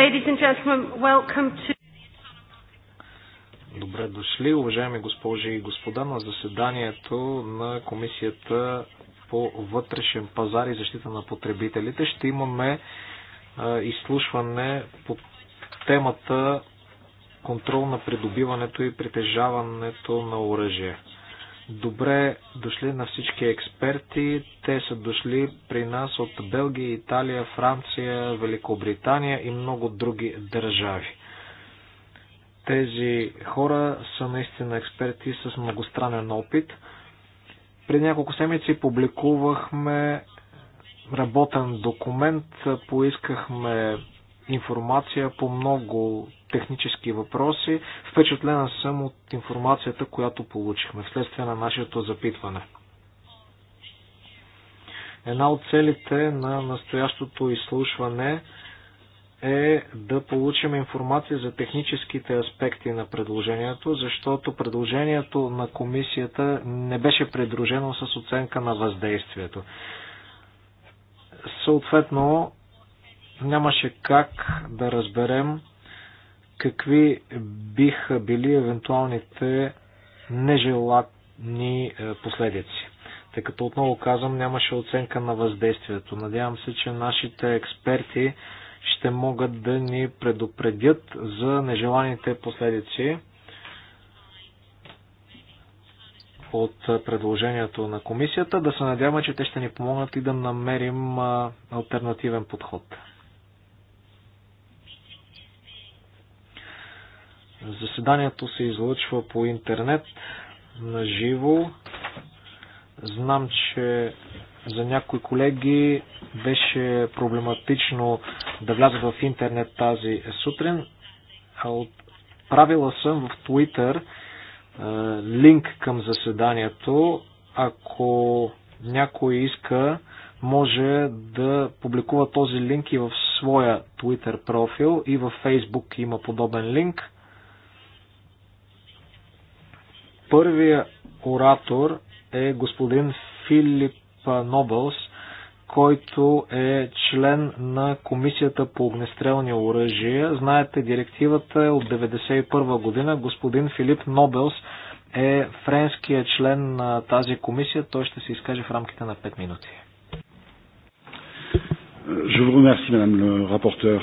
Ladies and gentlemen, welcome to... Добре дошли, уважаеми госпожи и господа, на заседанието на Комисията по вътрешен пазар и защита на потребителите. Ще имаме а, изслушване по темата контрол на придобиването и притежаването на оръжие. Добре дошли на всички експерти. Те са дошли при нас от Белгия, Италия, Франция, Великобритания и много други държави. Тези хора са наистина експерти с многостранен опит. При няколко седмици публикувахме работен документ, поискахме информация по много технически въпроси. Впечатлена съм от информацията, която получихме вследствие на нашето запитване. Една от целите на настоящото изслушване е да получим информация за техническите аспекти на предложението, защото предложението на комисията не беше придружено с оценка на въздействието. Съответно, нямаше как да разберем какви биха били евентуалните нежелатни е, последици. Тъй като отново казвам, нямаше оценка на въздействието. Надявам се, че нашите експерти ще могат да ни предупредят за нежеланите последици от е, предложението на комисията. Да се надяваме, че те ще ни помогнат и да намерим е, альтернативен подход. Заседанието се излъчва по интернет на живо. Знам, че за някои колеги беше проблематично да влязат в интернет тази сутрин. Правила съм в Twitter е, линк към заседанието. Ако някой иска, може да публикува този линк и в своя Twitter профил и във Facebook има подобен линк. Първия оратор е господин Филип Нобелс, който е член на Комисията по огнестрелни оръжия. Знаете, директивата е от 1991 година. Господин Филип Нобелс е френския член на тази комисия. Той ще се изкаже в рамките на 5 минути. Je vous remercie, madame le rapporteur.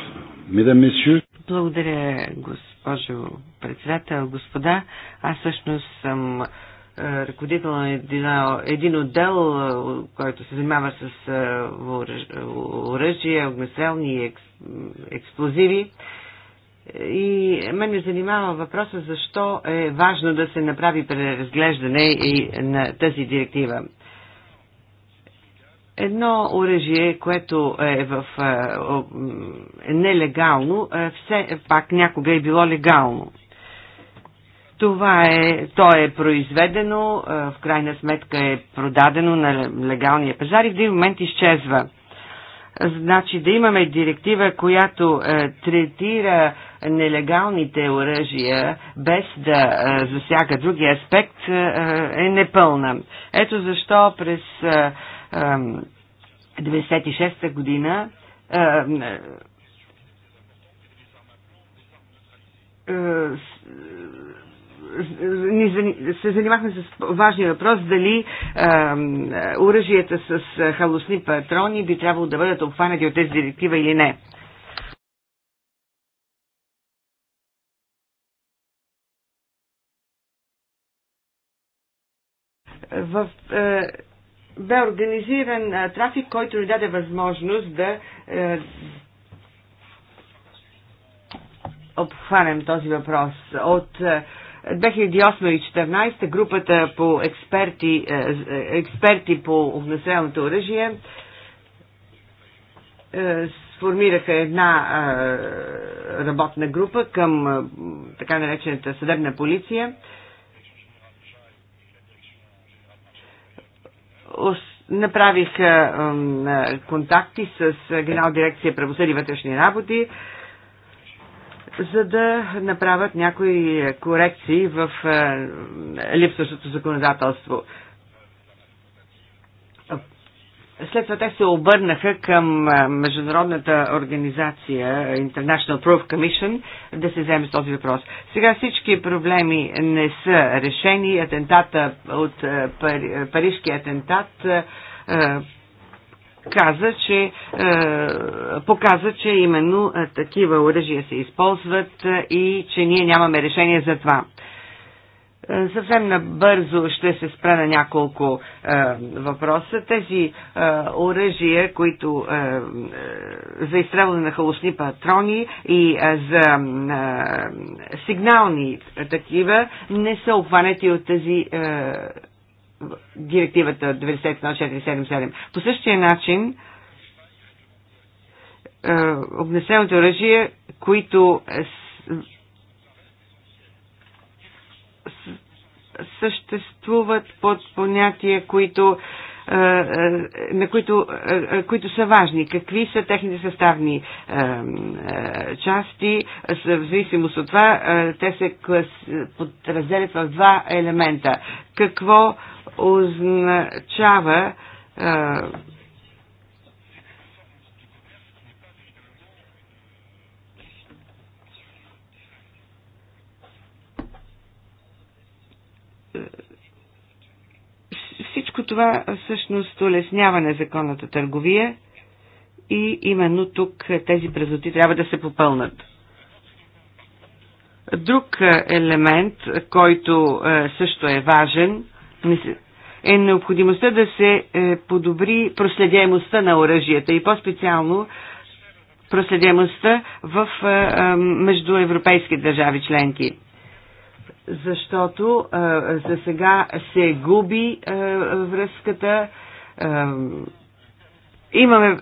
Mesdames, messieurs. Благодаря, господин госпожо председател, господа. Аз всъщност съм е, ръководител на един отдел, е, който се занимава с е, оръжие, огнестрелни и експлозиви. И мен ме занимава въпроса защо е важно да се направи преразглеждане и на тази директива едно оръжие, което е в, е, е нелегално, е все пак някога е било легално. Това е, то е произведено, е, в крайна сметка е продадено на легалния пазар и в един момент изчезва. Значи да имаме директива, която е, третира нелегалните оръжия без да е, засяга други аспект, е, е непълна. Ето защо през е, 96-та година е, е, се занимахме с важния въпрос дали оръжията с е, халосни патрони би трябвало да бъдат обхванати от тези директива или не. В бе организиран трафик, който ни даде възможност да е, обхванем този въпрос. От 2008 е, и 2014 групата по експерти, е, експерти по огнестрелното оръжие сформираха една работна група към така наречената съдебна полиция, направих контакти с Генерал дирекция правосъди и вътрешни работи, за да направят някои корекции в липсващото законодателство. След това те се обърнаха към Международната организация International Proof Commission да се вземе с този въпрос. Сега всички проблеми не са решени. Атентата от парижки атентат каза, че показа, че именно такива оръжия се използват и че ние нямаме решение за това. Е, съвсем набързо ще се спра на няколко е, въпроса. Тези е, оръжия, които е, е, за изстрелване на халосни патрони и е, за е, сигнални такива не са обхванати от тази е, директивата 91477. По същия начин е, обнесеното оръжия, които съществуват под понятия, които, е, е, на които, е, които са важни. Какви са техните съставни части, в зависимост от това, те се подразделят в два елемента. Какво означава всичко това всъщност улеснява незаконната търговия и именно тук тези празноти трябва да се попълнат. Друг елемент, който също е важен, е необходимостта да се е, подобри проследяемостта на оръжията и по-специално проследяемостта в между европейски държави членки защото за сега се губи връзката. Имаме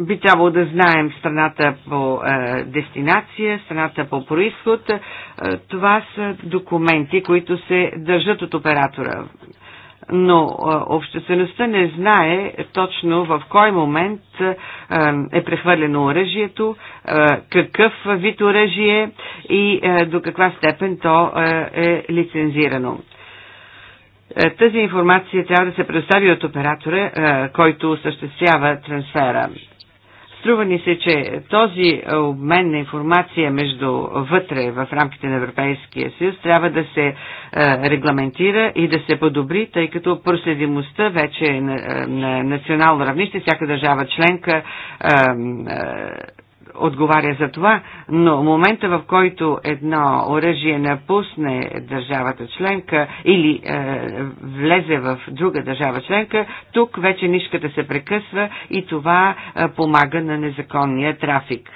би трябвало да знаем страната по а, дестинация, страната по происход. А, това са документи, които се държат от оператора но обществеността не знае точно в кой момент е прехвърлено оръжието, какъв вид оръжие и до каква степен то е лицензирано. Тази информация трябва да се предостави от оператора, който осъществява трансфера. Струва ни се, че този обмен на информация между вътре в рамките на Европейския съюз трябва да се е, регламентира и да се подобри, тъй като проследимостта вече е на, е, на национално равнище, всяка държава членка отговаря за това, но момента в който едно оръжие напусне държавата членка или е, влезе в друга държава членка, тук вече нишката се прекъсва и това е, помага на незаконния трафик.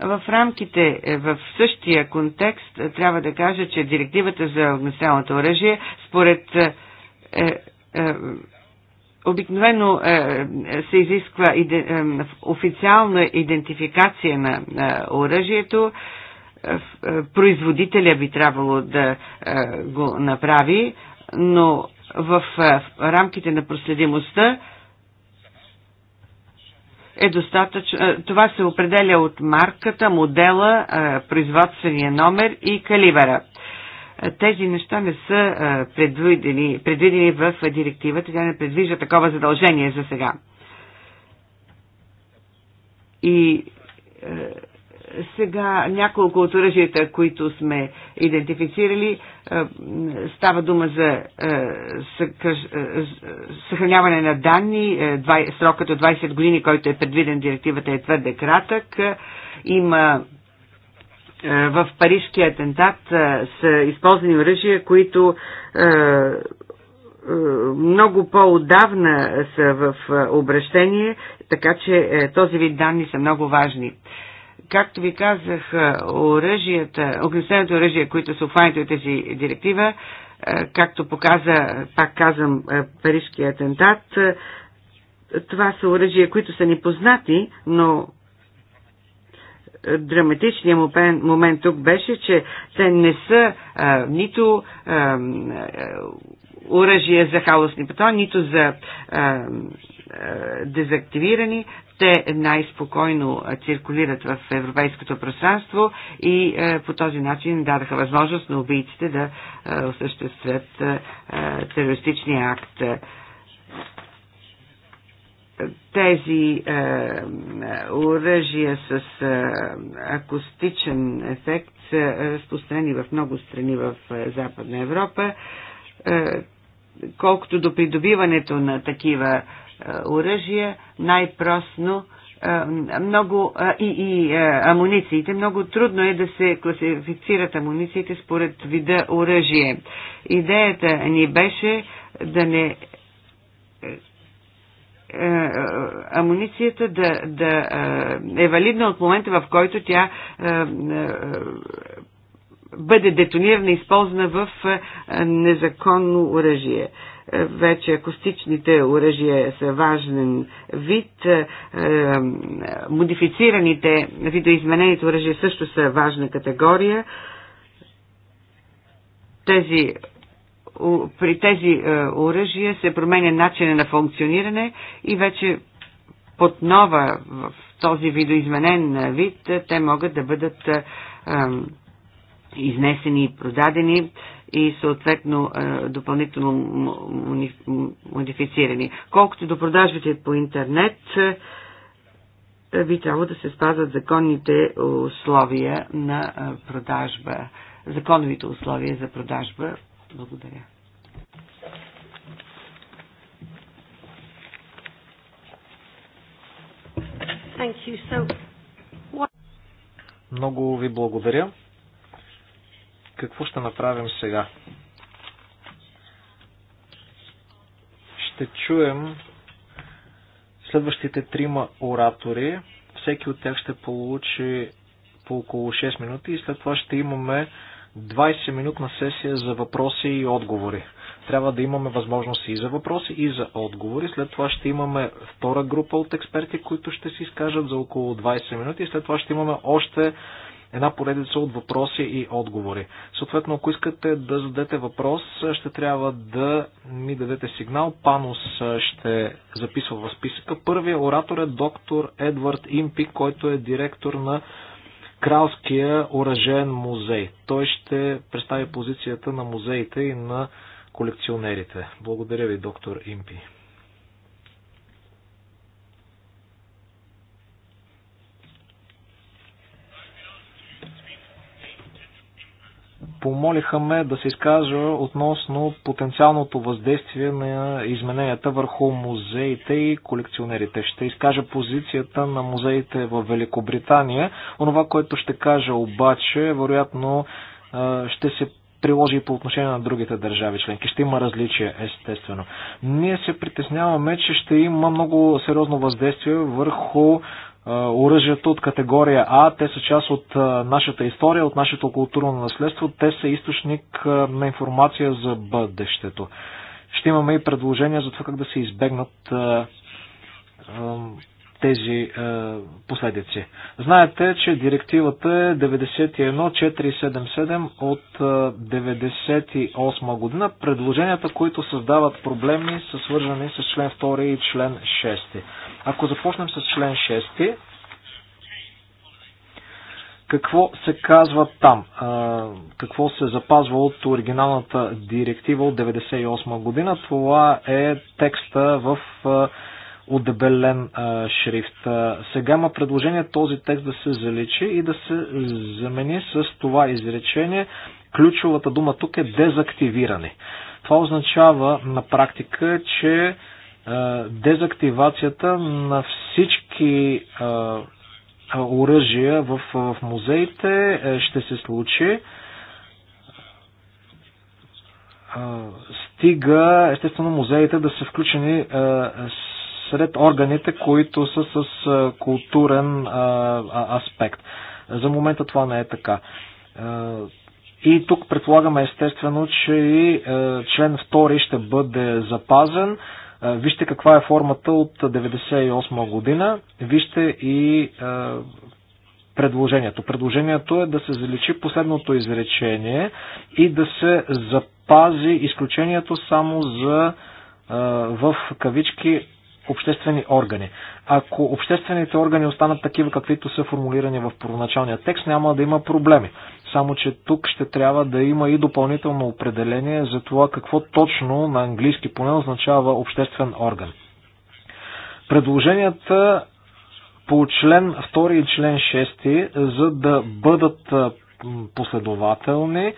В рамките, е, в същия контекст, е, трябва да кажа, че директивата за огнестрелното оръжие, според е, е, Обикновено е, е, се изисква е, официална идентификация на оръжието. Производителя би трябвало да го направи, но в рамките на проследимостта е достатъчно. Това се определя от марката, модела, производствения номер и калибъра. Тези неща не са предвидени, предвидени в директивата. Тя не предвижда такова задължение за сега. И сега няколко от оръжията, които сме идентифицирали, става дума за съхраняване на данни. Срокът от 20 години, който е предвиден в директивата е твърде кратък. Има е, в парижкия атентат е, са използвани оръжия, които е, много по-отдавна са в обращение, така че този вид данни са много важни. Както ви казах, оръжията, огнестрелните оръжия, които са обхванати от тези директива, както показа, пак казвам, Парижския атентат, това са оръжия, които са непознати, но драматичният момент, момент тук беше, че те не са а, нито оръжия оръжие за хаосни патрони, нито за а, а, дезактивирани. Те най-спокойно циркулират в европейското пространство и е, по този начин дадаха възможност на убийците да е, осъществят е, терористичния акт тези е, е, оръжия с е, акустичен ефект са разпространени в много страни в е, Западна Европа. Е, колкото до придобиването на такива е, оръжия, най-просно е, много е, и, е, амунициите. Много трудно е да се класифицират амунициите според вида оръжие. Идеята ни беше да не е, е, амуницията да, да е, е валидна от момента, в който тя бъде детонирана, използвана в незаконно оръжие. Вече акустичните оръжия са важен вид, модифицираните видоизменените оръжия също са важна категория. Тези при тези е, оръжия се променя начина на функциониране и вече под нова, в този видоизменен е, вид, е, те могат да бъдат изнесени и продадени и съответно допълнително модифицирани. Колкото до продажбите по интернет, би трябвало да се спазват законните условия на продажба, законовите условия за продажба благодаря. So... Много ви благодаря. Какво ще направим сега? Ще чуем следващите трима оратори. Всеки от тях ще получи по около 6 минути и след това ще имаме 20-минутна сесия за въпроси и отговори. Трябва да имаме възможности и за въпроси, и за отговори. След това ще имаме втора група от експерти, които ще си изкажат за около 20 минути. След това ще имаме още една поредица от въпроси и отговори. Съответно, ако искате да зададете въпрос, ще трябва да ми дадете сигнал. Панус ще записва в списъка. Първият оратор е доктор Едвард Импи, който е директор на Кралския оръжен музей. Той ще представи позицията на музеите и на колекционерите. Благодаря ви, доктор Импи. помолиха ме да се изкажа относно потенциалното въздействие на измененията върху музеите и колекционерите. Ще изкажа позицията на музеите в Великобритания. Онова, което ще кажа обаче, вероятно ще се приложи и по отношение на другите държави членки. Ще има различия, естествено. Ние се притесняваме, че ще има много сериозно въздействие върху оръжията от категория А. Те са част от нашата история, от нашето културно наследство. Те са източник на информация за бъдещето. Ще имаме и предложения за това как да се избегнат тези последици. Знаете, че директивата е 91477 от 98 година. Предложенията, които създават проблеми, са свързани с член 2 и член 6. Ако започнем с член 6, какво се казва там? Какво се запазва от оригиналната директива от 1998 година? Това е текста в отдебелен шрифт. Сега има предложение този текст да се заличи и да се замени с това изречение. Ключовата дума тук е дезактивиране. Това означава на практика, че дезактивацията на всички оръжия в, в музеите е, ще се случи. Стига, естествено, музеите да са включени сред органите, които са с културен аспект. За момента това не е така. И тук предполагаме естествено, че и член 2 ще бъде запазен Вижте каква е формата от 1998 година. Вижте и предложението. Предложението е да се заличи последното изречение и да се запази изключението само за в кавички обществени органи. Ако обществените органи останат такива, каквито са формулирани в първоначалния текст, няма да има проблеми. Само, че тук ще трябва да има и допълнително определение за това какво точно на английски поне означава обществен орган. Предложенията по член 2 и член 6, за да бъдат последователни,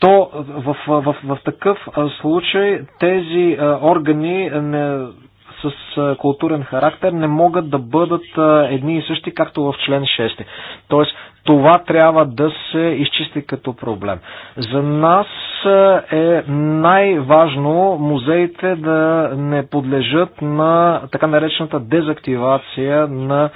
то в, в, в, в такъв случай тези органи не с културен характер не могат да бъдат едни и същи, както в член 6. Тоест, това трябва да се изчисти като проблем. За нас е най-важно музеите да не подлежат на така наречената дезактивация на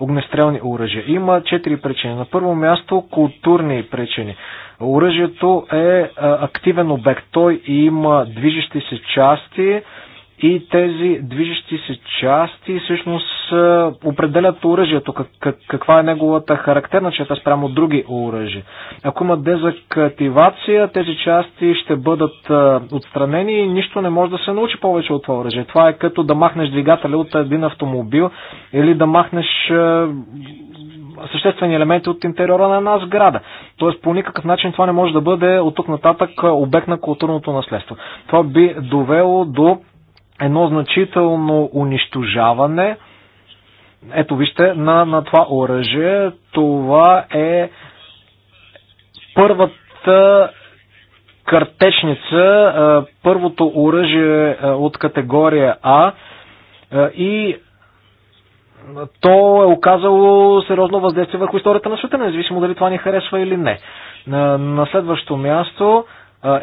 огнестрелни оръжия. Има четири причини. На първо място културни причини. Оръжието е активен обект. Той има движещи се части, и тези движещи се части всъщност определят оръжието, каква е неговата характерна черта спрямо други оръжия. Ако има дезактивация, тези части ще бъдат отстранени и нищо не може да се научи повече от това оръжие. Това е като да махнеш двигателя от един автомобил или да махнеш съществени елементи от интериора на една сграда. Тоест по никакъв начин това не може да бъде от тук нататък обект на културното наследство. Това би довело до едно значително унищожаване. Ето вижте, на, на това оръжие, това е първата картечница, първото оръжие от категория А и то е оказало сериозно въздействие върху историята на света, независимо дали това ни харесва или не. На следващо място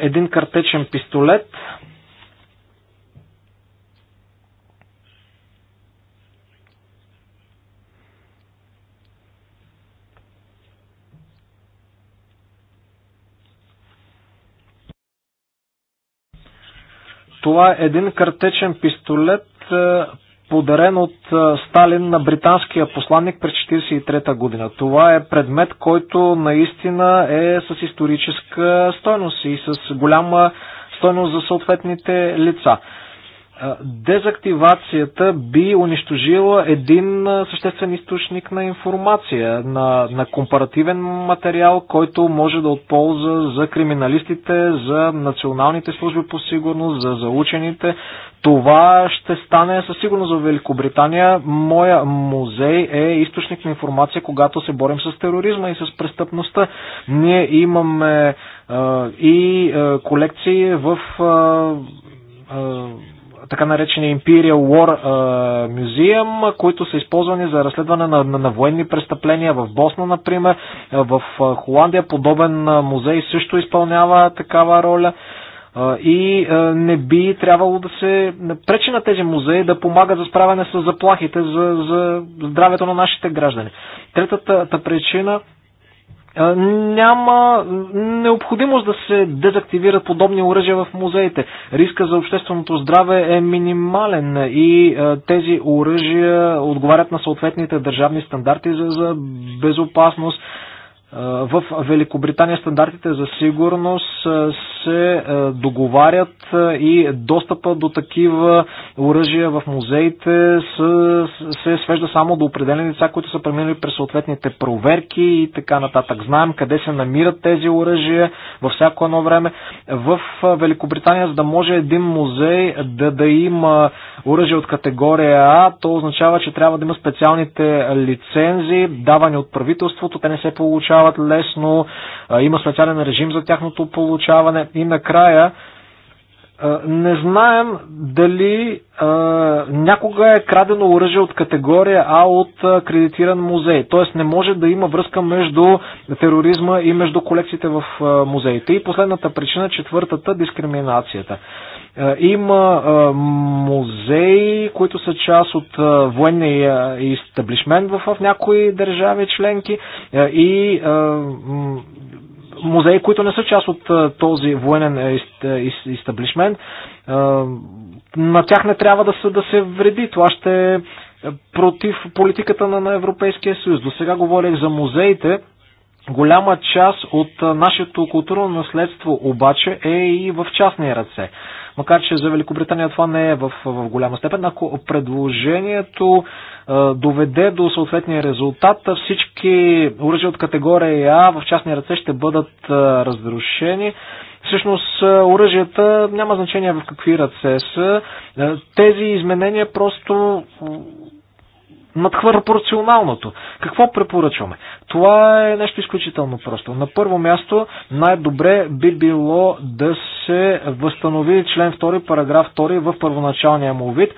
един картечен пистолет Това е един картечен пистолет, е, подарен от е, Сталин на британския посланник през 1943 година. Това е предмет, който наистина е с историческа стойност и с голяма стойност за съответните лица дезактивацията би унищожила един съществен източник на информация, на, на компаративен материал, който може да отполза за криминалистите, за националните служби по сигурност, за заучените. Това ще стане със сигурност в Великобритания. Моя музей е източник на информация, когато се борим с тероризма и с престъпността. Ние имаме е, и е, колекции в. Е, е така наречения Imperial War Museum, които са използвани за разследване на, на, на военни престъпления в Босна, например. В Холандия подобен музей също изпълнява такава роля. И не би трябвало да се пречи на тези музеи да помагат за справяне с заплахите за, за здравето на нашите граждани. Третата причина няма необходимост да се дезактивират подобни оръжия в музеите. Риска за общественото здраве е минимален и тези оръжия отговарят на съответните държавни стандарти за, за безопасност. В Великобритания стандартите за сигурност се договарят и достъпа до такива оръжия в музеите се свежда само до определени лица, които са преминали през съответните проверки и така нататък. Знаем къде се намират тези оръжия във всяко едно време. В Великобритания, за да може един музей да, да има оръжие от категория А, то означава, че трябва да има специалните лицензии, давани от правителството. Те не се получават получават лесно, има специален режим за тяхното получаване и накрая не знаем дали а, някога е крадено оръжие от категория А от а, кредитиран музей. Тоест не може да има връзка между тероризма и между колекциите в а, музеите. И последната причина, четвъртата, дискриминацията. Е, има е, музеи, които са част от е, военния изтаблишмент в някои държави членки и музеи, които не са част от този военен изтаблишмент. На тях не трябва да се, да се вреди. Това ще е против политиката на Европейския съюз. До сега говорих за музеите. Голяма част от нашето културно наследство обаче е и в частни ръце макар че за Великобритания това не е в, в голяма степен. Ако предложението а, доведе до съответния резултат, всички оръжия от категория А в частни ръце ще бъдат а, разрушени. Всъщност оръжията няма значение в какви ръце са. Тези изменения просто надхвърля пропорционалното. Какво препоръчваме? Това е нещо изключително просто. На първо място най-добре би било да се възстанови член 2, параграф 2 в първоначалния му вид.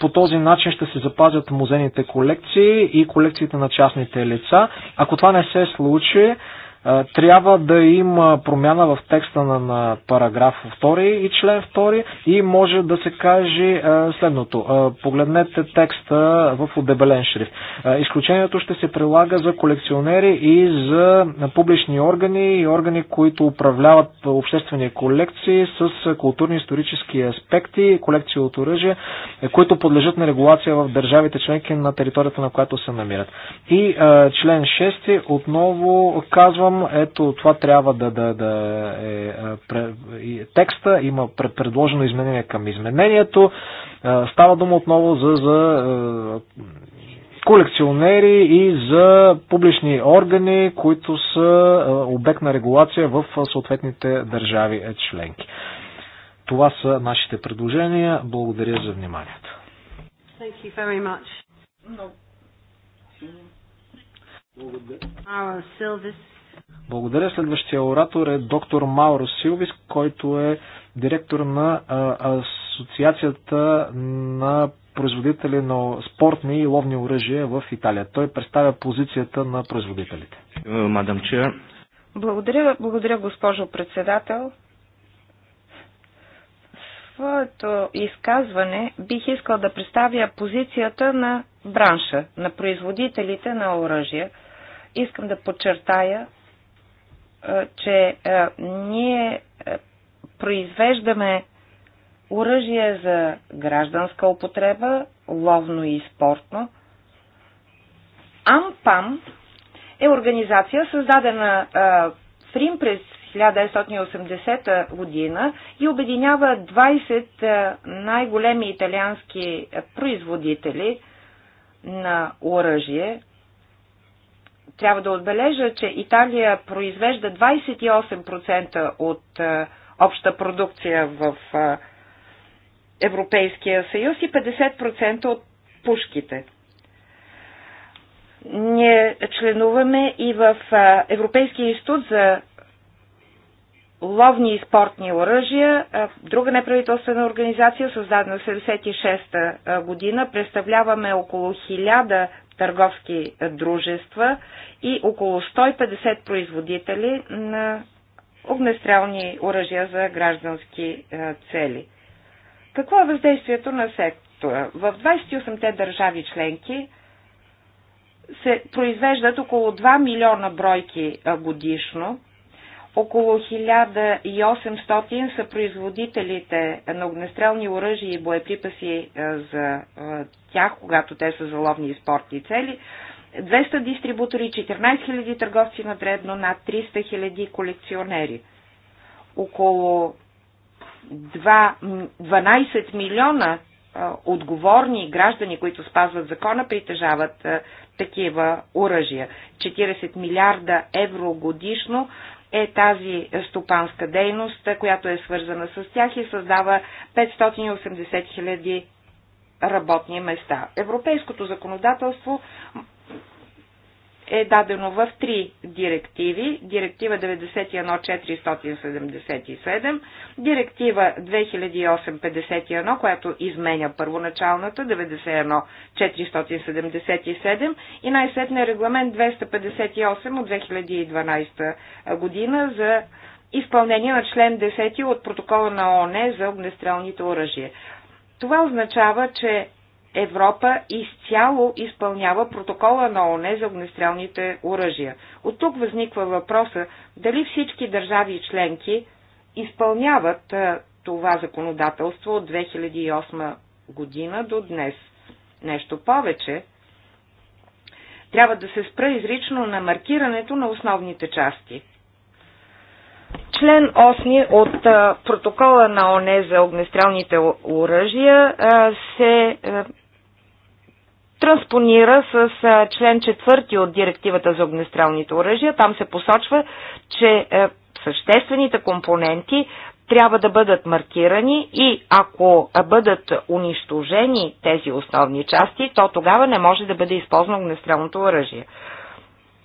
По този начин ще се запазят музейните колекции и колекциите на частните лица. Ако това не се случи, трябва да има промяна в текста на, на параграф 2 и член 2 и може да се каже следното. Погледнете текста в отдебелен шрифт. Изключението ще се прилага за колекционери и за публични органи и органи, които управляват обществени колекции с културно-исторически аспекти, колекции от оръжие, които подлежат на регулация в държавите членки на територията на която се намират. И член 6 отново казвам казвам, ето това трябва да, да, да е, е текста, има предложено изменение към изменението. Е, става дума отново за, за е, колекционери и за публични органи, които са обект на регулация в съответните държави членки. Това са нашите предложения. Благодаря за вниманието. Thank you very much. service. Благодаря. Следващия оратор е доктор Мауро Силвис, който е директор на Асоциацията на производители на спортни и ловни оръжия в Италия. Той представя позицията на производителите. Мадам Чер. Благодаря, благодаря госпожо председател. Своето изказване бих искал да представя позицията на бранша, на производителите на оръжия. Искам да подчертая, че ние произвеждаме оръжие за гражданска употреба, ловно и спортно. АМПАМ е организация, създадена в Рим през 1980 година и обединява 20 най-големи италиански производители на оръжие, трябва да отбележа, че Италия произвежда 28% от е, обща продукция в е, Европейския съюз и 50% от пушките. Ние членуваме и в е, Европейския институт за ловни и спортни оръжия, друга неправителствена организация, създадена в 1976 година. Представляваме около 1000 търговски дружества и около 150 производители на огнестрелни оръжия за граждански цели. Какво е въздействието на сектора? В 28-те държави членки се произвеждат около 2 милиона бройки годишно, около 1800 са производителите на огнестрелни оръжия и боеприпаси е, за е, тях, когато те са заловни и спортни цели. 200 дистрибутори, 14 000 търговци на дребно, над 300 000 колекционери. Около 2, 12 милиона е, отговорни граждани, които спазват закона, притежават такива оръжия. 40 милиарда евро годишно е тази стопанска дейност, която е свързана с тях и създава 580 хиляди работни места. Европейското законодателство е дадено в три директиви. Директива 91-477, директива 2851, 51 която изменя първоначалната, 91-477 и най-сетне регламент 258 от 2012 година за изпълнение на член 10 от протокола на ОНЕ за огнестрелните оръжия. Това означава, че Европа изцяло изпълнява протокола на ОНЕ за огнестрелните оръжия. От тук възниква въпроса дали всички държави и членки изпълняват това законодателство от 2008 година до днес. Нещо повече, трябва да се спра изрично на маркирането на основните части. Член 8 от протокола на ОНЕ за огнестрелните оръжия се транспонира с член 4 от директивата за огнестрелните оръжия. Там се посочва, че е, съществените компоненти трябва да бъдат маркирани и ако бъдат унищожени тези основни части, то тогава не може да бъде използвано огнестрелното оръжие.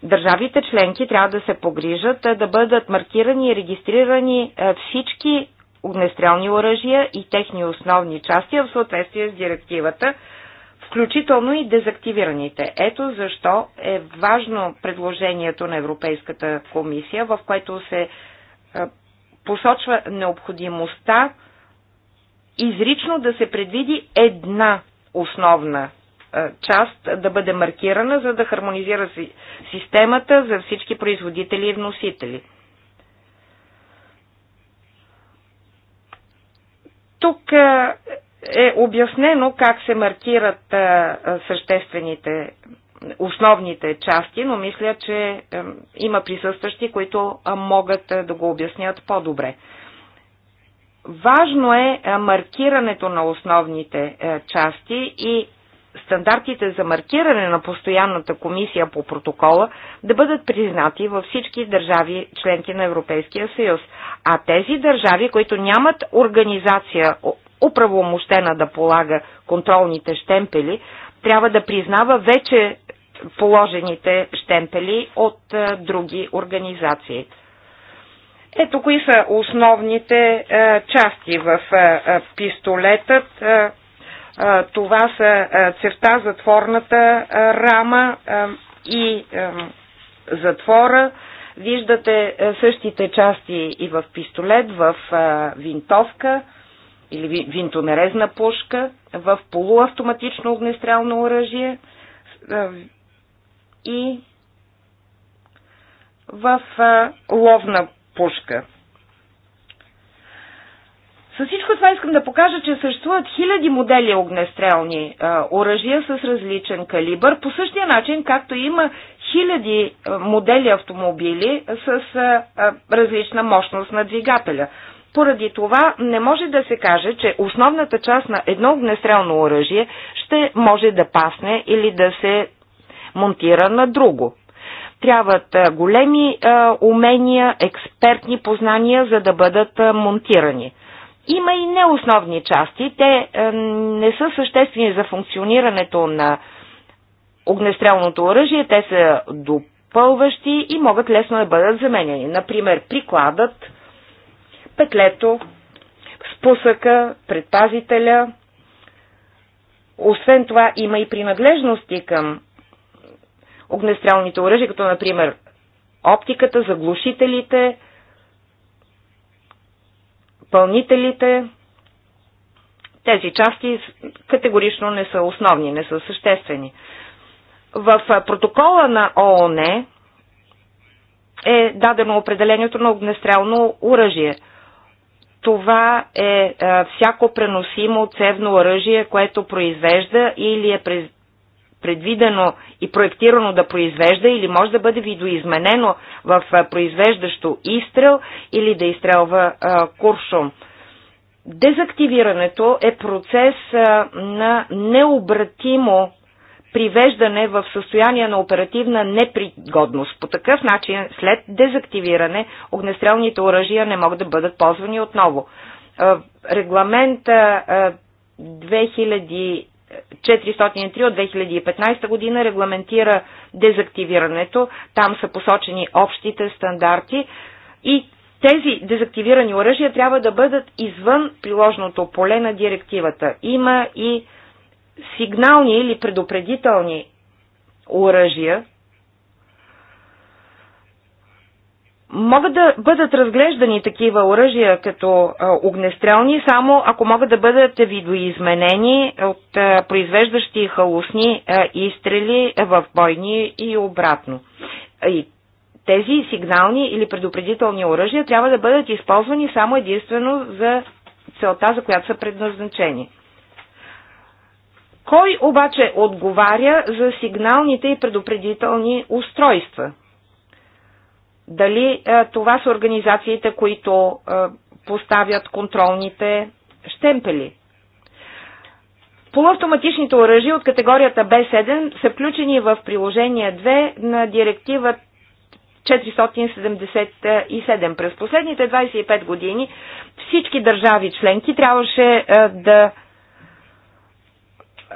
Държавите членки трябва да се погрижат да бъдат маркирани и регистрирани всички огнестрелни оръжия и техни основни части в съответствие с директивата включително и дезактивираните. Ето защо е важно предложението на Европейската комисия, в което се е, посочва необходимостта изрично да се предвиди една основна е, част да бъде маркирана, за да хармонизира системата за всички производители и вносители. Тук е, е обяснено как се маркират съществените основните части, но мисля, че има присъстващи, които могат да го обяснят по-добре. Важно е маркирането на основните е, части и стандартите за маркиране на постоянната комисия по протокола да бъдат признати във всички държави членки на Европейския съюз. А тези държави, които нямат организация оправомощена да полага контролните щемпели, трябва да признава вече положените щемпели от е, други организации. Ето кои са основните е, части в е, пистолетът. това са цевта, затворната рама и затвора. Виждате същите части и в пистолет, в винтовка или винтонерезна пушка в полуавтоматично огнестрелно оръжие и в ловна пушка. Със всичко това искам да покажа, че съществуват хиляди модели огнестрелни оръжия с различен калибър, по същия начин както има хиляди модели автомобили с различна мощност на двигателя. Поради това не може да се каже, че основната част на едно огнестрелно оръжие ще може да пасне или да се монтира на друго. Трябват големи а, умения, експертни познания, за да бъдат а, монтирани. Има и неосновни части. Те а, не са съществени за функционирането на огнестрелното оръжие. Те са допълващи и могат лесно да бъдат заменени. Например, прикладът, петлето, спусъка, предпазителя. Освен това има и принадлежности към огнестрелните оръжия, като например оптиката, заглушителите, пълнителите. Тези части категорично не са основни, не са съществени. В протокола на ООН е дадено определението на огнестрелно оръжие – това е, е всяко преносимо цевно оръжие, което произвежда или е предвидено и проектирано да произвежда или може да бъде видоизменено в е, произвеждащо изстрел или да изстрелва е, куршум. Дезактивирането е процес на необратимо привеждане в състояние на оперативна непригодност. По такъв начин, след дезактивиране, огнестрелните оръжия не могат да бъдат ползвани отново. Регламента 2403 от 2015 година регламентира дезактивирането. Там са посочени общите стандарти и тези дезактивирани оръжия трябва да бъдат извън приложното поле на директивата. Има и сигнални или предупредителни оръжия могат да бъдат разглеждани такива оръжия като огнестрелни, само ако могат да бъдат видоизменени от произвеждащи халусни изстрели в бойни и обратно. И тези сигнални или предупредителни оръжия трябва да бъдат използвани само единствено за целта, за която са предназначени. Кой обаче отговаря за сигналните и предупредителни устройства? Дали е, това са организациите, които е, поставят контролните щемпели? Полуавтоматичните оръжия от категорията B7 са включени в приложение 2 на директива 477. През последните 25 години всички държави членки трябваше е, да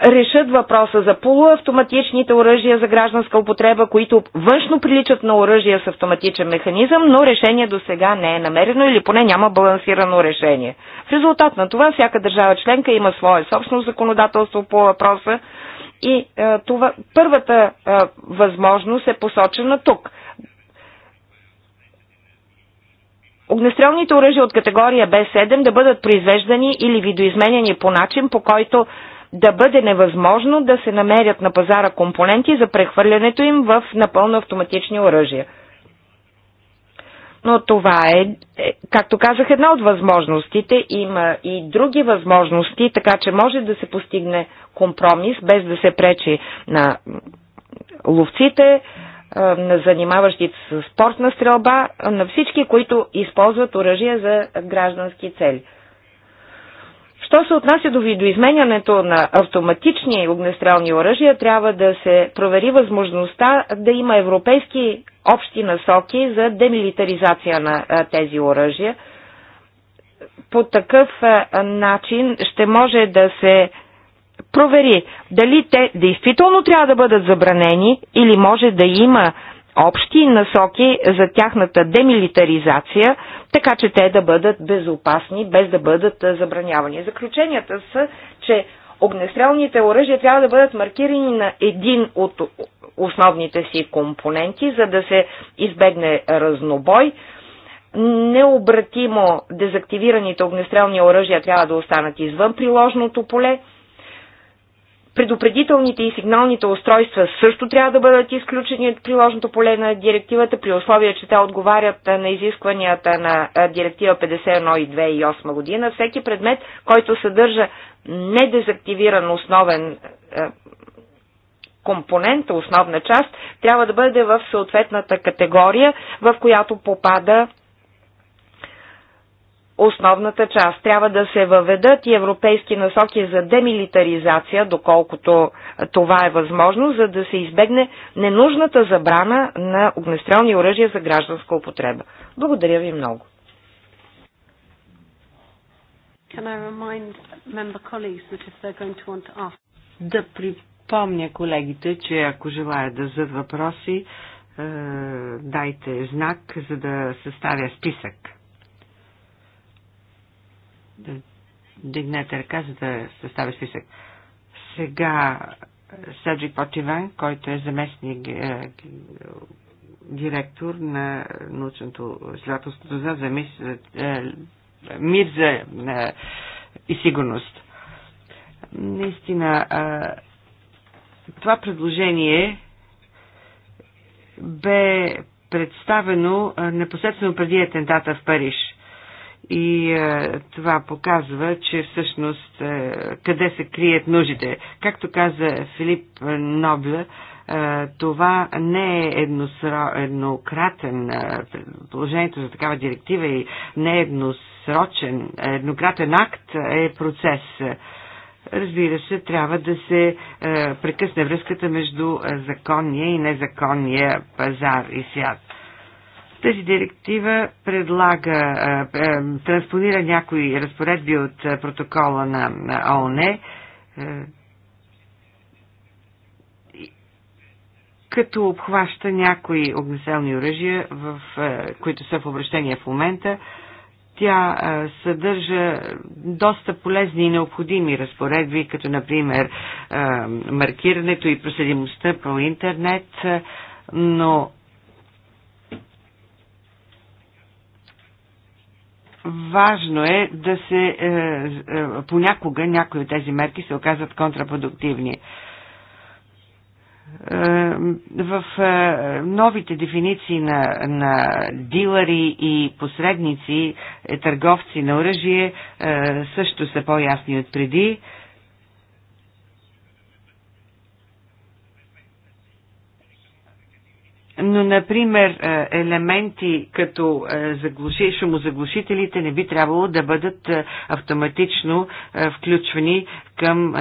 решат въпроса за полуавтоматичните оръжия за гражданска употреба, които външно приличат на оръжия с автоматичен механизъм, но решение до сега не е намерено или поне няма балансирано решение. В резултат на това всяка държава членка има свое собствено законодателство по въпроса и е, това, първата е, възможност е посочена тук. Огнестрелните оръжия от категория Б7 да бъдат произвеждани или видоизменени по начин, по който да бъде невъзможно да се намерят на пазара компоненти за прехвърлянето им в напълно автоматични оръжия. Но това е, е, както казах, една от възможностите. Има и други възможности, така че може да се постигне компромис, без да се пречи на ловците, е, на занимаващите с спортна стрелба, на всички, които използват оръжие за граждански цели. Що се отнася до видоизменянето на автоматични огнестрелни оръжия, трябва да се провери възможността да има европейски общи насоки за демилитаризация на тези оръжия. По такъв начин ще може да се провери дали те действително трябва да бъдат забранени или може да има общи насоки за тяхната демилитаризация, така че те да бъдат безопасни, без да бъдат забранявани. Заключенията са, че огнестрелните оръжия трябва да бъдат маркирани на един от основните си компоненти, за да се избегне разнобой. Необратимо дезактивираните огнестрелни оръжия трябва да останат извън приложното поле – Предупредителните и сигналните устройства също трябва да бъдат изключени от приложното поле на директивата при условие, че те отговарят на изискванията на директива 51 и 2008 година. Всеки предмет, който съдържа недезактивиран основен компонент, основна част, трябва да бъде в съответната категория, в която попада основната част. Трябва да се въведат и европейски насоки за демилитаризация, доколкото това е възможно, за да се избегне ненужната забрана на огнестрелни оръжия за гражданска употреба. Благодаря ви много. Да припомня колегите, че ако желаят да зад въпроси, е, дайте знак, за да съставя списък да дигнете ръка, за да съставя списък. Сега Седжик Потиван, който е заместник е, е директор на научното изследователството за, за мис, е, мир за, е, и сигурност. Наистина, е, това предложение бе представено е, непосредствено преди атентата в Париж – и е, това показва, че всъщност е, къде се крият нуждите. Както каза Филип Нобля, е, това не е едносро, еднократен положението за такава директива и не е едносрочен, еднократен акт е процес. Разбира се, трябва да се е, прекъсне връзката между законния и незаконния пазар и свят тази директива предлага, транспонира някои разпоредби от протокола на ООН, като обхваща някои огнеселни оръжия, в, които са в обращение в момента. Тя съдържа доста полезни и необходими разпоредби, като например маркирането и проследимостта по интернет, но Важно е да се. Е, е, понякога някои от тези мерки се оказват контрапродуктивни. Е, в е, новите дефиниции на, на дилъри и посредници, е, търговци на оръжие, също са по-ясни от преди но, например, е, елементи като е, заглуши, шумозаглушителите не би трябвало да бъдат е, автоматично включвани към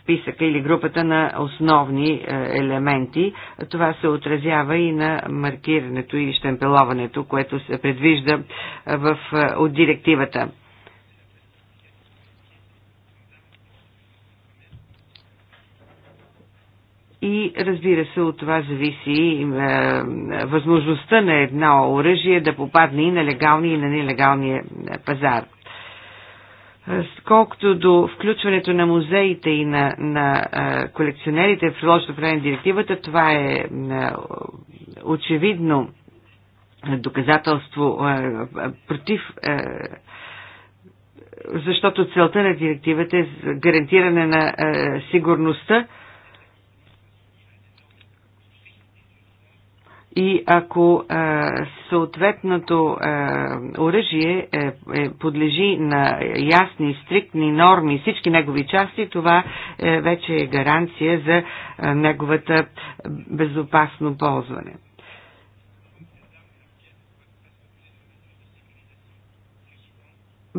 списъка или групата на основни елементи. Това се отразява и на маркирането и штемпеловането, което се предвижда в, от директивата. И разбира се, от това зависи е, възможността на едно оръжие да попадне и на легалния и на нелегалния е, пазар. Е, колкото до включването на музеите и на, на е, колекционерите в време на директивата, това е, е очевидно доказателство е, е, против е, защото целта на директивата е гарантиране на е, сигурността И ако а, съответното оръжие е, е, подлежи на ясни, стриктни норми, всички негови части, това е, вече е гаранция за а, неговата безопасно ползване.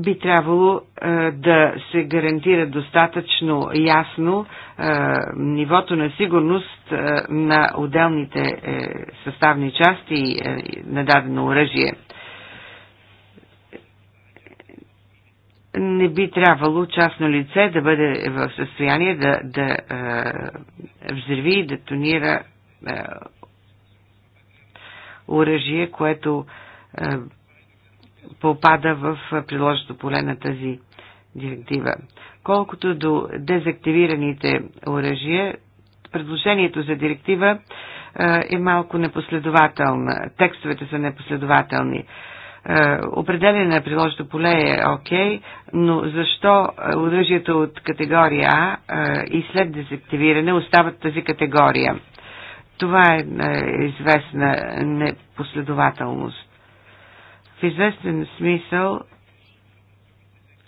би трябвало е, да се гарантира достатъчно ясно е, нивото на сигурност е, на отделните е, съставни части е, на дадено оръжие. Не би трябвало частно лице да бъде в състояние да, да е, взриви и детонира е, оръжие, което е, попада в приложното поле на тази директива. Колкото до дезактивираните оръжия, предложението за директива е малко непоследователно. Текстовете са непоследователни. Определение на приложното поле е окей, okay, но защо оръжията от категория А и след дезактивиране остават тази категория? Това е, е известна непоследователност в известен смисъл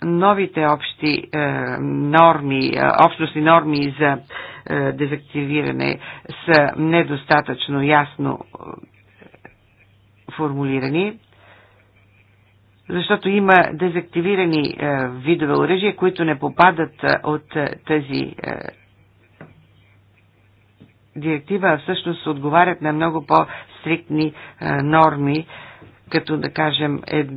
новите общи е, норми, е, общностни норми за е, дезактивиране са недостатъчно ясно е, формулирани, защото има дезактивирани е, видове оръжия, които не попадат е, от е, тези е, директива, а всъщност отговарят на много по-стриктни е, норми, е, като да кажем е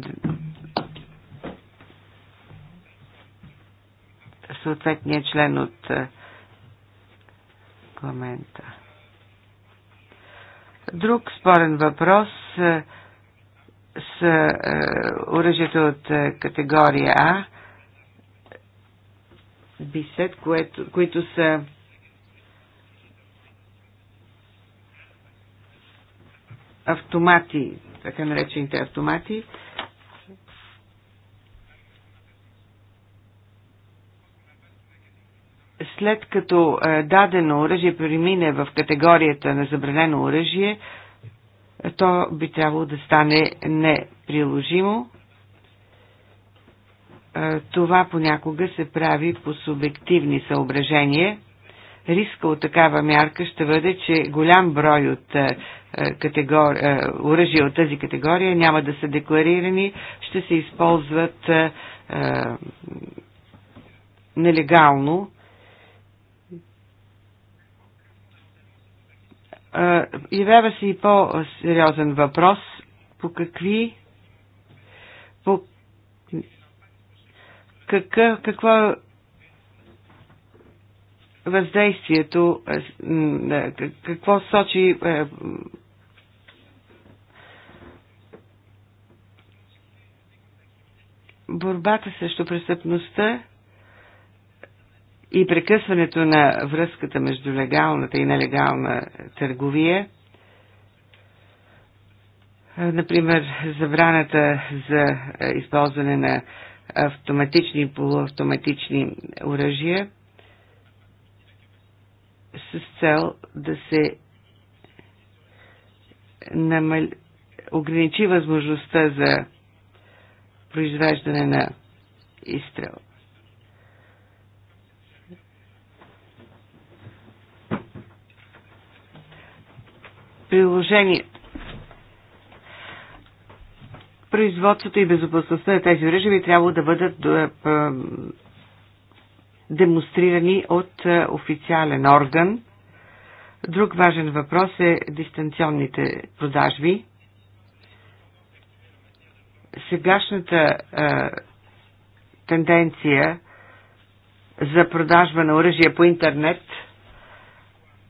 съответния член от регламента. Друг спорен въпрос с оръжието от категория А, бисет, което, които са автомати, така наречените автомати. След като е, дадено оръжие премине в категорията на забранено оръжие, то би трябвало да стане неприложимо. Е, това понякога се прави по субективни съображения – Риска от такава мярка ще бъде, че голям брой от е, е, е, оръжия от тази категория няма да са декларирани, ще се използват нелегално. явява се и по-сериозен въпрос по какви по какъв, какво въздействието, е, е, какво сочи е, борбата срещу престъпността и прекъсването на връзката между легалната и нелегална търговия, например забраната за използване на автоматични и полуавтоматични оръжия – с цел да се намали, ограничи възможността за произвеждане на изстрел. Приложение производството и безопасността на тези оръжия би трябвало да бъдат демонстрирани от е, официален орган. Друг важен въпрос е дистанционните продажби. Сегашната е, тенденция за продажба на оръжие по интернет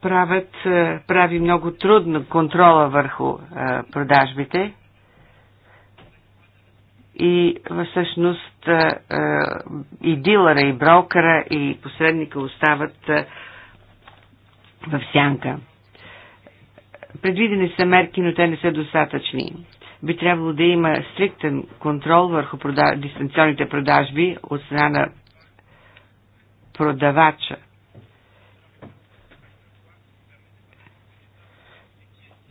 правят, е, прави много трудно контрола върху е, продажбите и всъщност и дилъра, и брокера, и посредника остават в сянка. Предвидени са мерки, но те не са достатъчни. Би трябвало да има стриктен контрол върху прода... дистанционните продажби от страна на продавача.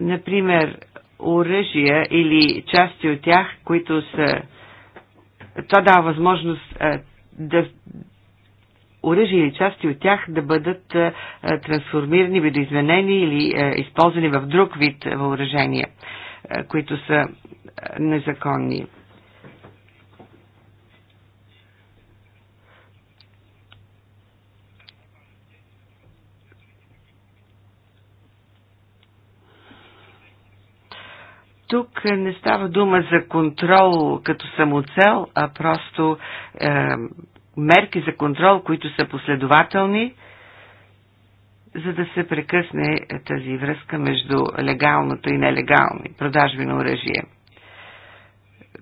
Например, оръжия или части от тях, които са... Това дава възможност да оръжия или части от тях да бъдат трансформирани, видоизменени или използвани в друг вид въоръжения, които са незаконни. Тук не става дума за контрол като самоцел, а просто е, мерки за контрол, които са последователни, за да се прекъсне тази връзка между легалното и нелегални продажби на оръжие.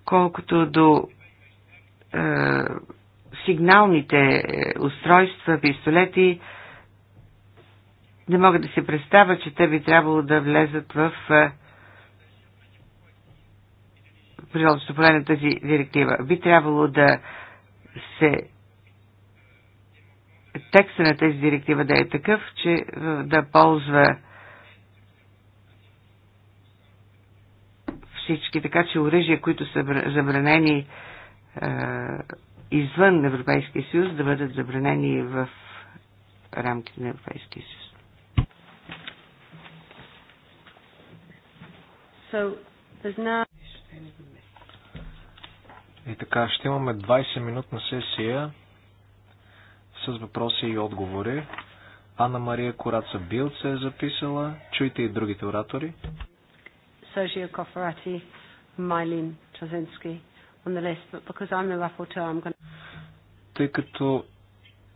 Колкото до е, сигналните е, устройства, пистолети, не мога да се представя, че те би трябвало да влезат в е, приложното поле на тази директива. Би трябвало да се текста на тази директива да е такъв, че да ползва всички, така че оръжия, които са забранени е, извън Европейския съюз, да бъдат забранени в рамките на Европейския съюз. So, there's not... И така, ще имаме 20-минутна сесия с въпроси и отговори. Анна Мария Кораца Билт се е записала. Чуйте и другите оратори. Сержио Кофарати, Майлин Чазински. Тъй като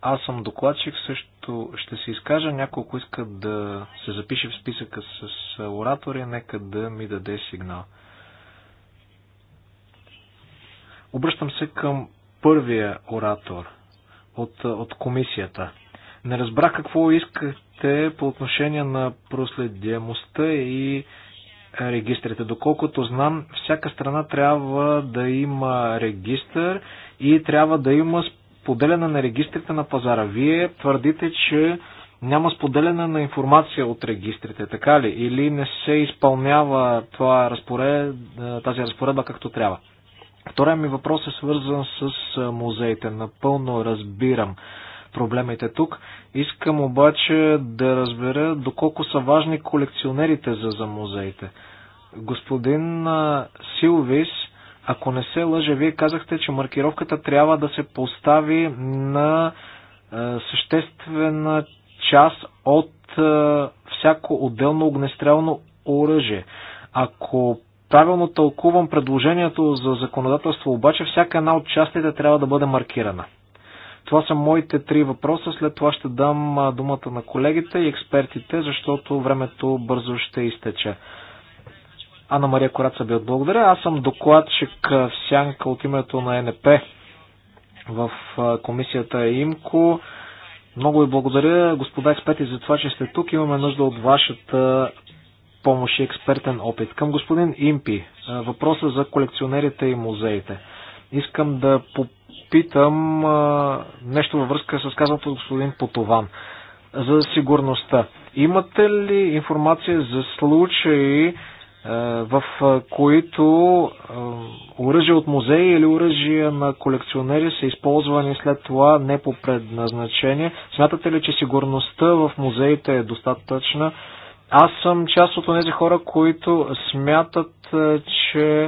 аз съм докладчик, също ще се изкажа. Няколко искат да се запише в списъка с оратори, нека да ми даде сигнал. Обръщам се към първия оратор от, от комисията. Не разбрах какво искате по отношение на проследимостта и регистрите. Доколкото знам, всяка страна трябва да има регистър и трябва да има споделяне на регистрите на пазара. Вие твърдите, че няма споделяне на информация от регистрите, така ли? Или не се изпълнява това разпоред, тази разпоредба както трябва? Вторият ми въпрос е свързан с музеите. Напълно разбирам проблемите тук. Искам обаче да разбера доколко са важни колекционерите за, за музеите. Господин Силвис, ако не се лъжа, вие казахте, че маркировката трябва да се постави на е, съществена част от е, всяко отделно огнестрелно оръжие. Ако правилно тълкувам предложението за законодателство, обаче всяка една от частите трябва да бъде маркирана. Това са моите три въпроса. След това ще дам думата на колегите и експертите, защото времето бързо ще изтече. Анна Мария Кораца би отблагодаря. Аз съм докладчик в Сянка от името на НП в комисията ИМКО. Много ви благодаря, господа експерти, за това, че сте тук. Имаме нужда от вашата помощ и експертен опит. Към господин Импи, въпроса за колекционерите и музеите. Искам да попитам нещо във връзка с казаното от господин Потован за сигурността. Имате ли информация за случаи, в които оръжия от музеи или оръжия на колекционери са използвани след това не по предназначение. Смятате ли, че сигурността в музеите е достатъчна? Аз съм част от тези хора, които смятат, е, че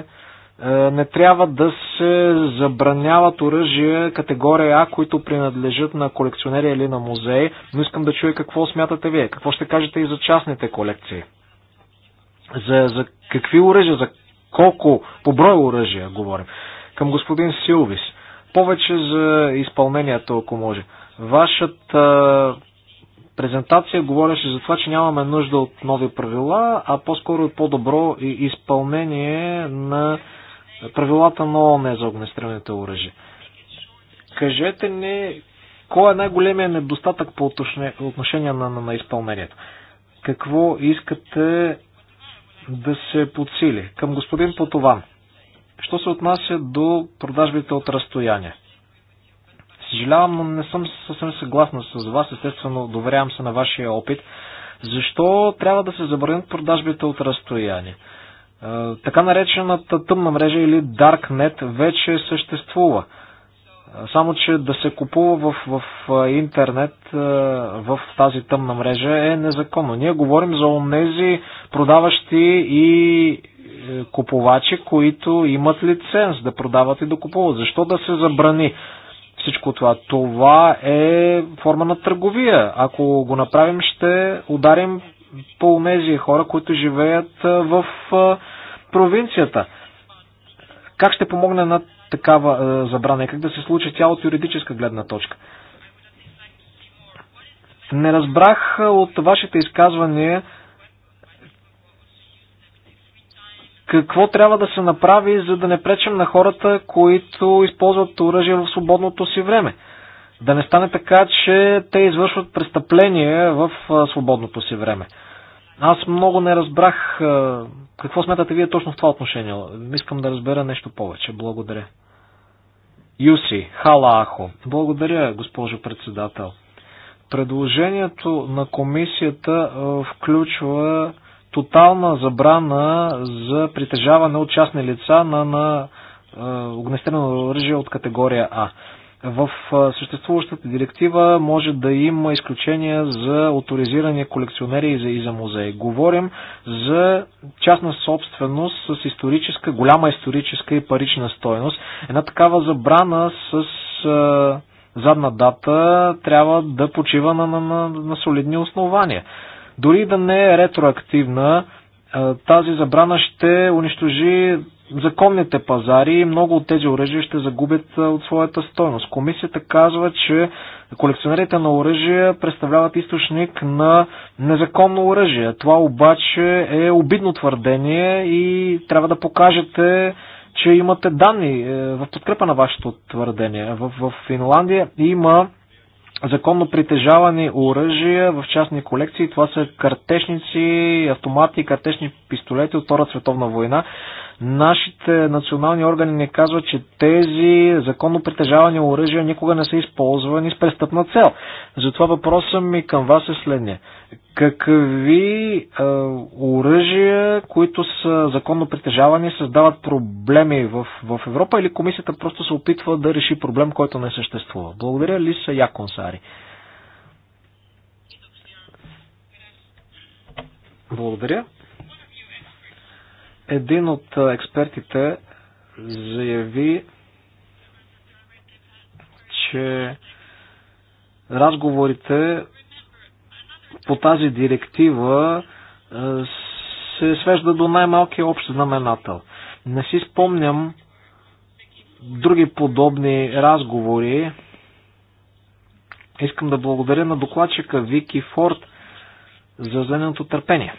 е, не трябва да се забраняват оръжия категория А, които принадлежат на колекционери или на музеи, но искам да чуя какво смятате вие. Какво ще кажете и за частните колекции? За, за какви оръжия, за колко, по брой оръжия говорим. Към господин Силвис. Повече за изпълнението, ако може. Вашата презентация говореше за това, че нямаме нужда от нови правила, а по-скоро от е по-добро изпълнение на правилата на ООН за огнестрелните оръжия. Кажете ни, кой е най-големия недостатък по отношение на, на, на изпълнението? Какво искате да се подсили? Към господин Потован. Що се отнася до продажбите от разстояние? Съжалявам, но не съм съвсем съгласна с вас. Естествено, доверявам се на вашия опит. Защо трябва да се забранят продажбите от разстояние? Е, така наречената тъмна мрежа или Darknet вече съществува. Само, че да се купува в, в е, интернет, е, в тази тъмна мрежа е незаконно. Ние говорим за онези продаващи и купувачи, които имат лиценз да продават и да купуват. Защо да се забрани всичко това. Това е форма на търговия. Ако го направим, ще ударим по тези хора, които живеят в провинцията. Как ще помогне на такава забрана и как да се случи тя от юридическа гледна точка? Не разбрах от вашите изказвания какво трябва да се направи, за да не пречим на хората, които използват оръжие в свободното си време. Да не стане така, че те извършват престъпление в свободното си време. Аз много не разбрах какво смятате вие точно в това отношение. Искам да разбера нещо повече. Благодаря. Юси, хала ахо. Благодаря, госпожо председател. Предложението на комисията включва тотална забрана за притежаване от частни лица на, на е, огнестрено оръжие от категория А. В е, съществуващата директива може да има изключения за авторизирани колекционери и за, музеи. Говорим за частна собственост с историческа, голяма историческа и парична стойност. Една такава забрана с а, е, задна дата трябва да почива на, на, на, на солидни основания. Дори да не е ретроактивна, тази забрана ще унищожи законните пазари и много от тези оръжия ще загубят от своята стойност. Комисията казва, че колекционерите на оръжия представляват източник на незаконно оръжие. Това обаче е обидно твърдение и трябва да покажете, че имате данни е, в подкрепа на вашето твърдение. В, в Финландия има законно притежавани оръжия в частни колекции. Това са картешници, автомати, картешни пистолети от Втора световна война. Нашите национални органи ни казват, че тези законно притежавани оръжия никога не са използвани с престъпна цел. Затова въпросът ми към вас е следния. Какви е, оръжия, които са законно притежавани, създават проблеми в, в Европа или комисията просто се опитва да реши проблем, който не съществува? Благодаря, ли са Яконсари. Благодаря. Един от експертите заяви, че разговорите по тази директива се свежда до най-малкия общ знаменател. Не си спомням други подобни разговори. Искам да благодаря на докладчика Вики Форд за зеленото търпение.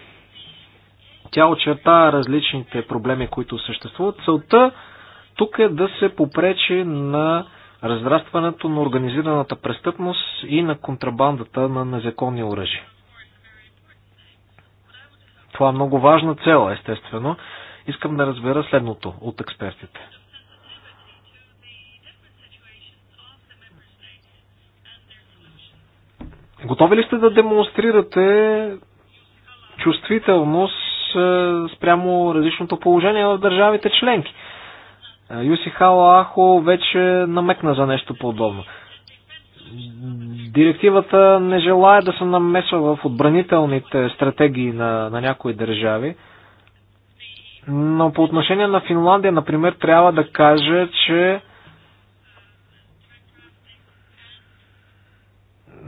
Тя очерта различните проблеми, които съществуват. Целта тук е да се попречи на разрастването на организираната престъпност и на контрабандата на незаконни оръжия. Това е много важна цел, естествено. Искам да разбера следното от експертите. Готови ли сте да демонстрирате чувствителност е, спрямо различното положение в държавите членки. Е, Юси Хала Ахо вече намекна за нещо подобно. Директивата не желая да се намесва в отбранителните стратегии на, на някои държави, но по отношение на Финландия, например, трябва да кажа, че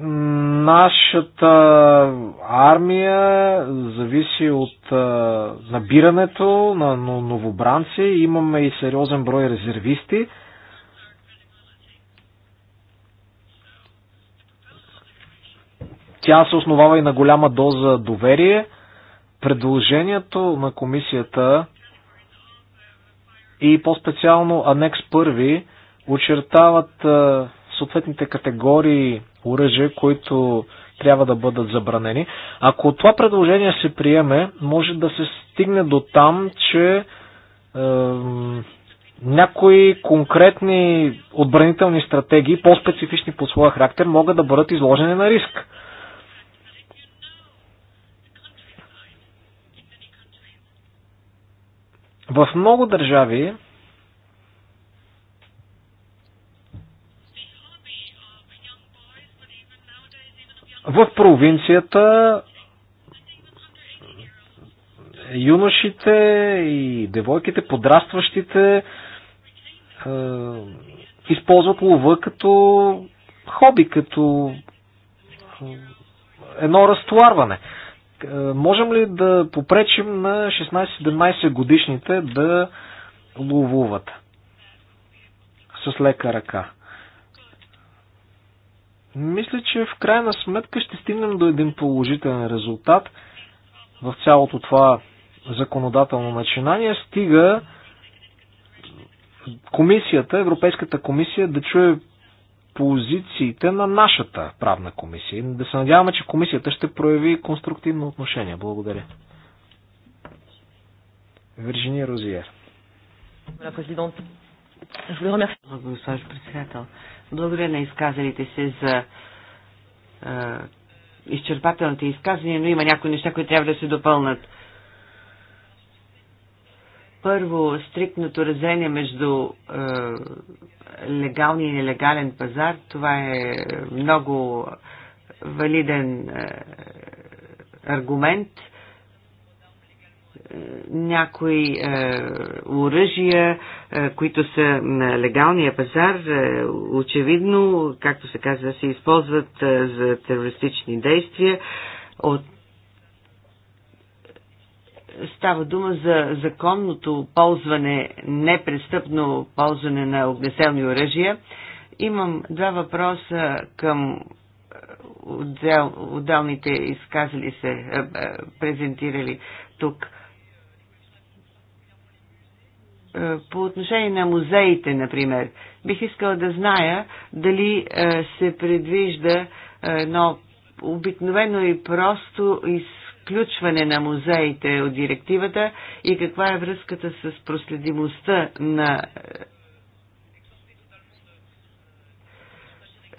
м- Нашата армия зависи от набирането на новобранци. Имаме и сериозен брой резервисти. Тя се основава и на голяма доза доверие. Предложението на комисията и по-специално анекс първи очертават съответните категории оръжия, които трябва да бъдат забранени. Ако това предложение се приеме, може да се стигне до там, че е, някои конкретни отбранителни стратегии, по-специфични по своя характер, могат да бъдат изложени на риск. В много държави В провинцията юношите и девойките, подрастващите е, използват лова като хоби, като е, едно разтоварване. Е, можем ли да попречим на 16-17 годишните да ловуват с лека ръка? Мисля, че в крайна сметка ще стигнем до един положителен резултат в цялото това законодателно начинание, стига комисията, Европейската комисия да чуе позициите на нашата правна комисия. Да се надяваме, че комисията ще прояви конструктивно отношение. Благодаря. Виржиния Розиер. Госпожо председател, благодаря на изказалите се за е, изчерпателните изказвания, но има някои неща, които трябва да се допълнат. Първо, стриктното разделение между е, легалния и нелегален пазар, това е много валиден е, аргумент – някои е, оръжия, е, които са на легалния пазар, е, очевидно, както се казва, се използват е, за терористични действия. От... Става дума за законното ползване, непрестъпно ползване на огнеселни оръжия. Имам два въпроса към е, отделните изказали се, е, е, презентирали тук. Е, по отношение на музеите, например, бих искала да зная дали е, се предвижда е, едно обикновено и просто изключване на музеите от директивата и каква е връзката с проследимостта на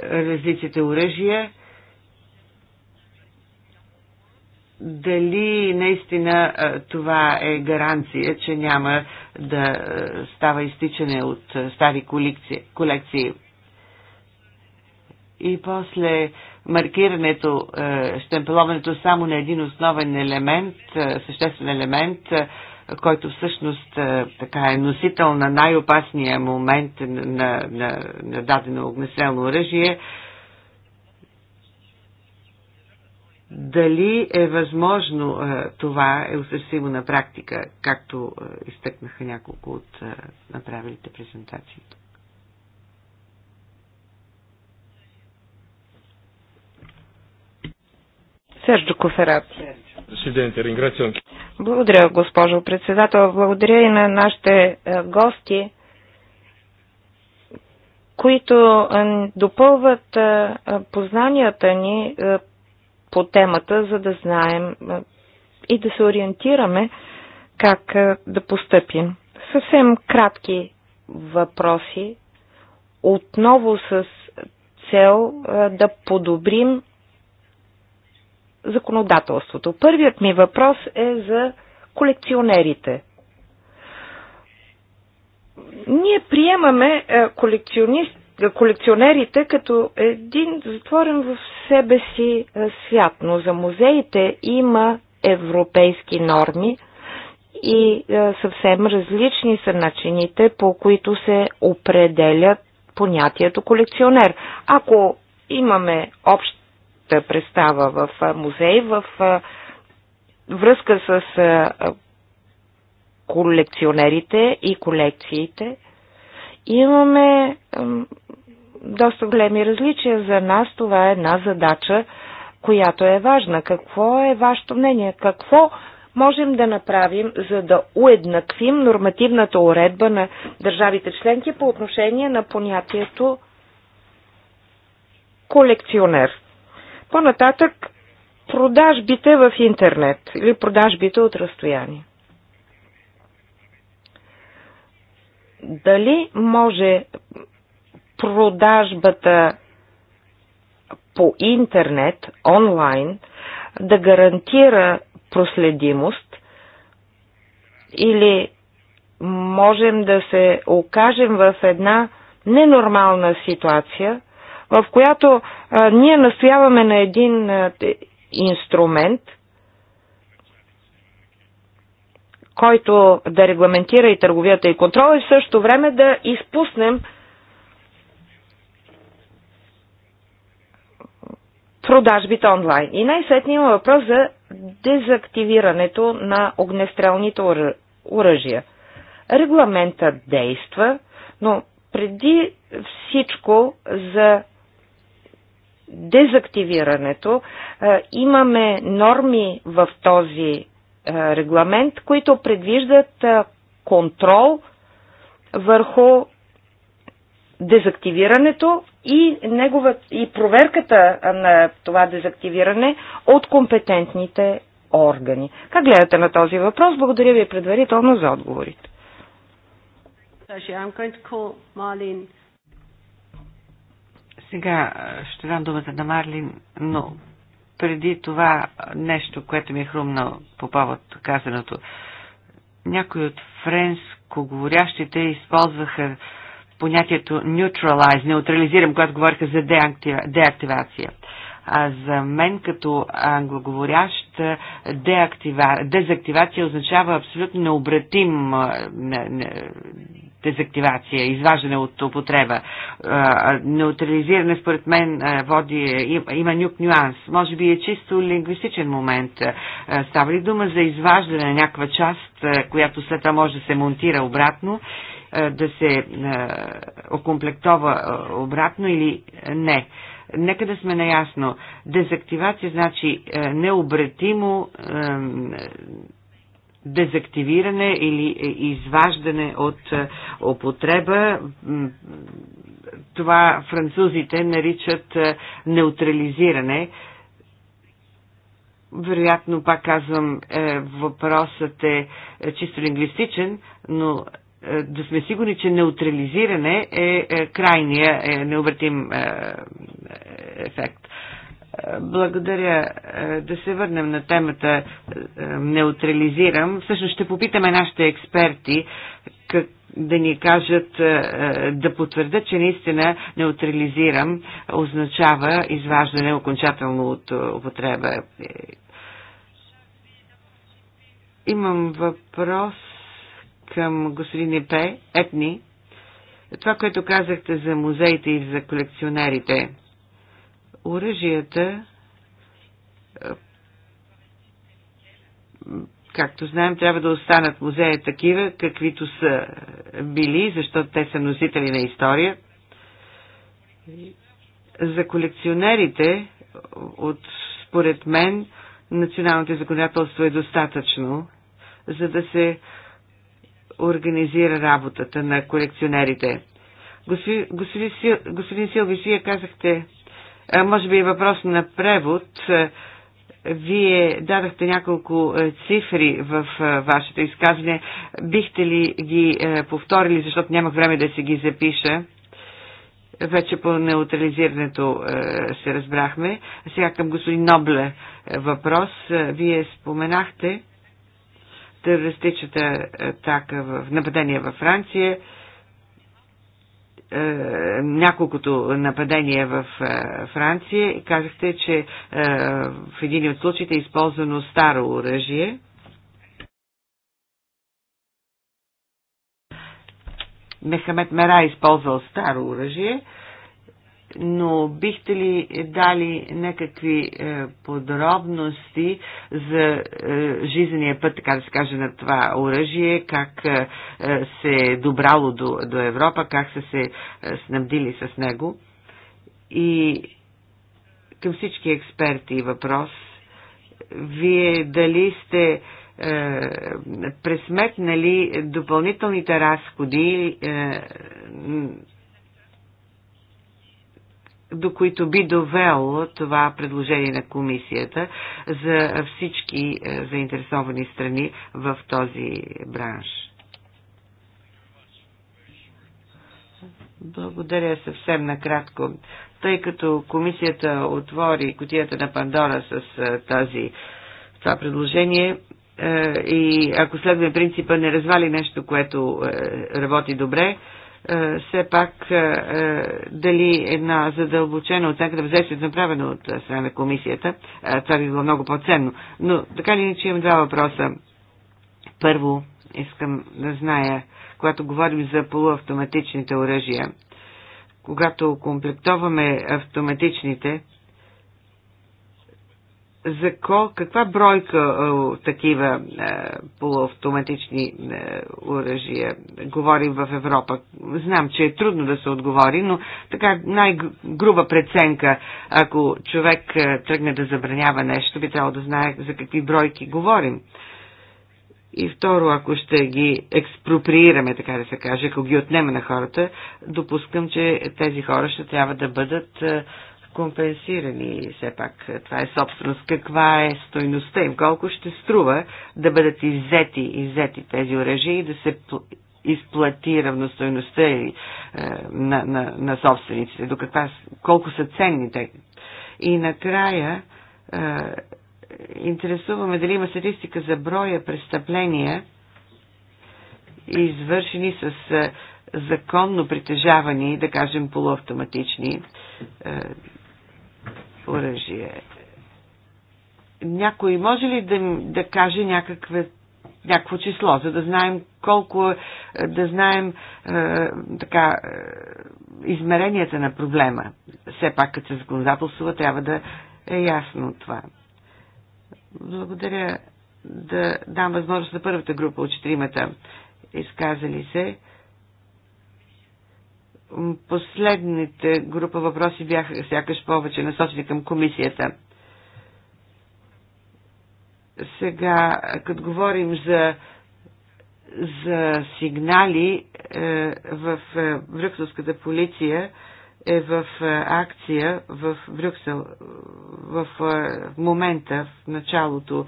различните оръжия дали наистина това е гаранция, че няма да става изтичане от стари колекции. колекции. И после маркирането, штемпеловането само на един основен елемент, съществен елемент, който всъщност така е носител на най-опасния момент на, на, на дадено огнестрелно оръжие, Дали е възможно е, това е осъществимо на практика, както е, изтъкнаха няколко от е, направилите презентации. Серджо Коферат. Благодаря, госпожо председател. Благодаря и на нашите гости, които допълват познанията ни по темата, за да знаем и да се ориентираме как да постъпим. Съвсем кратки въпроси, отново с цел да подобрим законодателството. Първият ми въпрос е за колекционерите. Ние приемаме колекционист, колекционерите като един затворен в себе си свят, но за музеите има европейски норми и съвсем различни са начините, по които се определят понятието колекционер. Ако имаме обща представа в музей, в връзка с колекционерите и колекциите, Имаме доста големи различия. За нас това е една задача, която е важна. Какво е вашето мнение? Какво можем да направим, за да уеднаквим нормативната уредба на държавите членки по отношение на понятието колекционер? По-нататък продажбите в интернет или продажбите от разстояние. Дали може продажбата по интернет, онлайн, да гарантира проследимост или можем да се окажем в една ненормална ситуация, в която а, ние настояваме на един а, инструмент – който да регламентира и търговията и контрола и в същото време да изпуснем продажбите онлайн. И най сетния има въпрос за дезактивирането на огнестрелните оръжия. Регламентът действа, но преди всичко за дезактивирането имаме норми в този е, регламент, които предвиждат е, контрол върху дезактивирането и, негова, и проверката на това дезактивиране от компетентните органи. Как гледате на този въпрос? Благодаря ви предварително за отговорите. Сега е, ще дам думата на Марлин, но преди това нещо, което ми е хрумно по повод казаното. Някои от френскоговорящите използваха понятието neutralize, неутрализирам, когато говориха за деактивация. А за мен като англоговорящ деактива... дезактивация означава абсолютно необратим дезактивация, изваждане от употреба. Е, неутрализиране, според мен, е, води, е, има нюк нюанс. Може би е чисто лингвистичен момент. Става ли дума за изваждане на някаква част, която след това може да се монтира обратно, да се окомплектова обратно или не? Нека да сме наясно. Дезактивация значи необратимо дезактивиране или е, изваждане от е, употреба. Това французите наричат е, неутрализиране. Вероятно, пак казвам, въпросът е чисто лингвистичен, но да сме сигурни, че неутрализиране е крайния необратим ефект. Благодаря. Е, да се върнем на темата е, неутрализирам. Всъщност ще попитаме нашите експерти как да ни кажат, е, да потвърдят, че наистина неутрализирам означава изваждане окончателно от употреба. Имам въпрос към господин Епе, етни. Това, което казахте за музеите и за колекционерите – оръжията, както знаем, трябва да останат музеи такива, каквито са били, защото те са носители на история. За колекционерите, от, според мен, националното законодателство е достатъчно, за да се организира работата на колекционерите. Господин, господин Силви, вие казахте, може би е въпрос на превод. Вие дадахте няколко е, цифри в е, вашето изказване. Бихте ли ги е, повторили, защото нямах време да си ги запиша? Вече по неутрализирането се разбрахме. Сега към господин Нобле въпрос. Вие споменахте терористичната атака в нападение във Франция е, няколкото нападения в е, Франция и казахте, че е, в един от случаите е използвано старо оръжие. Мехамед Мера е използвал старо оръжие но бихте ли дали някакви е, подробности за е, жизнения път, така да се каже, на това оръжие, как е, се е добрало до, до Европа, как са се е, снабдили с него? И към всички експерти въпрос. Вие дали сте е, пресметнали допълнителните разходи е, до които би довело това предложение на комисията за всички е, заинтересовани страни в този бранш. Благодаря съвсем накратко. Тъй като комисията отвори котията на Пандора с е, тази, това предложение, е, и ако следваме принципа не развали нещо, което работи добре, е, все пак е, е, дали една задълбочена оценка да въздействието направено от страна на комисията, това би било много по-ценно. Но така ли че имам два въпроса. Първо, искам да зная, когато говорим за полуавтоматичните оръжия, когато комплектоваме автоматичните, за ко, каква бройка а, е, такива а, е, полуавтоматични а, е, оръжия говорим в Европа? Знам, че е трудно да се отговори, но така най-груба преценка, ако човек а, тръгне да забранява нещо, би трябвало да знае за какви бройки говорим. И второ, ако ще ги експроприираме, така да се каже, ако ги отнеме на хората, допускам, че тези хора ще трябва да бъдат а, компенсирани все пак. Това е собственост. Каква е стойността им? Колко ще струва да бъдат иззети, иззети тези оръжия и да се изплати равностойността е, на, на, на собствениците? До каква, колко са ценни те? И накрая е, интересуваме дали има статистика за броя престъпления, извършени с е, законно притежавани, да кажем полуавтоматични е, оръжие. Някой може ли да, да каже някакве, някакво число, за да знаем колко, е, да знаем е, така, е, измеренията на проблема? Все пак, като се законодателства, трябва да е ясно това. Благодаря да дам възможност на първата група от четиримата изказали се Последните група въпроси бяха сякаш повече насочени към комисията. Сега, като говорим за, за сигнали е, в е, брюкселската полиция, е в е, акция в Брюксел. В момента, в началото,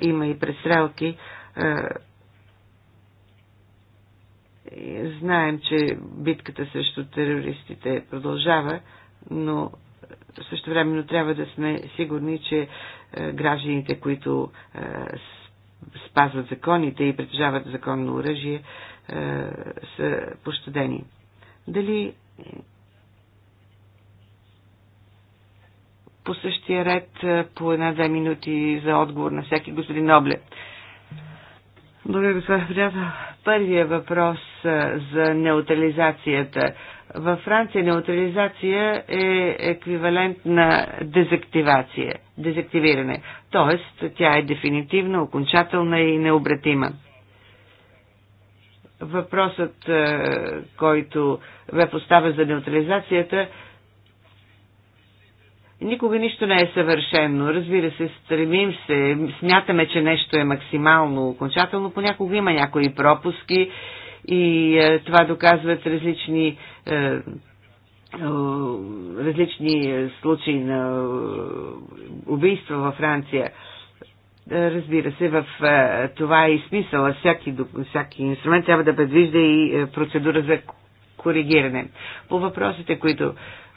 има и престрелки Знаем, че битката срещу терористите продължава, но също времено трябва да сме сигурни, че е, гражданите, които е, спазват законите и притежават законно оръжие, е, са пощадени. Дали по същия ред по една-две минути за отговор на всеки господин Обле. Благодаря, господин Първият Първия въпрос за неутрализацията. Във Франция неутрализация е еквивалент на дезактивация, дезактивиране. Тоест, тя е дефинитивна, окончателна и необратима. Въпросът, който ве поставя за неутрализацията, Никога нищо не е съвършено. Разбира се, стремим се, смятаме, че нещо е максимално окончателно. Понякога има някои пропуски и е, това доказват различни е, различни е, случаи на е, убийства във Франция. Е, разбира се, в това е и смисъла. Всяки, всяки инструмент трябва да предвижда и процедура за коригиране. По въпросите, които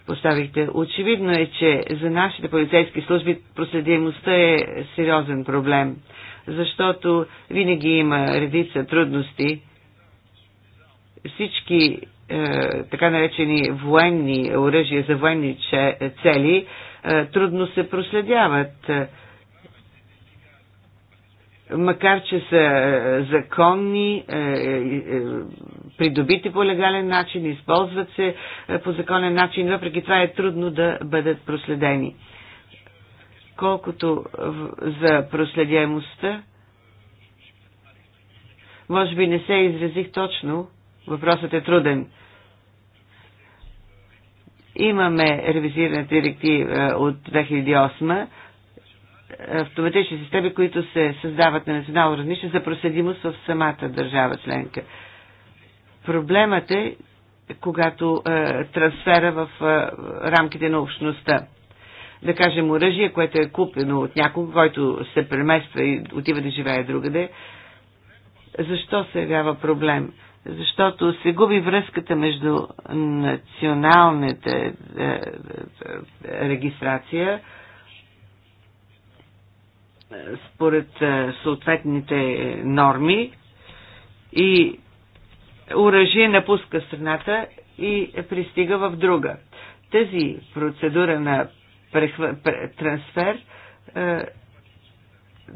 поставихте, очевидно е, че за нашите полицейски служби проследимостта е сериозен проблем, защото винаги има редица трудности всички е, така наречени военни оръжия за военни че, цели е, трудно се проследяват. Е, макар че са е, законни, е, придобити по легален начин, използват се по законен начин, въпреки това е трудно да бъдат проследени. Колкото за проследяемостта, може би не се изразих точно, Въпросът е труден. Имаме ревизирана директива е, от 2008 е, автоматични системи, които се създават на национално равнище за проследимост в самата държава членка. Проблемът е, когато е, трансфера в е, рамките на общността. Да кажем, оръжие, което е купено от някого, който се премества и отива да живее другаде, защо се явява проблем? защото се губи връзката между националната е, е, е, регистрация според съответните норми и оръжие напуска страната и пристига в друга. Тази процедура на трансфер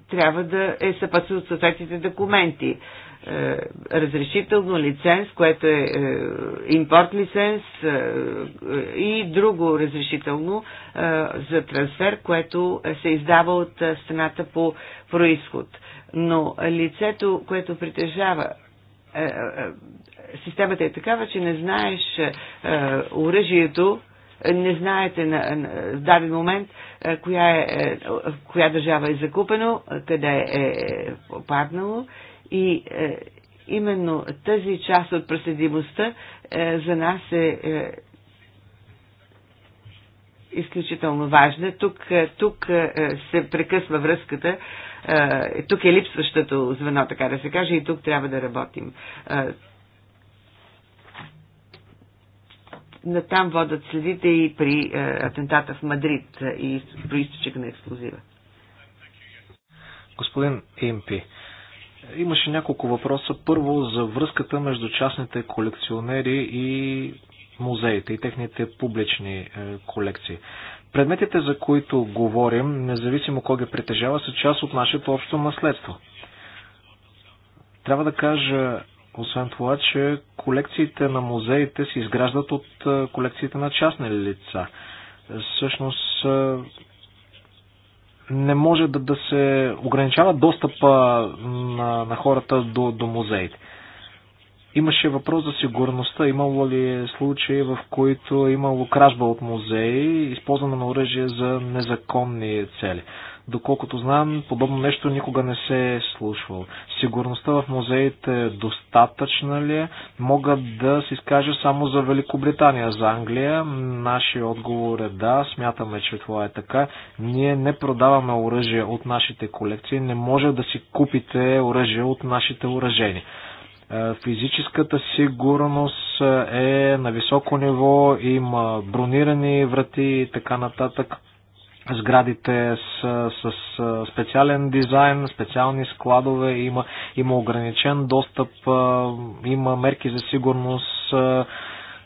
трябва да е съпътстват съответните документи. Е, разрешително, лиценз, което е, е импорт лиценз е, и друго разрешително за трансфер, което се издава от страната по происход. Но лицето, което притежава системата е такава, че не знаеш оръжието, не знаете на, на, в даден момент коя, е, коя държава е закупено, къде е паднало и е, именно тази част от проследимостта е, за нас е, е изключително важна. Тук, е, тук е, се прекъсва връзката, е, тук е липсващото звено, така да се каже, и тук трябва да работим. Натам водат следите и при атентата в Мадрид и проистичък на експлозива. Господин Импи, Имаше няколко въпроса. Първо за връзката между частните колекционери и музеите и техните публични е, колекции. Предметите, за които говорим, независимо кой ги притежава, са част от нашето общо наследство. Трябва да кажа, освен това, че колекциите на музеите се изграждат от е, колекциите на частни лица. Всъщност, е, не може да, да се ограничава достъпа на, на хората до, до музеите. Имаше въпрос за сигурността. Имало ли е случаи, в които е имало кражба от музеи, използване на оръжие за незаконни цели? Доколкото знам, подобно нещо никога не се е случвало. Сигурността в музеите е достатъчна ли е? Мога да се изкажа само за Великобритания, за Англия. Нашия отговор е да, смятаме, че това е така. Ние не продаваме оръжие от нашите колекции, не може да си купите оръжие от нашите оръжени. Е, физическата сигурност е на високо ниво, има бронирани врати и така нататък. Сградите с, с специален дизайн, специални складове, има, има ограничен достъп, има мерки за сигурност,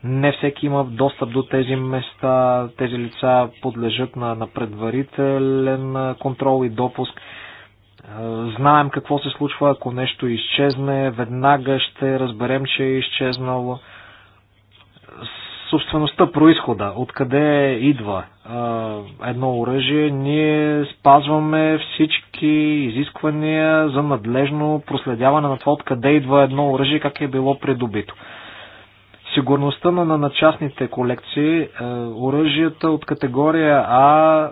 не всеки има достъп до тези места, тези лица подлежат на, на предварителен контрол и допуск. Знаем какво се случва, ако нещо изчезне, веднага ще разберем, че е изчезнало собствеността, происхода, откъде идва едно оръжие, ние спазваме всички изисквания за надлежно проследяване на това откъде идва едно оръжие, как е било придобито. Сигурността на, на частните колекции, е, оръжията от категория А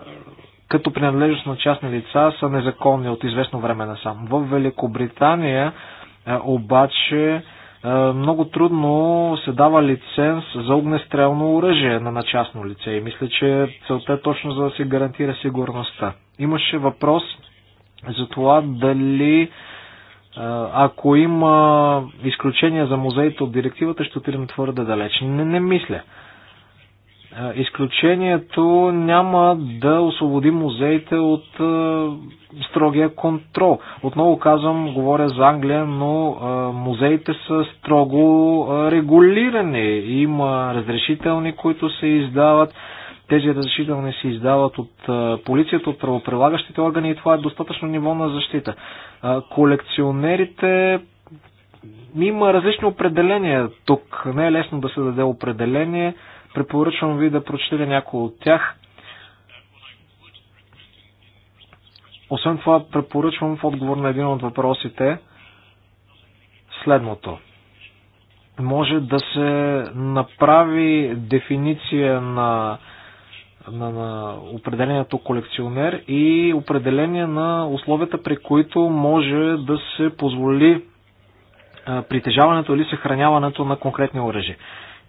като принадлежност на частни лица са незаконни от известно време насам. В Великобритания е, обаче е, много трудно се дава лиценз за огнестрелно оръжие на начастно лице и мисля, че целта е точно за да се гарантира сигурността. Имаше въпрос за това дали е, ако има изключения за музеите от директивата, ще отидем твърде далеч. Не, не мисля. Изключението няма да освободи музеите от строгия контрол. Отново казвам, говоря за Англия, но музеите са строго регулирани. Има разрешителни, които се издават. Тези разрешителни се издават от полицията, от правоприлагащите органи и това е достатъчно ниво на защита. Колекционерите има различни определения тук. Не е лесно да се даде определение. Препоръчвам ви да прочетете някои от тях. Освен това, препоръчвам в отговор на един от въпросите следното. Може да се направи дефиниция на, на, на определението колекционер и определение на условията, при които може да се позволи притежаването или съхраняването на конкретни оръжия.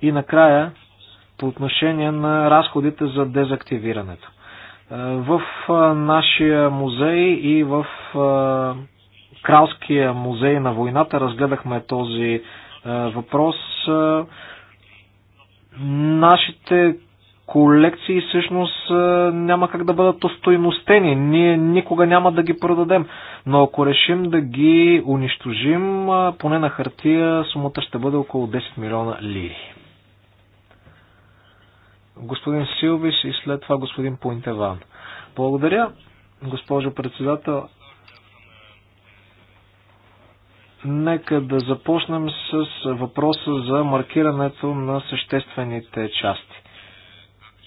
И накрая по отношение на разходите за дезактивирането. Е, в е, нашия музей и в е, Кралския музей на войната разгледахме този въпрос. Нашите колекции всъщност няма как да бъдат устойностени. Ние никога няма да ги продадем. Но ако решим да ги унищожим, поне на хартия сумата ще бъде около 10 милиона лири господин Силвис и след това господин Пуинтеван. Благодаря, госпожо председател. Нека да започнем с въпроса за маркирането на съществените части.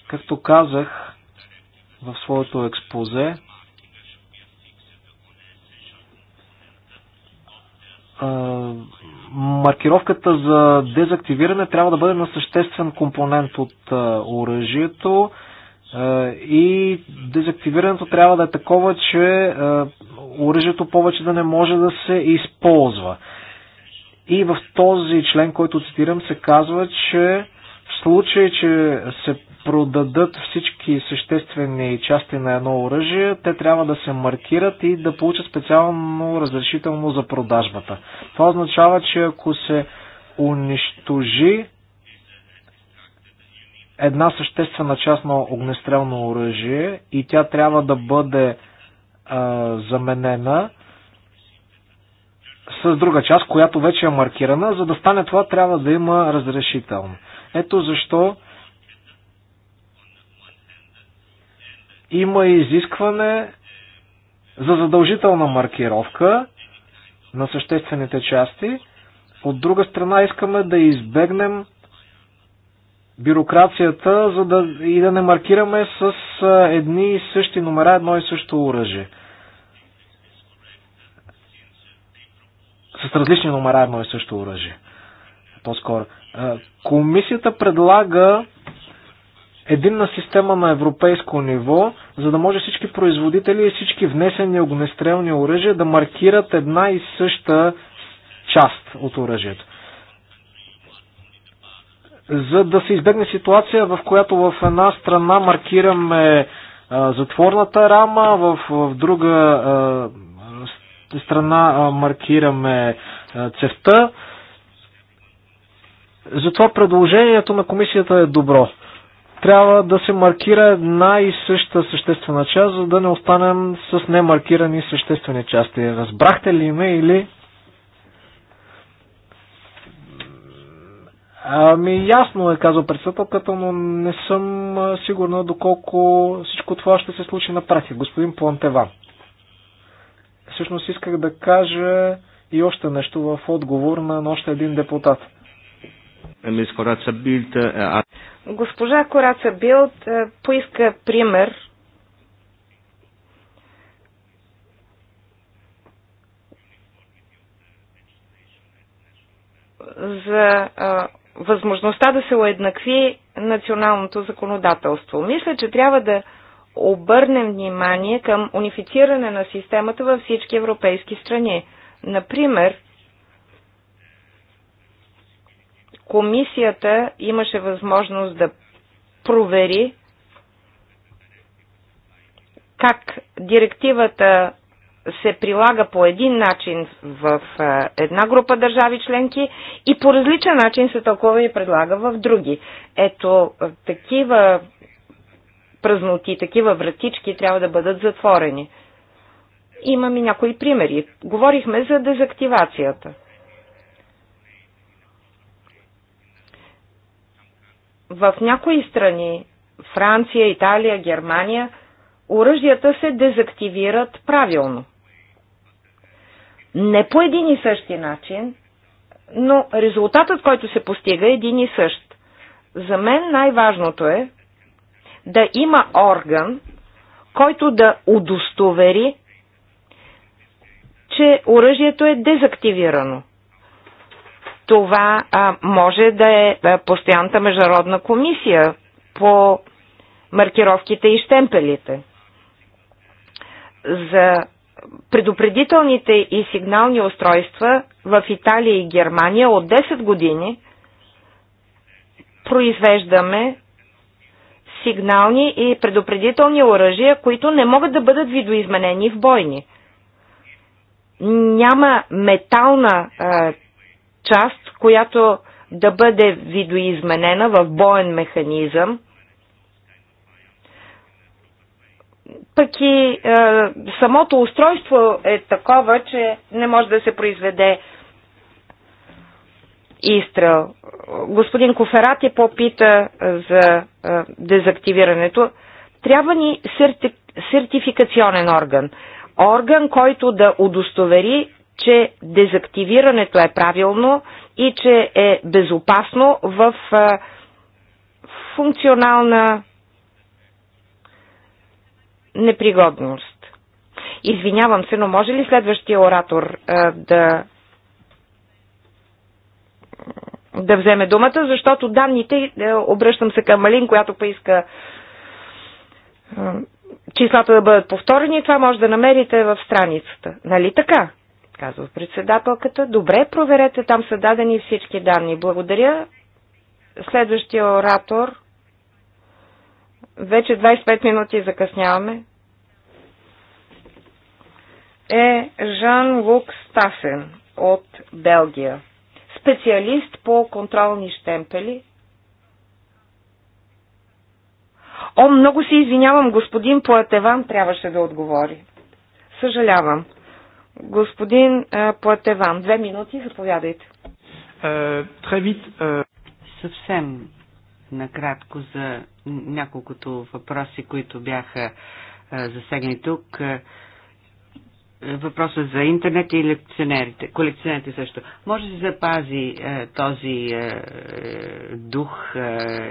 Както казах в своето експозе, маркировката за дезактивиране трябва да бъде на съществен компонент от оръжието и дезактивирането трябва да е такова, че оръжието повече да не може да се използва. И в този член, който цитирам, се казва, че в случай, че се продадат всички съществени части на едно оръжие, те трябва да се маркират и да получат специално разрешително за продажбата. Това означава, че ако се унищожи една съществена част на огнестрелно оръжие и тя трябва да бъде а, заменена с друга част, която вече е маркирана, за да стане това трябва да има разрешително. Ето защо Има изискване за задължителна маркировка на съществените части. От друга страна искаме да избегнем бюрокрацията за да, и да не маркираме с едни и същи номера, едно и също оръжие. С различни номера, едно и също оръжие. По-скоро. Комисията предлага единна система на европейско ниво, за да може всички производители и всички внесени огнестрелни оръжия да маркират една и съща част от оръжието. За да се избегне ситуация, в която в една страна маркираме а, затворната рама, в, в друга а, страна а, маркираме цевта. Затова предложението на комисията е добро трябва да се маркира една и съща съществена част, за да не останем с немаркирани съществени части. Разбрахте ли ме или... Ами ясно е, казал председателката, но не съм сигурна доколко всичко това ще се случи на практика. Господин Плантева. Всъщност исках да кажа и още нещо в отговор на още един депутат. Госпожа Кораца Билт е, поиска пример за а, е, възможността да се уеднакви националното законодателство. Мисля, че трябва да обърнем внимание към унифициране на системата във всички европейски страни. Например, комисията имаше възможност да провери как директивата се прилага по един начин в една група държави членки и по различен начин се тълкува и предлага в други. Ето, такива празноти, такива вратички трябва да бъдат затворени. Имам някои примери. Говорихме за дезактивацията. в някои страни, Франция, Италия, Германия, оръжията се дезактивират правилно. Не по един и същи начин, но резултатът, който се постига е един и същ. За мен най-важното е да има орган, който да удостовери, че оръжието е дезактивирано това а, може да е постоянната международна комисия по маркировките и штемпелите. За предупредителните и сигнални устройства в Италия и Германия от 10 години произвеждаме сигнални и предупредителни оръжия, които не могат да бъдат видоизменени в бойни. Няма метална а, част, която да бъде видоизменена в боен механизъм, пък и е, самото устройство е такова, че не може да се произведе изстрел. Господин е попита е, за е, дезактивирането. Трябва ни серти, сертификационен орган. Орган, който да удостовери, че дезактивирането е правилно, и че е безопасно в функционална непригодност. Извинявам се, но може ли следващия оратор а, да да вземе думата, защото данните, обръщам се към Малин, която поиска числата да бъдат повторени, това може да намерите в страницата. Нали така? казва председателката. Добре, проверете, там са дадени всички данни. Благодаря. Следващия оратор. Вече 25 минути закъсняваме. Е Жан-Лук Стасен от Белгия. Специалист по контролни щемпели. О, много се извинявам, господин Поетеван трябваше да отговори. Съжалявам. Господин Платеван, две минути, заповядайте. Тревит. Е. Съвсем накратко за няколкото въпроси, които бяха е, засегнати тук. Е, Въпроса за интернет и лекционерите, колекционерите също. Може да се запази е, този е, дух е,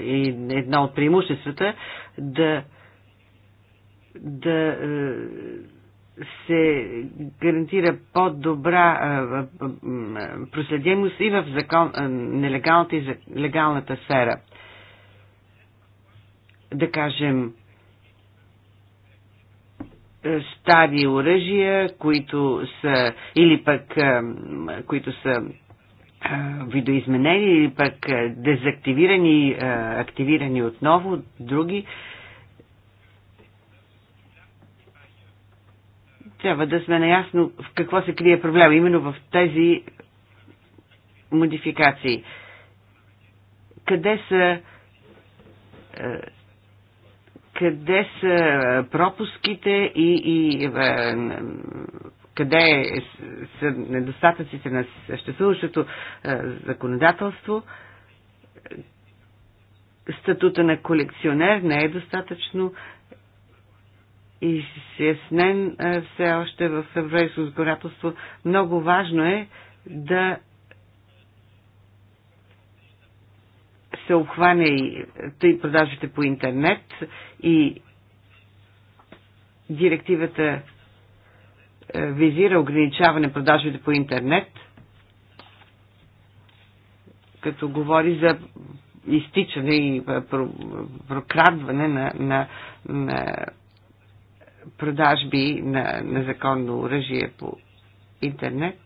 и едно от преимуществата да, да е, се гарантира по-добра проследимост и в закон, нелегалната и легалната сфера. Да кажем, стари оръжия, които са или пък които са видоизменени или пък дезактивирани, активирани отново, други трябва да сме наясно в какво се крие проблема, именно в тези модификации. Къде са е, къде са пропуските и, и е, къде е, са недостатъците на съществуващото законодателство. Статута на колекционер не е достатъчно и снен все още в еврейско сгорателство. Много важно е да се обхване и тъй продажите по интернет и директивата визира ограничаване продажите по интернет, като говори за изтичане и прокрадване на, на, на продажби на незаконно оръжие по интернет.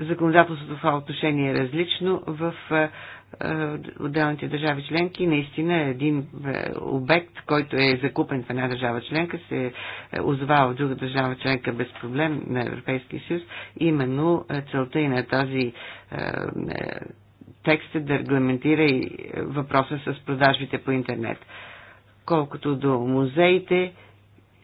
Законодателството в това отношение е различно в е, е, отделните държави членки. Наистина е един обект, който е закупен в една държава членка, се озова в друга държава членка без проблем на Европейския съюз. Именно целта и на този текст е да регламентира и въпроса с продажбите по интернет. Колкото до музеите,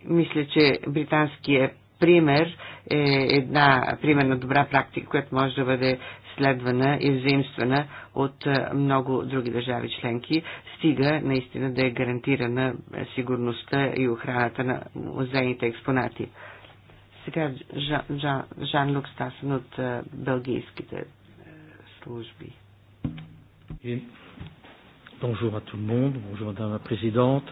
мисля, че британския пример е една примерна добра практика, която може да бъде следвана и взаимствана от е, много други държави членки, стига наистина да е гарантирана сигурността и охраната на музейните експонати. Сега Жан, Лук Стасен от е, белгийските е, служби. Bonjour à tout le monde. Bonjour Madame la Présidente.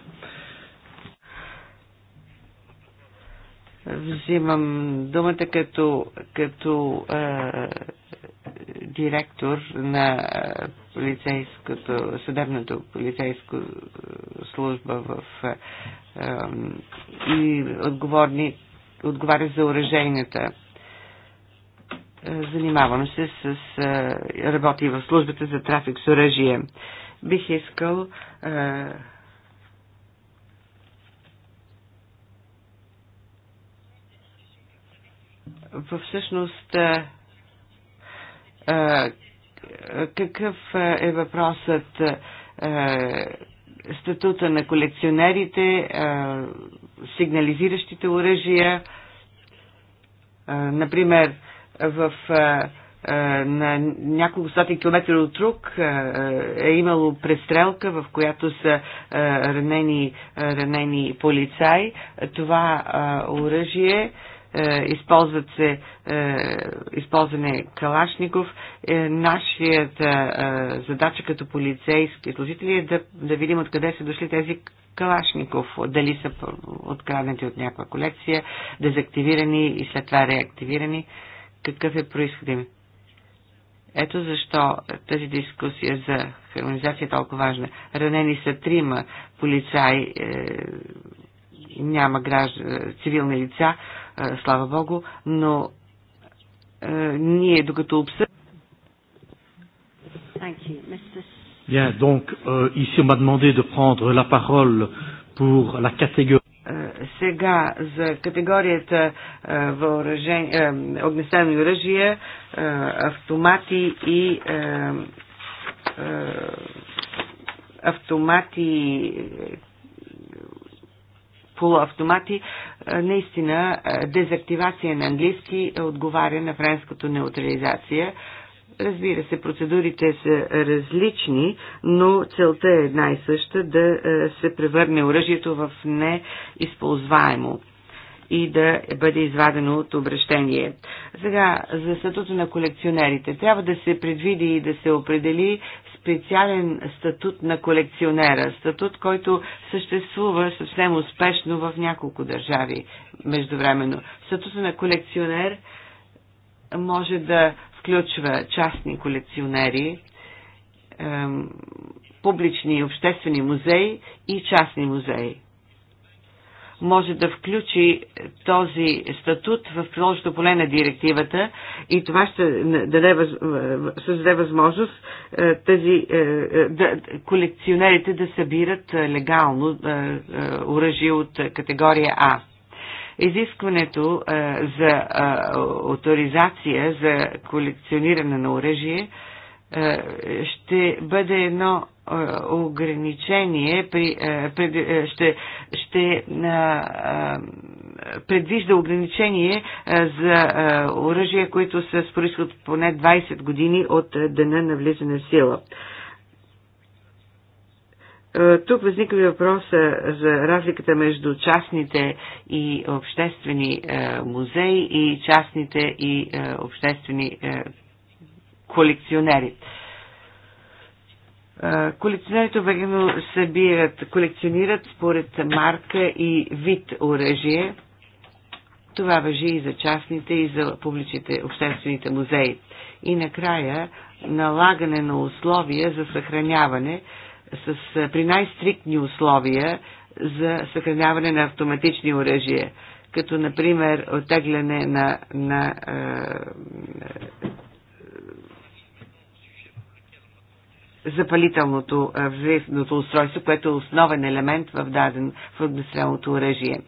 Взимам думата като, като е, директор на полицейското, съдебното полицейско служба в е, и отговорни, отговаря за оръжейната занимавам се с... Работя в службата за трафик с оръжие. Бих искал е, всъщност е, е, какъв е въпросът е, статута на колекционерите, е, сигнализиращите оръжия, е, например в е, е, на няколко стотин километра от друг е, е, е имало престрелка, в която са ранени, ранени полицаи. Това оръжие използват се използване Калашников. нашият задача като полицейски служители е да, да видим откъде са дошли тези Калашников, дали са откраднати от някаква колекция, дезактивирани и след това реактивирани. Какъв е происходим? Ето защо тази дискусия за хармонизация е толкова важна. Ранени са трима полицаи, е, няма граждан, е, цивилни лица, е, слава Богу, но е, ние докато обсъдим. Bien, donc euh, ici on m'a demandé de prendre la parole pour la catégorie. Сега за категорията е, е, огнестрелни оръжия, е, автомати и автомати полуавтомати, наистина дезактивация на английски отговаря на френското неутрализация. Разбира се, процедурите са различни, но целта е една и съща да е, се превърне оръжието в неизползваемо и да бъде извадено от обращение. Сега, за статута на колекционерите. Трябва да се предвиди и да се определи специален статут на колекционера, статут, който съществува съвсем успешно в няколко държави междувременно. Статута на колекционер може да включва частни колекционери, публични и обществени музеи и частни музеи. Може да включи този статут в приложното поле на директивата и това ще даде, създаде възможност е, тези е, е, да, колекционерите да събират легално оръжие от категория А. Изискването за авторизация за колекциониране на оръжие ще бъде едно ограничение, при, пред, ще, ще предвижда ограничение за оръжия, които са с происход поне 20 години от дъна на влизане в сила. Е, тук възниква въпроса за разликата между частните и обществени е, музеи и частните и е, обществени колекционери. Колекционерите обикновено събират, колекционират според марка и вид оръжие. Това въжи и за частните, и за публичните обществените музеи. И накрая налагане на условия за съхраняване, с, при най-стриктни условия за съхраняване на автоматични оръжия, като например оттегляне на, на е, запалителното взривното устройство, което е основен елемент в даден в огнестрелното оръжие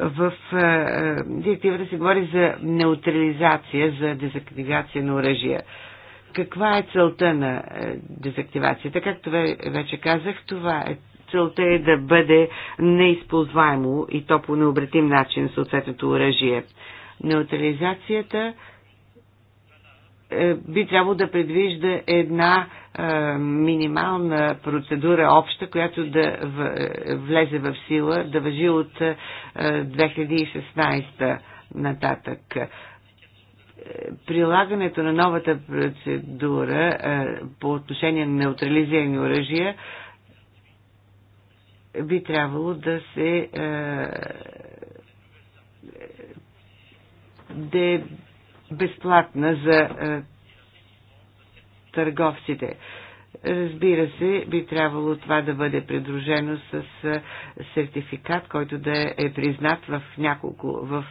в е, директивата се говори за неутрализация, за дезактивация на оръжия. Каква е целта на е, дезактивацията? Както вече казах, това е целта е да бъде неизползваемо и то по необратим начин съответното оръжие. Неутрализацията е, би трябвало да предвижда една е, минимална процедура обща, която да в, е, влезе в сила, да въжи от е, 2016 нататък прилагането на новата процедура е, по отношение на неутрализирани оръжия би трябвало да се е, да е безплатна за е, търговците. Разбира се, би трябвало това да бъде придружено с сертификат, който да е признат в, няколко, в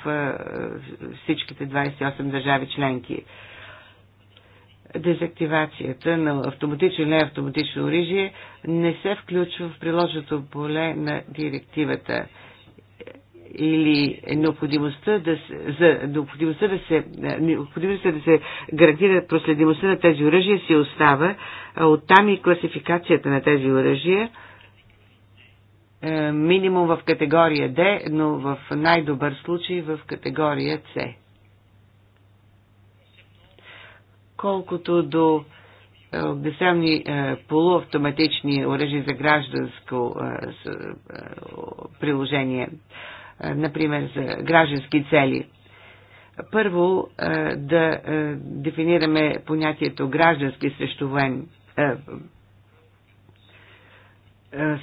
всичките 28 държави членки. Дезактивацията на автоматично и неавтоматично оръжие не се включва в приложното поле на директивата или е необходимостта да се, за необходимостта да се, необходимостта да се гарантира проследимостта на тези оръжия си остава, а оттам и класификацията на тези оръжия е, минимум в категория D, но в най-добър случай в категория C. Колкото до е, огнестрелни е, полуавтоматични оръжия за гражданско приложение, например за граждански цели. Първо да дефинираме понятието граждански срещу воен. Е, е,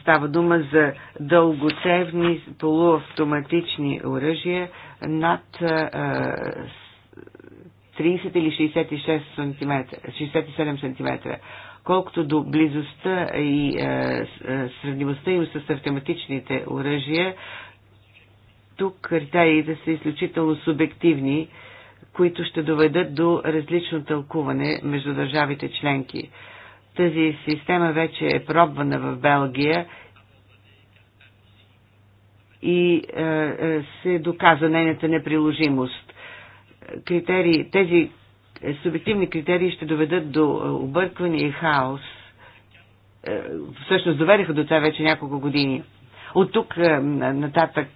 става дума за дългоцевни полуавтоматични оръжия над 30 е, или 66 см, 67 см. Колкото до близостта и е, сравнимостта им с автоматичните оръжия, тук критериите са изключително субективни, които ще доведат до различно тълкуване между държавите членки. Тази система вече е пробвана в Белгия и е, е, се доказа нейната неприложимост. Критерии, тези е, субективни критерии ще доведат до объркване и хаос. Всъщност доведеха до това вече няколко години. От тук нататък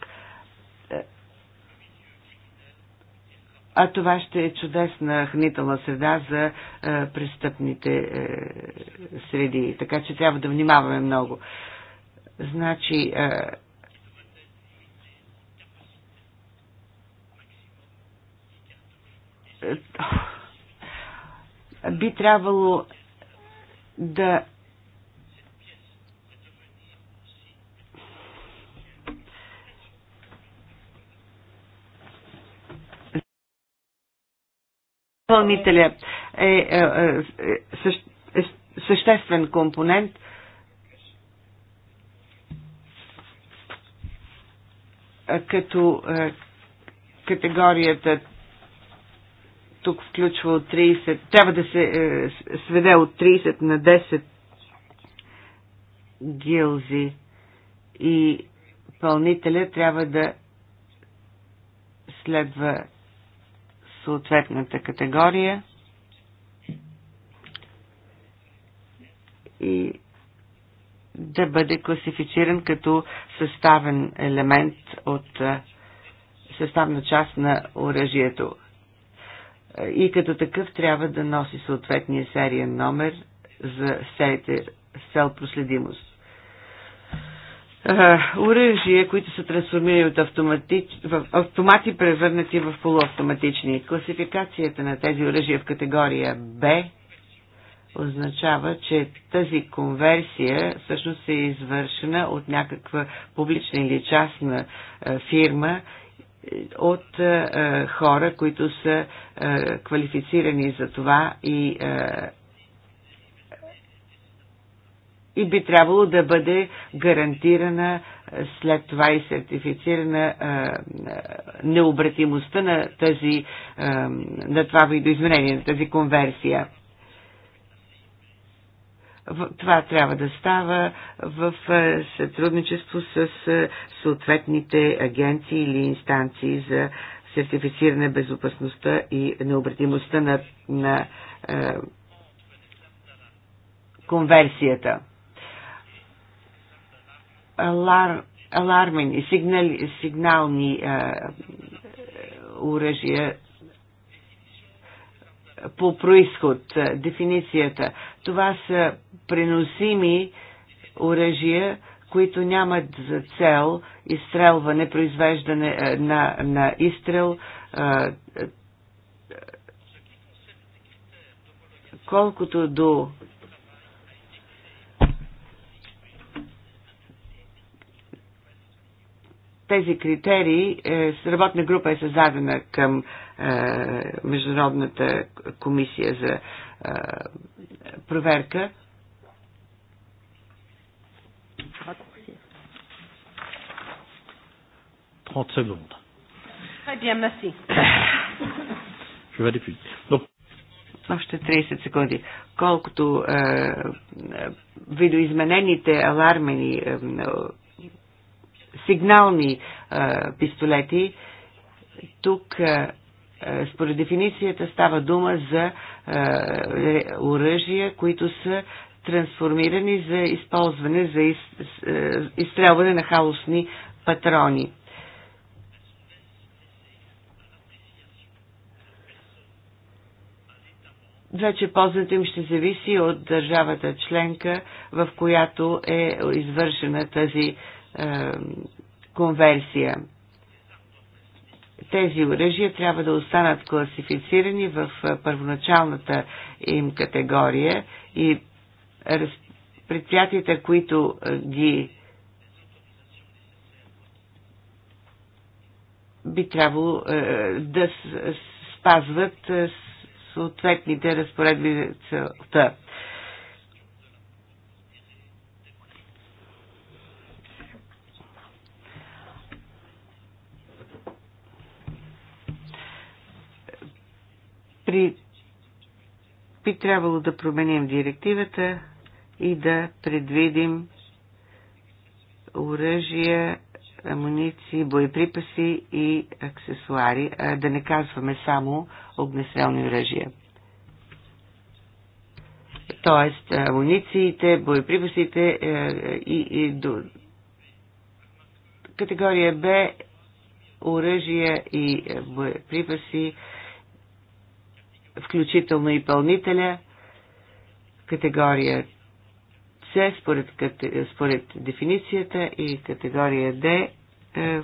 а това ще е чудесна хранителна среда за е, престъпните е, среди. Така че трябва да внимаваме много. Значи, е, е би трябвало да изпълнителя е, е, е, е, е съществен компонент. като е, категорията тук включва от 30, трябва да се е, сведе от 30 на 10 гилзи и пълнителя трябва да следва съответната категория и да бъде класифициран като съставен елемент от съставна част на оръжието. И като такъв трябва да носи съответния сериен номер за с цел проследимост оръжия, които са трансформирани от автоматич... в автомати, превърнати в полуавтоматични. Класификацията на тези оръжия в категория Б означава, че тази конверсия всъщност е извършена от някаква публична или частна е, фирма е, от е, хора, които са квалифицирани за това и и би трябвало да бъде гарантирана след това и сертифицирана необратимостта на, тази, на това видоизменение, на тази конверсия това трябва да става в сътрудничество с съответните агенции или инстанции за сертифициране безопасността и необратимостта на, на е, конверсията алар, алармени, сигнали, сигнални а, е, оръжия по происход, е, дефиницията. Това са преносими оръжия, които нямат за цел изстрелване, произвеждане е, на, на изстрел. Колкото до тези критерии, е, работна група е създадена към е, Международната комисия за е, проверка. секунди. Още 30 секунди. Колкото е, видоизменените алармени е, сигнални е, пистолети. Тук е, е, според дефиницията става дума за оръжия, които са трансформирани за използване, за из, изстрелване на хаосни патрони. Вече ползването им ще зависи от държавата членка, в която е извършена тази конверсия. Тези оръжия трябва да останат класифицирани в първоначалната им категория и предприятията, които ги би трябвало да спазват съответните разпоредби целта. при, би трябвало да променим директивата и да предвидим оръжия, амуниции, боеприпаси и аксесуари, а да не казваме само огнестрелни оръжия. Тоест, амунициите, боеприпасите е, е, и, и до... категория Б оръжия и е, боеприпаси включително и пълнителя, категория С според, според дефиницията и категория Д е,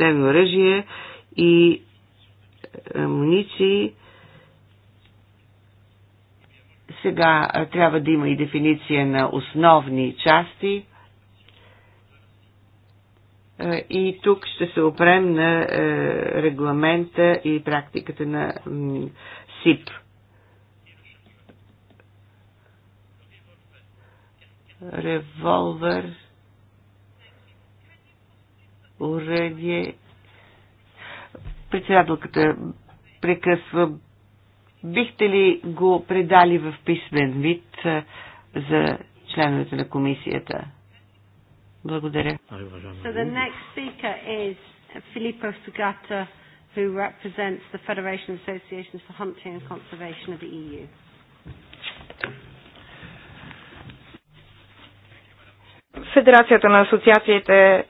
оръжие и е, амуниции. Сега е, трябва да има и дефиниция на основни части – е, и тук ще се опрем на е, регламента и практиката на СИП. Револвер, уредие. Председателката прекъсва. Бихте ли го предали в писмен вид е, за членовете на комисията? Благодаря. So the next speaker is Filippo who represents the Federation for Hunting and Conservation of the EU. Федерацията на асоциациите е,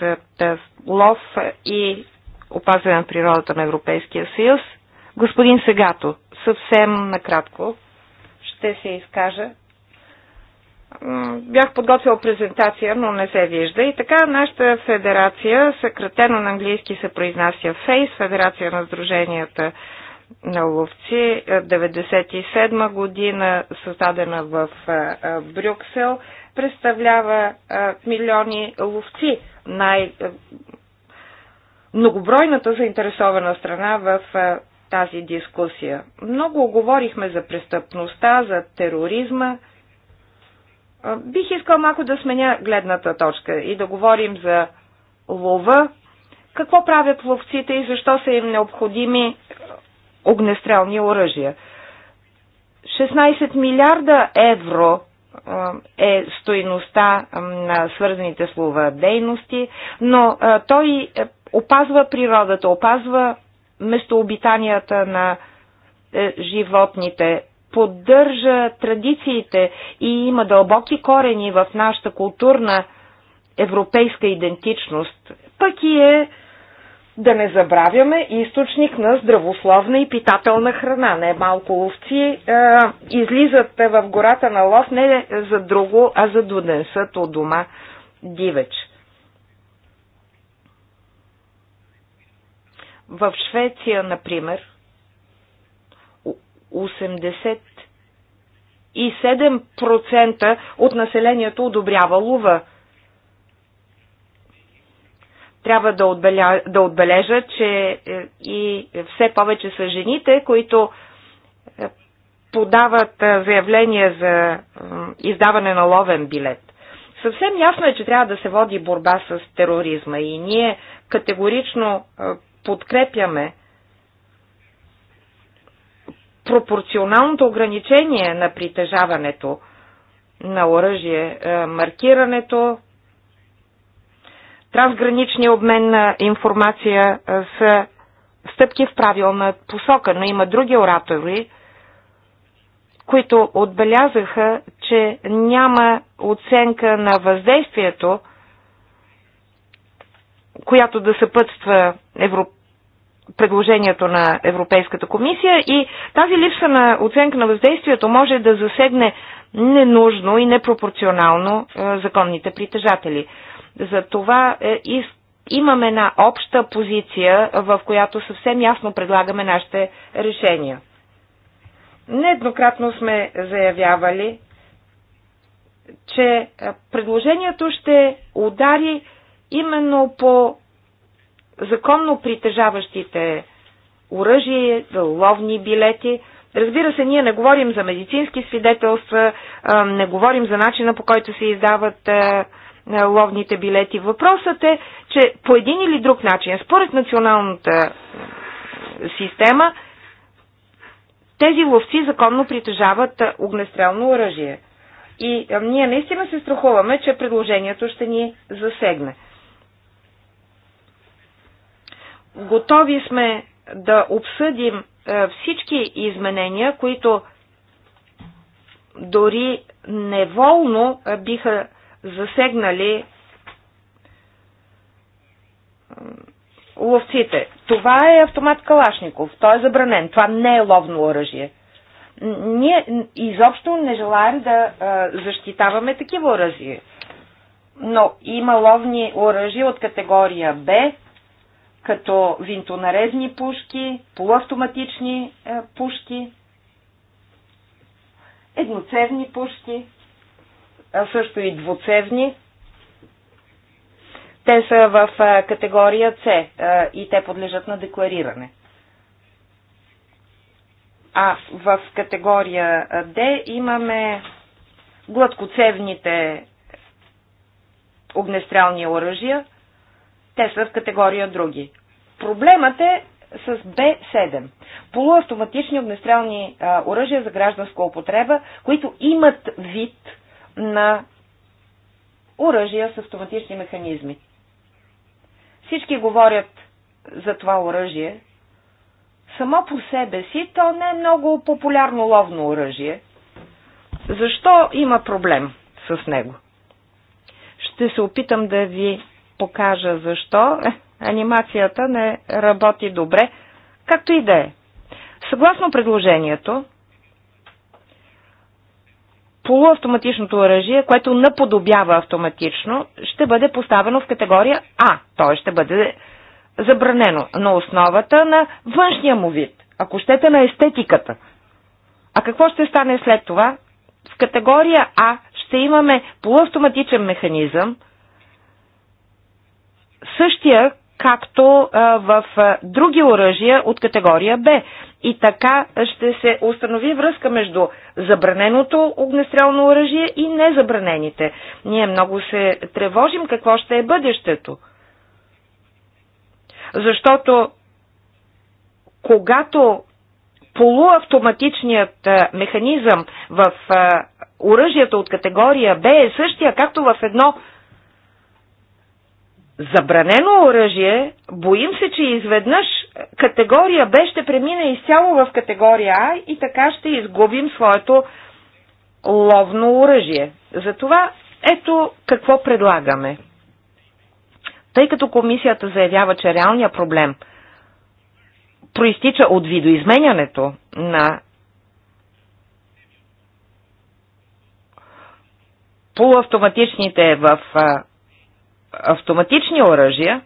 за е, лов и опазване на природата на Европейския съюз. Господин Сегато, съвсем накратко ще се изкажа бях подготвил презентация, но не се вижда. И така нашата федерация, съкратено на английски се произнася ФЕЙС, Федерация на Сдруженията на ловци, 97 е, година, създадена в е, е, Брюксел, представлява милиони ловци, най- многобройната заинтересована страна в тази дискусия. Много говорихме за престъпността, за тероризма, Бих искал малко да сменя гледната точка и да говорим за лова, какво правят ловците и защо са им необходими огнестрелни оръжия. 16 милиарда евро е стоиността на свързаните с лова дейности, но той е, опазва природата, опазва местообитанията на е, животните, поддържа традициите и има дълбоки корени в нашата културна европейска идентичност, пък и е, да не забравяме, източник на здравословна и питателна храна. Не малко овци е, излизат в гората на лов не за друго, а за донесат от дома дивеч. В Швеция, например, 87% от населението одобрява лува. Трябва да, отбеля, да отбележа, че е, и все повече са жените, които е, подават е, заявление за издаване на ловен билет. Съвсем ясно е, че трябва да се води борба с тероризма и ние категорично подкрепяме пропорционалното ограничение на притежаването на оръжие, е, маркирането, трансграничния обмен на информация е, са стъпки в правилна посока, но има други оратори, които отбелязаха, че няма оценка на въздействието, която да съпътства европейското предложението на Европейската комисия и тази липса на оценка на въздействието може да засегне ненужно и непропорционално е, законните притежатели. За това е, имаме една обща позиция, в която съвсем ясно предлагаме нашите решения. Нееднократно сме заявявали, че е, предложението ще удари именно по законно притежаващите оръжие, за ловни билети. Разбира се, ние не говорим за медицински свидетелства, не говорим за начина по който се издават ловните билети. Въпросът е, че по един или друг начин, според националната система, тези ловци законно притежават огнестрелно оръжие. И ние наистина се страхуваме, че предложението ще ни засегне. Готови сме да обсъдим е, всички изменения, които дори неволно е, биха засегнали е, ловците. Това е автомат Калашников. Той е забранен. Това не е ловно оръжие. Ние изобщо не желаем да защитаваме такива оръжия. Но има ловни оръжия от категория Б, като винтонарезни пушки, полуавтоматични е, пушки, едноцевни пушки, а също и двуцевни. Те са в е, категория С е, и те подлежат на деклариране. А в категория Д имаме гладкоцевните огнестрелни оръжия. Те са в категория други. Проблемът е с Б7. Полуавтоматични огнестрелни а, оръжия за гражданска употреба, които имат вид на оръжия с автоматични механизми. Всички говорят за това оръжие. Само по себе си то не е много популярно ловно оръжие. Защо има проблем с него? Ще се опитам да ви покажа защо анимацията не работи добре, както и да е. Съгласно предложението, полуавтоматичното оръжие, което наподобява автоматично, ще бъде поставено в категория А. Той ще бъде забранено на основата на външния му вид, ако щете на естетиката. А какво ще стане след това? В категория А ще имаме полуавтоматичен механизъм, същия, както в други оръжия от категория Б. И така ще се установи връзка между забраненото огнестрелно оръжие и незабранените. Ние много се тревожим какво ще е бъдещето. Защото когато полуавтоматичният механизъм в оръжията от категория Б е същия, както в едно забранено оръжие, боим се, че изведнъж категория Б ще премине изцяло в категория А и така ще изгубим своето ловно оръжие. Затова ето какво предлагаме. Тъй като комисията заявява, че реалният проблем проистича от видоизменянето на полуавтоматичните в автоматични оръжия,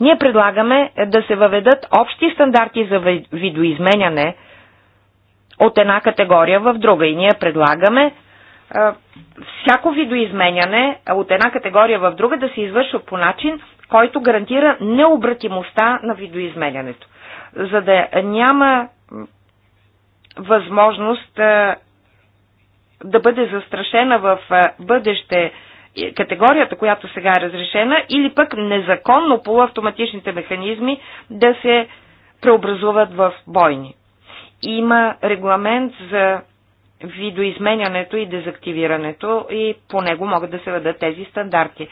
ние предлагаме да се въведат общи стандарти за видоизменяне от една категория в друга. И ние предлагаме всяко видоизменяне от една категория в друга да се извършва по начин, който гарантира необратимостта на видоизменянето, за да няма възможност да бъде застрашена в бъдеще е, категорията, която сега е разрешена, или пък незаконно полуавтоматичните механизми да се преобразуват в бойни. Има регламент за видоизменянето и дезактивирането и по него могат да се въдат тези стандарти.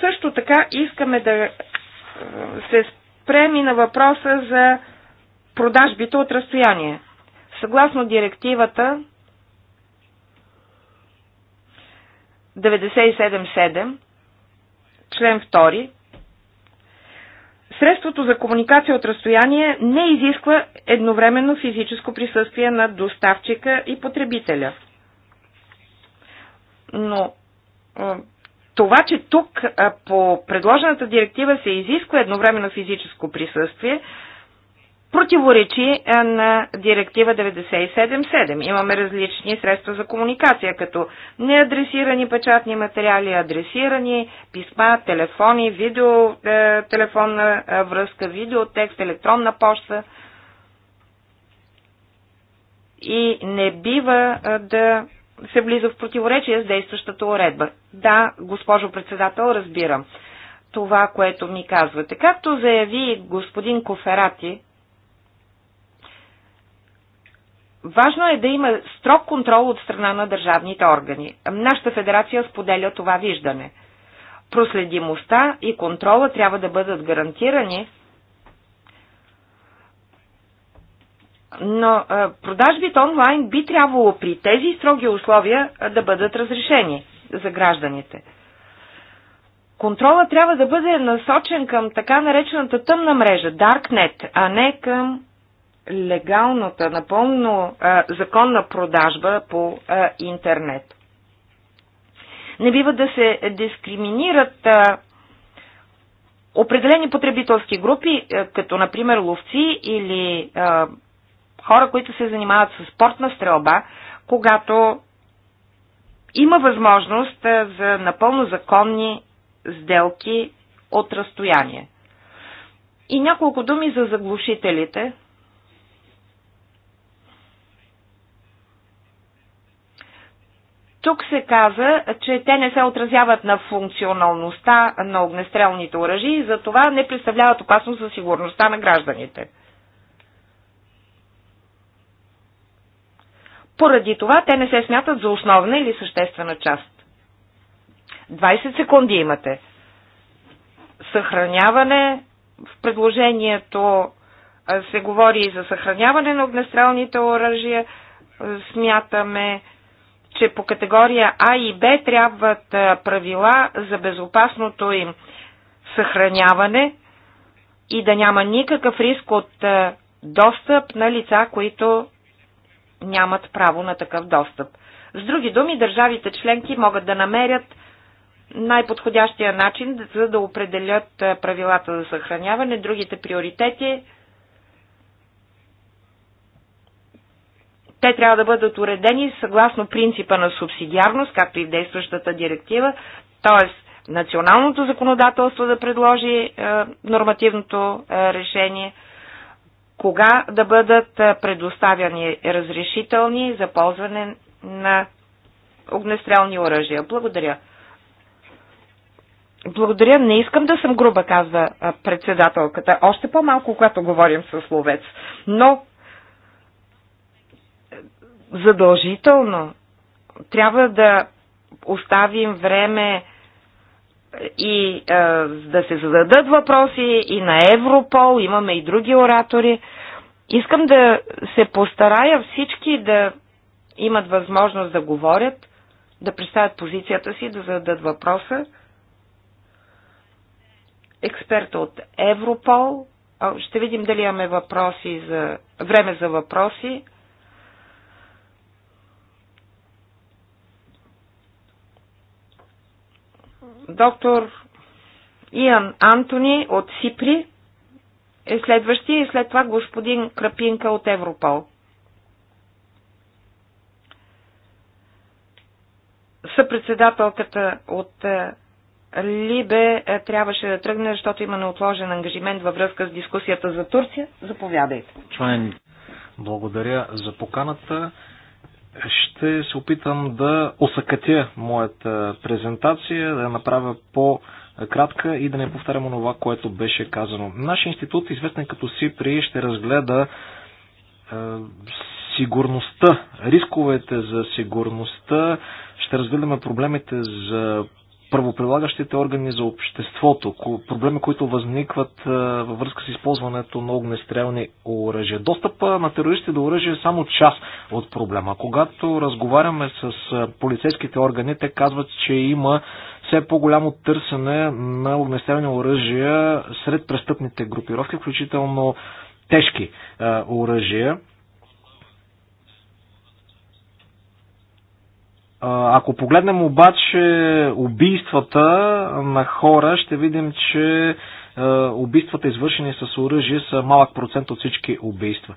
Също така искаме да е, се спреми на въпроса за продажбите от разстояние. Съгласно директивата, 97.7, член 2, средството за комуникация от разстояние не изисква едновременно физическо присъствие на доставчика и потребителя. Но това, че тук по предложената директива се изисква едновременно физическо присъствие, противоречи е, на директива 97.7. Имаме различни средства за комуникация, като неадресирани печатни материали, адресирани писма, телефони, видео, е, телефонна е, връзка, видеотекст, електронна почта. И не бива да се влиза в противоречие с действащата уредба. Да, госпожо председател, разбирам това, което ми казвате. Както заяви господин Коферати, Важно е да има строг контрол от страна на държавните органи. Нашата федерация споделя това виждане. Проследимостта и контрола трябва да бъдат гарантирани, но продажбите онлайн би трябвало при тези строги условия да бъдат разрешени за гражданите. Контрола трябва да бъде насочен към така наречената тъмна мрежа, Darknet, а не към легалната, напълно а, законна продажба по а, интернет. Не бива да се дискриминират а, определени потребителски групи, а, като например ловци или а, хора, които се занимават с спортна стрелба, когато има възможност а, за напълно законни сделки от разстояние. И няколко думи за заглушителите, Тук се каза, че те не се отразяват на функционалността на огнестрелните оръжи и затова не представляват опасност за сигурността на гражданите. Поради това те не се смятат за основна или съществена част. 20 секунди имате. Съхраняване в предложението се говори и за съхраняване на огнестрелните оръжия. Смятаме, че по категория А и Б трябват правила за безопасното им съхраняване и да няма никакъв риск от достъп на лица, които нямат право на такъв достъп. С други думи, държавите членки могат да намерят най-подходящия начин, за да определят правилата за съхраняване, другите приоритети Те трябва да бъдат уредени съгласно принципа на субсидиарност, както и в действащата директива, т.е. националното законодателство да предложи е, нормативното е, решение, кога да бъдат е, предоставяни разрешителни за ползване на огнестрелни оръжия. Благодаря. Благодаря, не искам да съм груба, казва е, председателката. Още по-малко, когато говорим с словец. Но задължително. Трябва да оставим време и е, да се зададат въпроси и на Европол, имаме и други оратори. Искам да се постарая всички да имат възможност да говорят, да представят позицията си, да зададат въпроса. Експерта от Европол. Ще видим дали имаме въпроси за... време за въпроси. Доктор Иан Антони от Сипри е следващия и след това господин Крапинка от Европол. Съпредседателката от е, Либе е, трябваше да тръгне, защото има неотложен ангажимент във връзка с дискусията за Турция. Заповядайте. Благодаря за поканата ще се опитам да осъкътя моята презентация, да я направя по-кратка и да не повтарям онова, което беше казано. Нашия институт, известен като СИПРИ, ще разгледа е, сигурността, рисковете за сигурността, ще разгледаме проблемите за правоприлагащите органи за обществото, проблеми, които възникват във връзка с използването на огнестрелни оръжия. Достъпа на терористи до оръжие е само част от проблема. Когато разговаряме с полицейските органи, те казват, че има все по-голямо търсене на огнестрелни оръжия сред престъпните групировки, включително тежки оръжия. Ако погледнем обаче убийствата на хора, ще видим, че убийствата, извършени с оръжие, са малък процент от всички убийства.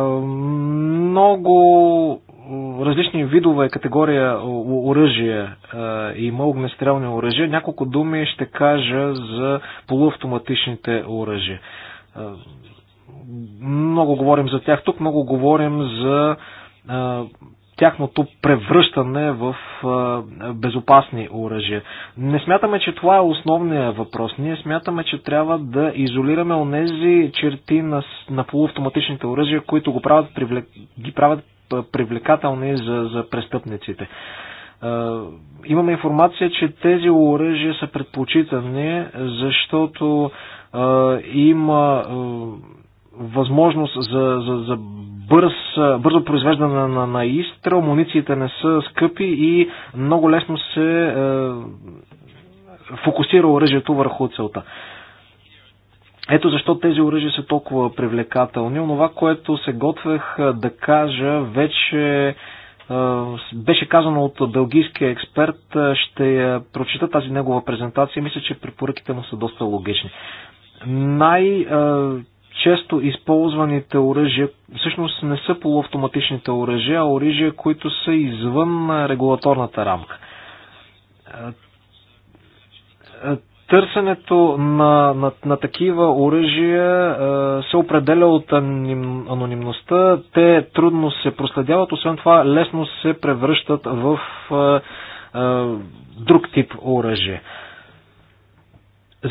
Много различни видове категория оръжия е, и огнестрелни оръжия. Няколко думи ще кажа за полуавтоматичните оръжия. Е, много говорим за тях тук, много говорим за е, тяхното превръщане в безопасни оръжия. Не смятаме, че това е основният въпрос. Ние смятаме, че трябва да изолираме онези черти на, на полуавтоматичните оръжия, които го правят, привлек, ги правят привлекателни за, за престъпниците. Е, имаме информация, че тези оръжия са предпочитани, защото е, има е, възможност за, за, за бърз, бързо произвеждане на, на, изстрел, мунициите не са скъпи и много лесно се е, фокусира оръжието върху целта. Ето защо тези оръжия са толкова привлекателни. Онова, което се готвех да кажа, вече беше казано от белгийския експерт. Ще я прочита тази негова презентация. Мисля, че препоръките му са доста логични. Най- често използваните оръжия всъщност не са полуавтоматичните оръжия, а оръжия, които са извън регулаторната рамка търсенето на, на, на такива оръжия е, се определя от аним, анонимността. Те трудно се проследяват, освен това лесно се превръщат в е, е, друг тип оръжие.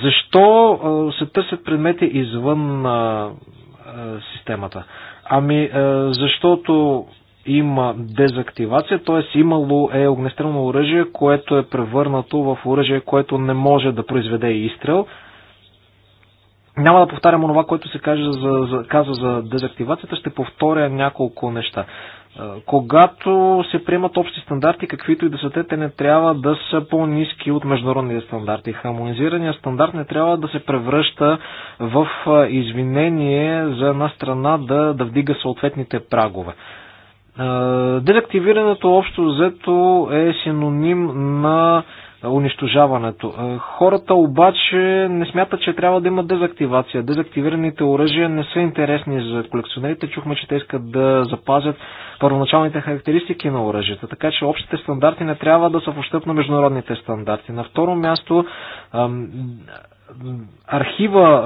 Защо е, се търсят предмети извън е, е системата? Ами, е, защото има дезактивация, т.е. имало е огнестрелно оръжие, което е превърнато в оръжие, което не може да произведе изстрел. Няма да повтарям онова, което се каже за, за, каза за дезактивацията, ще повторя няколко неща. Когато се приемат общи стандарти, каквито и да са те, те не трябва да са по-низки от международните стандарти. Хармонизираният стандарт не трябва да се превръща в извинение за една страна да, да вдига съответните прагове. Деактивирането общо взето е синоним на унищожаването. Хората обаче не смятат, че трябва да има дезактивация. Дезактивираните оръжия не са интересни за колекционерите. Чухме, че те искат да запазят първоначалните характеристики на оръжията, така че общите стандарти не трябва да са в ощъп на международните стандарти. На второ място, архива,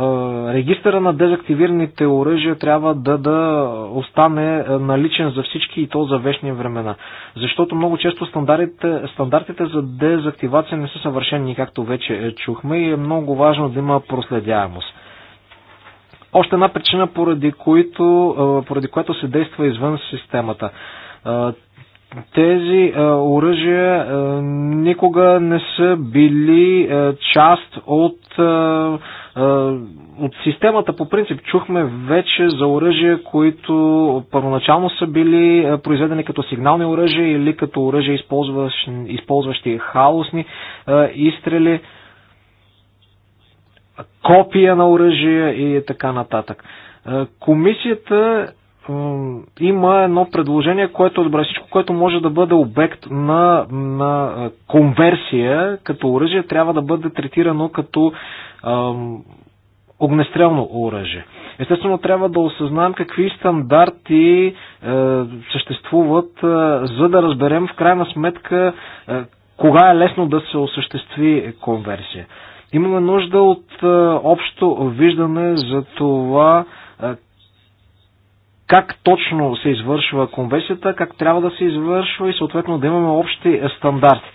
регистъра на дезактивираните оръжия трябва да, да остане наличен за всички и то за вечни времена. Защото много често стандартите, стандартите за дезактивация не са съвършени, както вече е, чухме и е много важно да има проследяемост. Още една причина, поради, които, поради която се действа извън системата. Тези оръжия никога не са били част от, от системата. По принцип чухме вече за оръжия, които първоначално са били произведени като сигнални оръжия или като оръжия, използващи хаосни изстрели копия на оръжия и така нататък. Е, комисията има едно предложение, което е отбра всичко, което може да бъде обект на, на е, конверсия като оръжие, трябва да бъде третирано като ам, огнестрелно оръжие. Естествено, трябва да осъзнаем какви стандарти е, съществуват, е, за да разберем в крайна сметка е, кога е лесно да се осъществи конверсия. Е, Имаме нужда от е, общо виждане за това е, как точно се извършва конвенцията, как трябва да се извършва и съответно да имаме общи стандарти.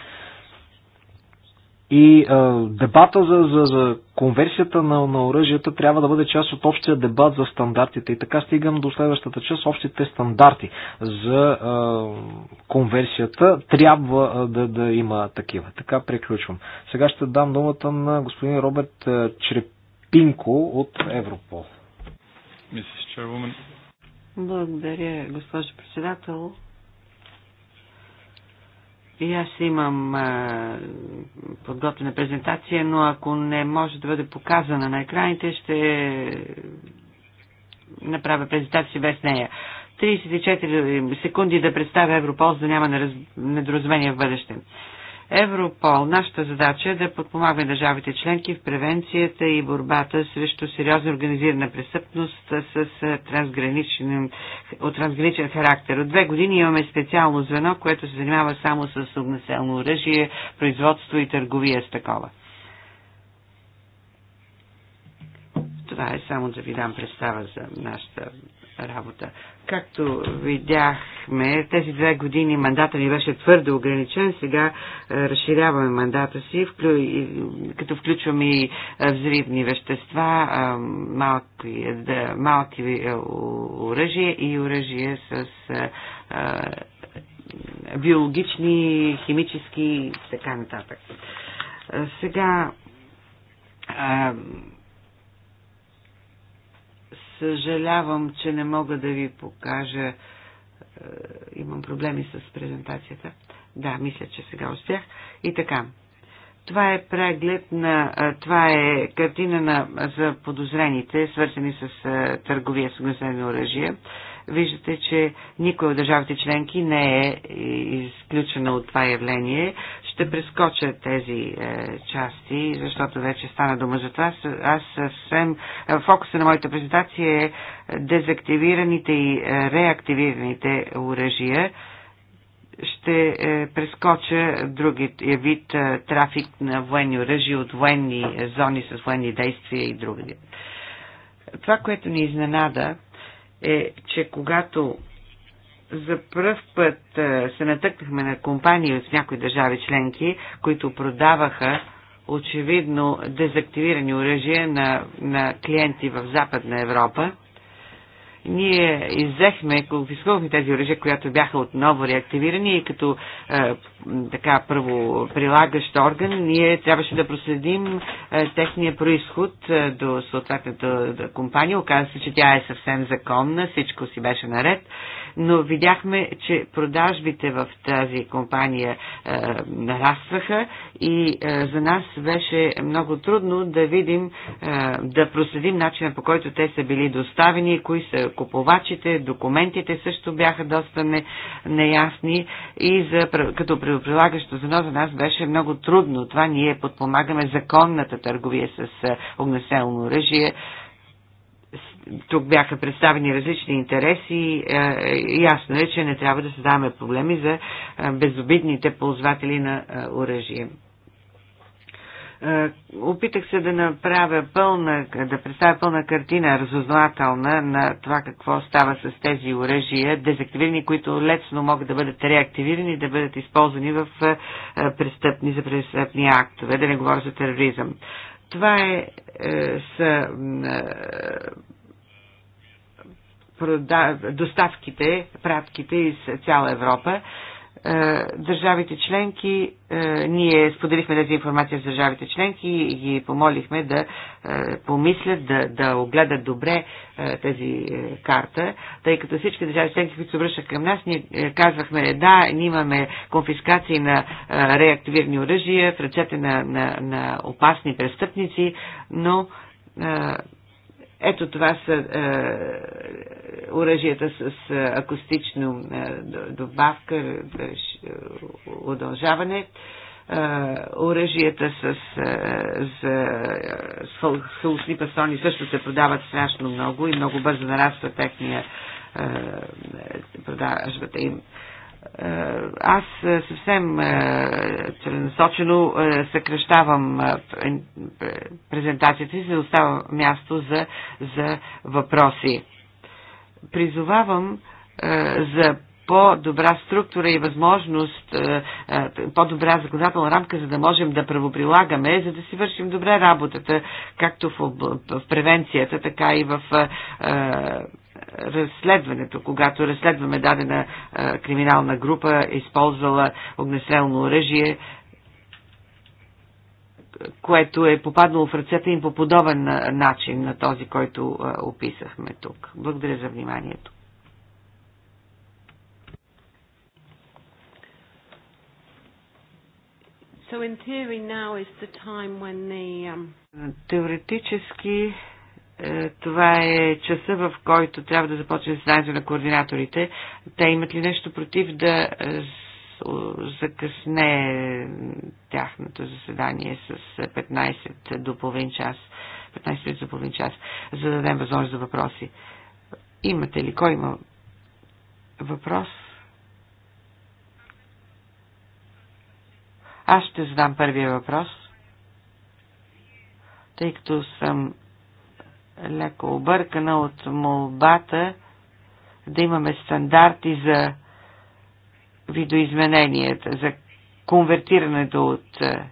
И а, дебата за, за, за конверсията на, на оръжията трябва да бъде част от общия дебат за стандартите. И така стигам до следващата част. Общите стандарти за а, конверсията трябва а, да, да има такива. Така приключвам. Сега ще дам думата на господин Роберт Черепинко от Европол. Благодаря, госпожо председател. И аз имам а, подготвена презентация, но ако не може да бъде показана на екраните, ще направя презентация без нея. 34 секунди да представя Европол, за да няма недоразумение в бъдеще. Европол. Нашата задача е да подпомагаме държавите членки в превенцията и борбата срещу сериозна организирана престъпност с е, трансграничен, от трансграничен характер. От две години имаме специално звено, което се занимава само с огнеселно оръжие, производство и търговия с такова. Това е само да ви дам представа за нашата работа. Както видяхме, тези две години мандата ни беше твърдо ограничен. Сега е, разширяваме мандата си, вклю... като включваме и е, взривни вещества, е, малки, малки оръжия и оръжия с биологични, химически и така нататък. Сега Съжалявам, че не мога да ви покажа. Е, имам проблеми с презентацията. Да, мисля, че сега успях. И така. Това е преглед на, е, това е картина на, за подозрените, свързани с е, търговия с огнестрелни оръжия. Виждате, че никой от държавите членки не е изключена от това явление. Ще прескоча тези е, части, защото вече стана дума за това. Аз съвсем... Е, фокуса на моята презентация е дезактивираните и е, реактивираните оръжия ще е, прескоча други е, вид е, трафик на военни оръжия от военни зони с военни действия и други. Това, което ни изненада е, че когато за пръв път се натъкнахме на компании от някои държави членки, които продаваха очевидно дезактивирани оръжия на, на клиенти в Западна Европа. Ние иззехме, конфискувахме тези оръжия, които бяха отново реактивирани и като е, така първо прилагащ орган, ние трябваше да проследим е, техния происход е, до съответната компания. Оказва се, че тя е съвсем законна, всичко си беше наред но видяхме, че продажбите в тази компания е, нарастваха и е, за нас беше много трудно да видим, е, да проследим начина по който те са били доставени, кои са купувачите, документите също бяха доста не, неясни и за, като предоприлагащо звено за нас беше много трудно. Това ние подпомагаме законната търговия с е, огнестрелно оръжие тук бяха представени различни интереси. Е, е, ясно е, че не трябва да създаваме проблеми за е, безобидните ползватели на оръжие. Опитах се да направя пълна, да представя пълна картина, разузнавателна на това какво става с тези оръжия, дезактивирани, които лесно могат да бъдат реактивирани и да бъдат използвани в престъпни, за престъпни актове, да не говоря за тероризъм. Това е, са доставките, пратките из цяла Европа. Е, държавите членки, е, ние споделихме тази информация с държавите членки и ги помолихме да е, помислят, да, да огледат добре тази карта, тъй като всички държави членки, които се обръщат към нас, ние казвахме да, ние имаме конфискации на реактивирани оръжия в ръцете на, на, на опасни престъпници, но ето това са е, оръжията с с е, акустично е, добавка, е, удължаване, е, оръжията с, е, е саусни пасони също се продават страшно много и много бързо нараства техния е, продажбата им. Е, е, аз е, съвсем е, целенасочено съкрещавам презентацията си, се да остава място за, за въпроси. Призовавам за по-добра структура и възможност, по-добра законодателна рамка, за да можем да правоприлагаме, за да си вършим добре работата, както в превенцията, така и в разследването, когато разследваме дадена а, е, криминална група, използвала огнестрелно оръжие, което е попаднало в ръцете им по подобен е, начин на този, който а, е, описахме тук. Благодаря за вниманието. So in theory now is the time when the um... Теоретически е, това е часа, в който трябва да започне заседанието на координаторите. Те имат ли нещо против да е, закъсне тяхното заседание с 15 до половин час, 15 минути до половин час, за да дадем възможност за въпроси. Имате ли? Кой има въпрос? Аз ще задам първия въпрос, тъй като съм леко объркана от молбата да имаме стандарти за видоизмененията, за конвертирането от е,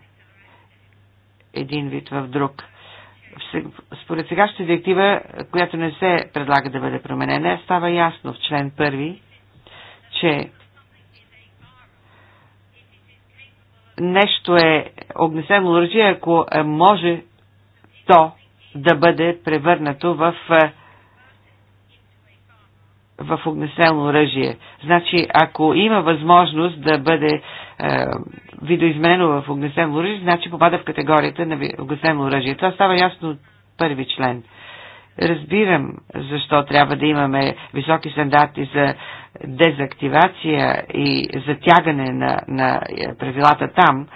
един вид в друг. Според сегашната директива, която не се предлага да бъде променена, става ясно в член първи, че нещо е огнесено оръжие, ако е може то да бъде превърнато в е, в огнестрелно оръжие. Значи, ако има възможност да бъде е, видоизменено в огнестрелно оръжие, значи попада в категорията на огнестрелно оръжие. Това става ясно от първи член. Разбирам защо трябва да имаме високи стандарти за дезактивация и затягане на, на е, правилата там,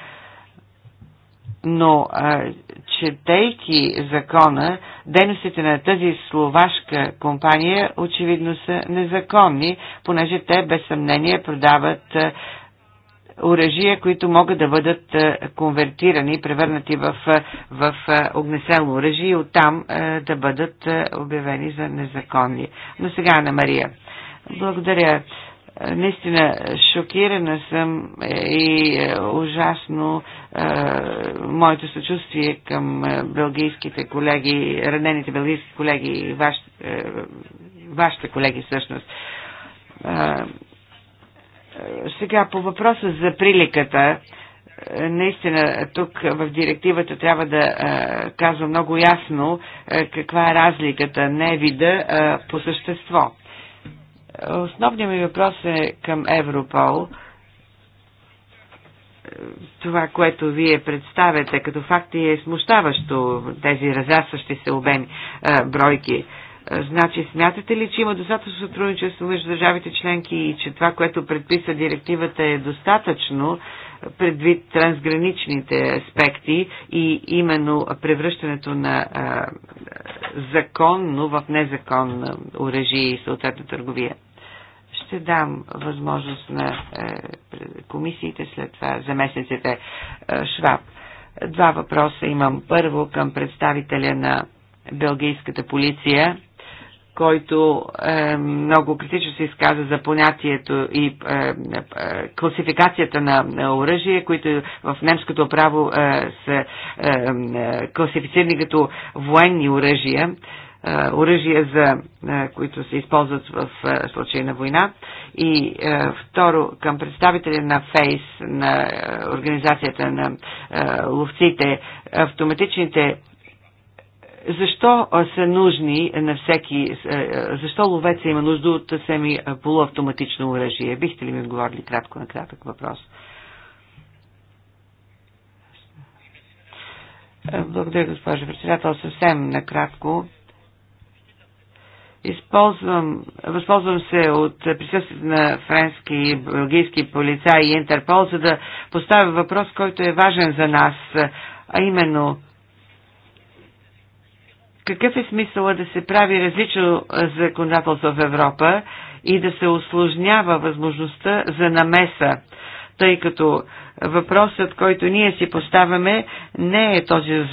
но а, четейки закона, дейностите на тази словашка компания очевидно са незаконни, понеже те без съмнение продават оръжия, които могат да бъдат а, конвертирани, превърнати в, в а, огнеселно оръжие и оттам а, да бъдат а, обявени за незаконни. Но сега на Мария. Благодаря наистина шокирана съм е, и е, ужасно е, моето съчувствие към белгийските колеги, ранените белгийски колеги и ваш, вашите колеги всъщност. сега по въпроса за приликата, наистина тук в директивата трябва да казва много ясно каква е разликата, не вида, а по същество Основният ми въпрос е към Европол. Това, което вие представяте като факти е смущаващо, тези разрастващи се обеми бройки. Значи, смятате ли, че има достатъчно сътрудничество между държавите членки и че това, което предписва директивата е достатъчно предвид трансграничните аспекти и именно превръщането на а, законно в незаконно оръжие и съответна търговия? ще дам възможност на е, комисиите, след това заместниците е, Шваб. Два въпроса имам. Първо към представителя на белгийската полиция, който е, много критично се изказа за понятието и е, е, класификацията на, оръжие, които в немското право е, са е, е, класифицирани като военни оръжия оръжия, за, които се използват в случай на война. И второ, към представителя на ФЕЙС, на Организацията на ловците, автоматичните защо са нужни на всеки, защо ловеца има нужда от семи полуавтоматично оръжие? Бихте ли ми отговорили кратко на кратък въпрос? Благодаря, госпожо председател. Съвсем накратко. Използвам, възползвам се от присъствието на френски и бългийски полицаи и Интерпол, за да поставя въпрос, който е важен за нас, а именно какъв е смисъл да се прави различно законодателство в Европа и да се осложнява възможността за намеса, тъй като въпросът, който ние си поставяме, не е този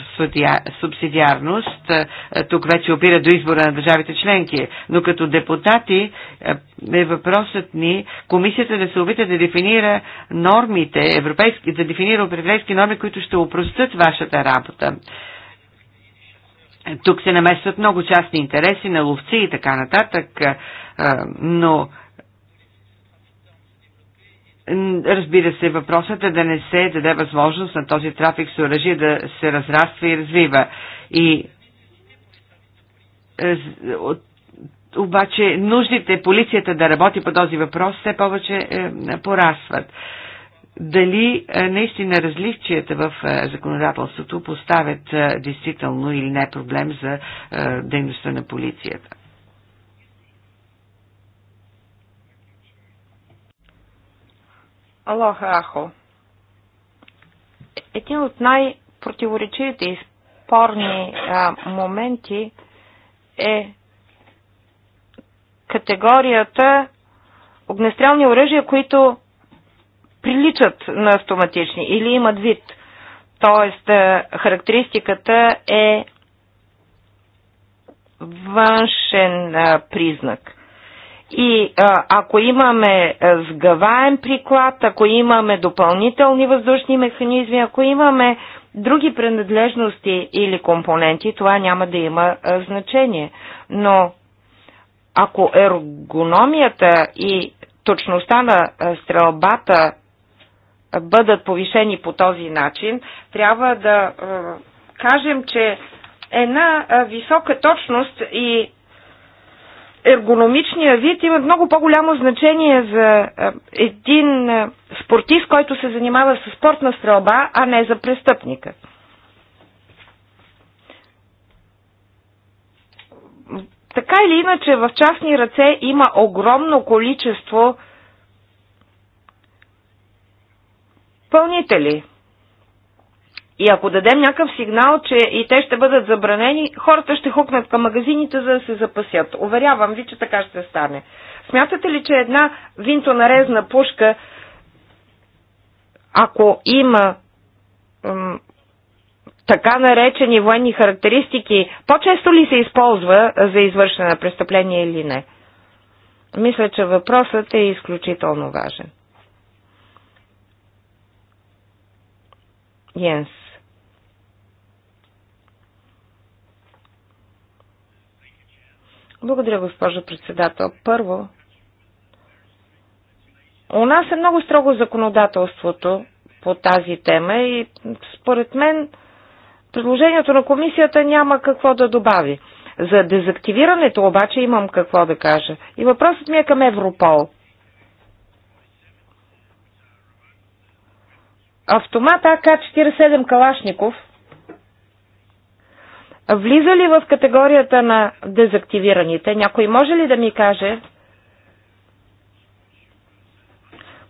субсидиарност. Е, тук вече опира до избора на държавите членки. Но като депутати е, е въпросът ни комисията да се опита да дефинира нормите, европейски, да дефинира европейски норми, които ще упростят вашата работа. Тук се намесват много частни интереси на ловци и така нататък, е, но Разбира се, въпросът е да не се даде възможност на този трафик с оръжие да се разраства и развива. И е, обаче нуждите полицията да работи по този въпрос все повече е, порастват. порасват. Дали е, наистина различията в законодателството поставят действително или не проблем за дейността на полицията? Алох Ахо. Един от най-противоречивите и спорни а, моменти е категорията огнестрелни оръжия, които приличат на автоматични или имат вид. Тоест, характеристиката е външен признак. И а, ако имаме сгъваем приклад, ако имаме допълнителни въздушни механизми, ако имаме други принадлежности или компоненти, това няма да има а, значение. Но ако ергономията и точността на стрелбата бъдат повишени по този начин, трябва да а, кажем, че една висока точност и ергономичния вид имат много по-голямо значение за един спортист, който се занимава с спортна стрелба, а не за престъпника. Така или иначе, в частни ръце има огромно количество пълнители – и ако дадем някакъв сигнал, че и те ще бъдат забранени, хората ще хукнат към магазините, за да се запасят. Уверявам ви, че така ще стане. Смятате ли, че една винтонарезна пушка, ако има така наречени военни характеристики, по-често ли се използва за извършване на престъпление или не? Мисля, че въпросът е изключително важен. Йенс. Благодаря, госпожо председател. Първо, у нас е много строго законодателството по тази тема и според мен предложението на комисията няма какво да добави. За дезактивирането обаче имам какво да кажа. И въпросът ми е към Европол. Автомат АК-47 Калашников – влиза ли в категорията на дезактивираните? Някой може ли да ми каже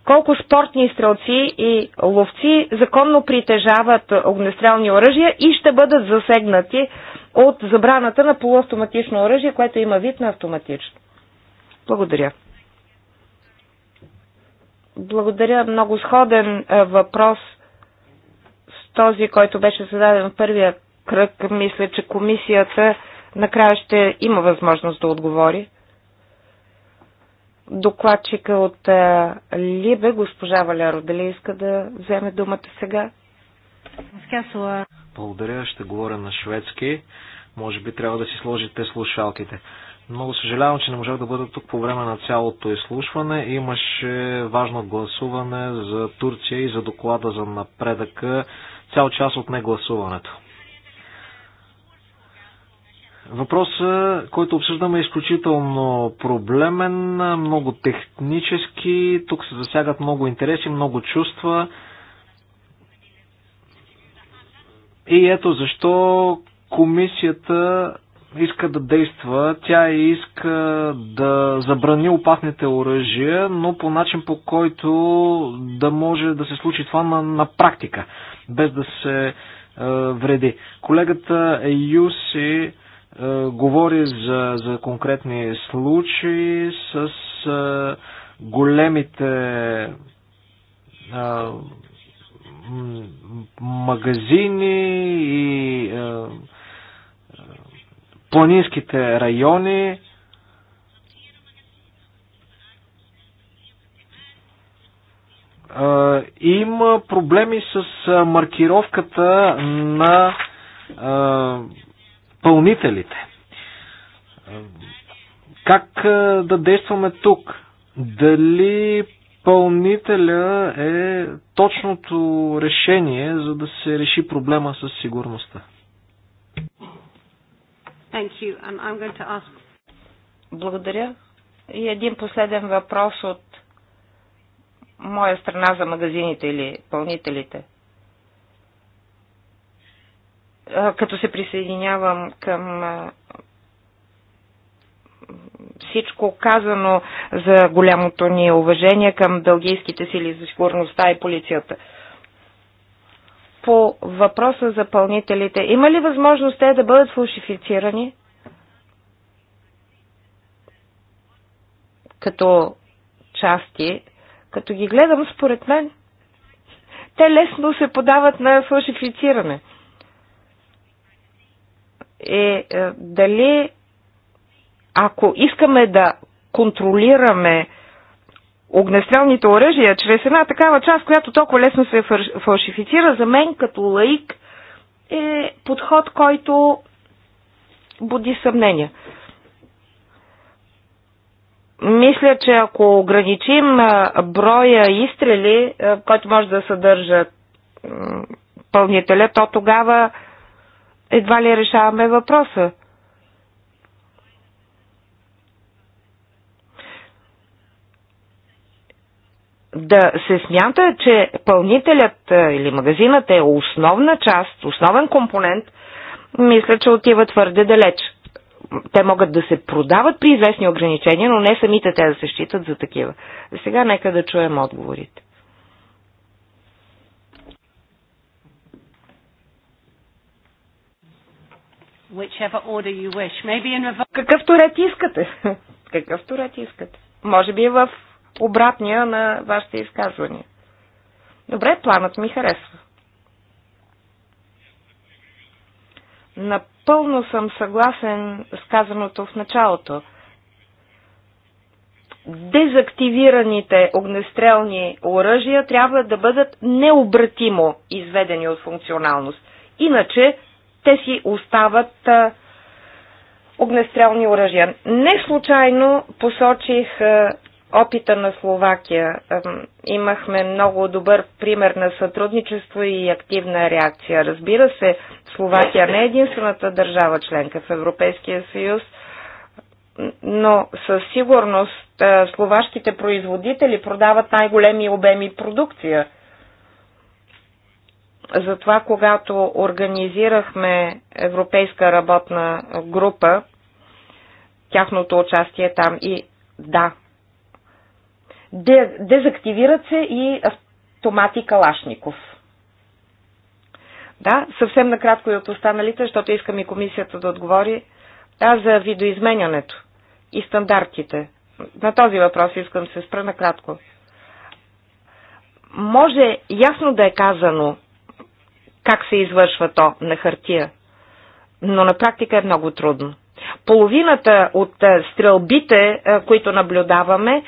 колко спортни стрелци и ловци законно притежават огнестрелни оръжия и ще бъдат засегнати от забраната на полуавтоматично оръжие, което има вид на автоматично. Благодаря. Благодаря. Много сходен въпрос с този, който беше зададен в първия кръг, мисля, че комисията накрая ще има възможност да отговори. Докладчика от е, Либе, госпожа Валяро, дали иска да вземе думата сега? Благодаря, ще говоря на шведски. Може би трябва да си сложите слушалките. Много съжалявам, че не можах да бъда тук по време на цялото изслушване. Имаше важно гласуване за Турция и за доклада за напредъка. Цял час от негласуването. Въпросът, който обсъждаме е изключително проблемен, много технически, тук се засягат много интереси, много чувства. И ето защо комисията иска да действа, тя иска да забрани опасните оръжия, но по начин по който да може да се случи това на, на практика, без да се е, вреди. Колегата Юси е, говори за, за конкретни случаи с а, е, големите а, е, магазини и а, планинските райони. А, има проблеми с маркировката на а, пълнителите. Как да действаме тук? Дали пълнителя е точното решение, за да се реши проблема с сигурността? Um, ask... Благодаря. И един последен въпрос от моя страна за магазините или пълнителите като се присъединявам към всичко казано за голямото ни уважение към бългийските сили за сигурността и полицията. По въпроса за пълнителите, има ли възможност те да бъдат фалшифицирани? Като части, като ги гледам, според мен, те лесно се подават на фалшифициране. Е, е дали ако искаме да контролираме огнестрелните оръжия чрез една такава част, която толкова лесно се фалшифицира, за мен като лаик е подход, който буди съмнения. Мисля, че ако ограничим броя изстрели, който може да съдържа пълнителя, то тогава едва ли решаваме въпроса. да се смята, че пълнителят е, или магазинът е основна част, основен компонент, мисля, че отива твърде далеч. Те могат да се продават при известни ограничения, но не самите те да се считат за такива. Сега нека да чуем отговорите. Whichever order you wish. Maybe in reverse. Какъвто ред искате. Какъвто ред искате. Може би е в обратния на вашите изказвания. Добре, планът ми харесва. Напълно съм съгласен с казаното в началото. Дезактивираните огнестрелни оръжия трябва да бъдат необратимо изведени от функционалност. Иначе те си остават а, огнестрелни оръжия. Не случайно посочих а, опита на Словакия. А, имахме много добър пример на сътрудничество и активна реакция. Разбира се, Словакия не е единствената държава членка в Европейския съюз, но със сигурност словашките производители продават най-големи обеми продукция – затова, когато организирахме Европейска работна група, тяхното участие е там и да, дезактивират се и автомати Калашников. Да, съвсем накратко и от останалите, защото искам и комисията да отговори. Да, за видоизменянето и стандартите. На този въпрос искам се спра накратко. Може ясно да е казано, как се извършва то на хартия. Но на практика е много трудно. Половината от е, стрелбите, е, които наблюдаваме, е,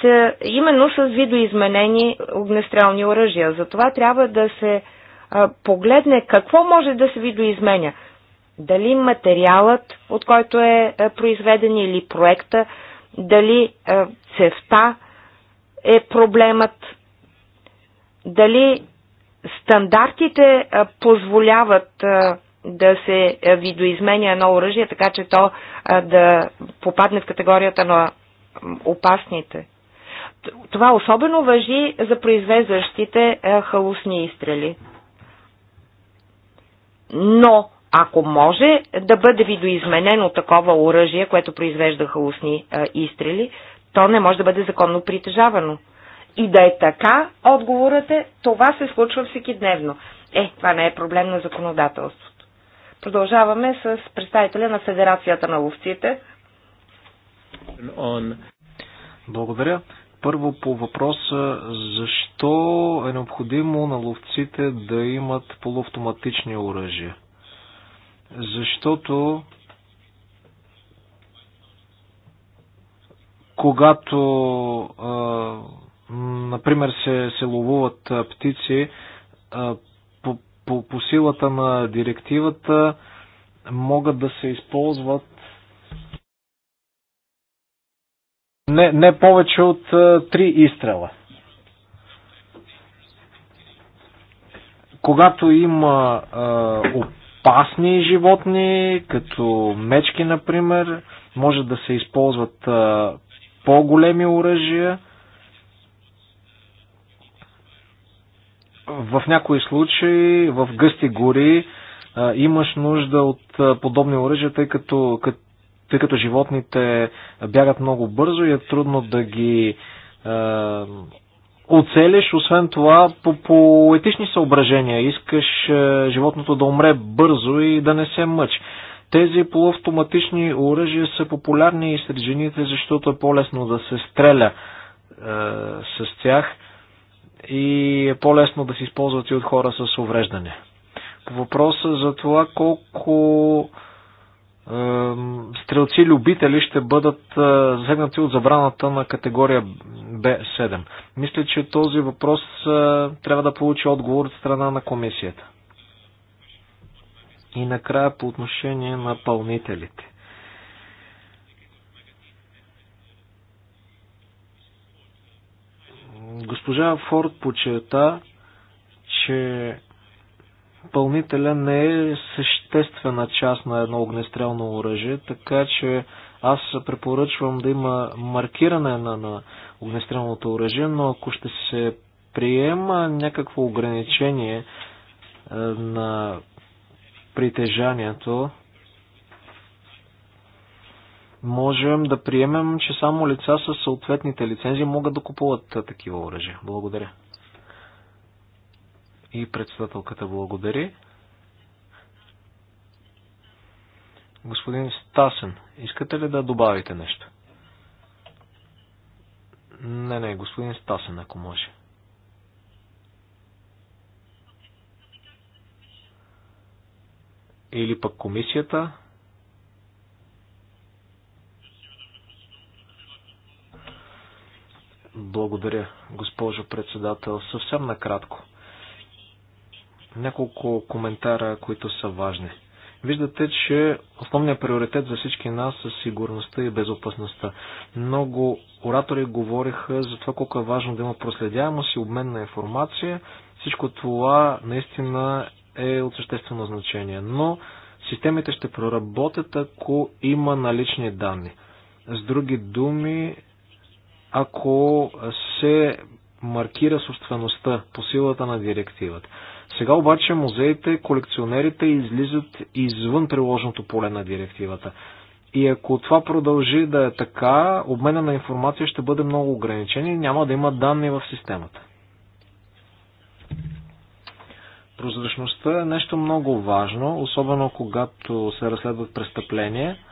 са именно с видоизменени огнестрелни оръжия. Затова трябва да се погледне какво може да се видоизменя. Дали материалът, от който е произведен или проекта, дали цевта е проблемът, дали Стандартите позволяват да се видоизменя едно оръжие, така че то да попадне в категорията на опасните. Това особено въжи за произвеждащите халусни изстрели. Но ако може да бъде видоизменено такова оръжие, което произвежда халусни изстрели, то не може да бъде законно притежавано. И да е така, отговорът е, това се случва всеки дневно. Е, това не е проблем на законодателството. Продължаваме с представителя на Федерацията на ловците. Благодаря. Първо по въпроса, защо е необходимо на ловците да имат полуавтоматични оръжия? Защото когато Например, се, се ловуват птици по, по, по силата на директивата могат да се използват не, не повече от три изстрела. Когато има а, опасни животни, като мечки, например, може да се използват по-големи оръжия. В някои случаи, в гъсти гори, имаш нужда от подобни оръжия, тъй като, тъй като животните бягат много бързо и е трудно да ги а, оцелиш. Освен това, по, по етични съображения искаш а, животното да умре бързо и да не се мъчи. Тези полуавтоматични оръжия са популярни и сред жените, защото е по-лесно да се стреля а, с тях и е по-лесно да се използват и от хора с увреждане. По въпроса за това колко е, стрелци-любители ще бъдат е, засегнати от забраната на категория б 7 Мисля, че този въпрос е, трябва да получи отговор от страна на комисията. И накрая по отношение на пълнителите. Госпожа Форд почета, че пълнителя не е съществена част на едно огнестрелно оръжие, така че аз препоръчвам да има маркиране на, на огнестрелното оръжие, но ако ще се приема някакво ограничение е, на притежанието, можем да приемем, че само лица с съответните лицензии могат да купуват такива оръжия. Благодаря. И председателката благодари. Господин Стасен, искате ли да добавите нещо? Не, не, господин Стасен, ако може. Или пък комисията? Благодаря, госпожо председател. Съвсем накратко. Няколко коментара, които са важни. Виждате, че основният приоритет за всички нас е сигурността и безопасността. Много оратори говориха за това колко е важно да има проследяемост и обмен на информация. Всичко това наистина е от съществено значение. Но системите ще проработят, ако има налични данни. С други думи, ако се маркира собствеността по силата на директивата. Сега обаче музеите, колекционерите излизат извън приложното поле на директивата. И ако това продължи да е така, обмена на информация ще бъде много ограничен и няма да има данни в системата. Прозрачността е нещо много важно, особено когато се разследват престъпления –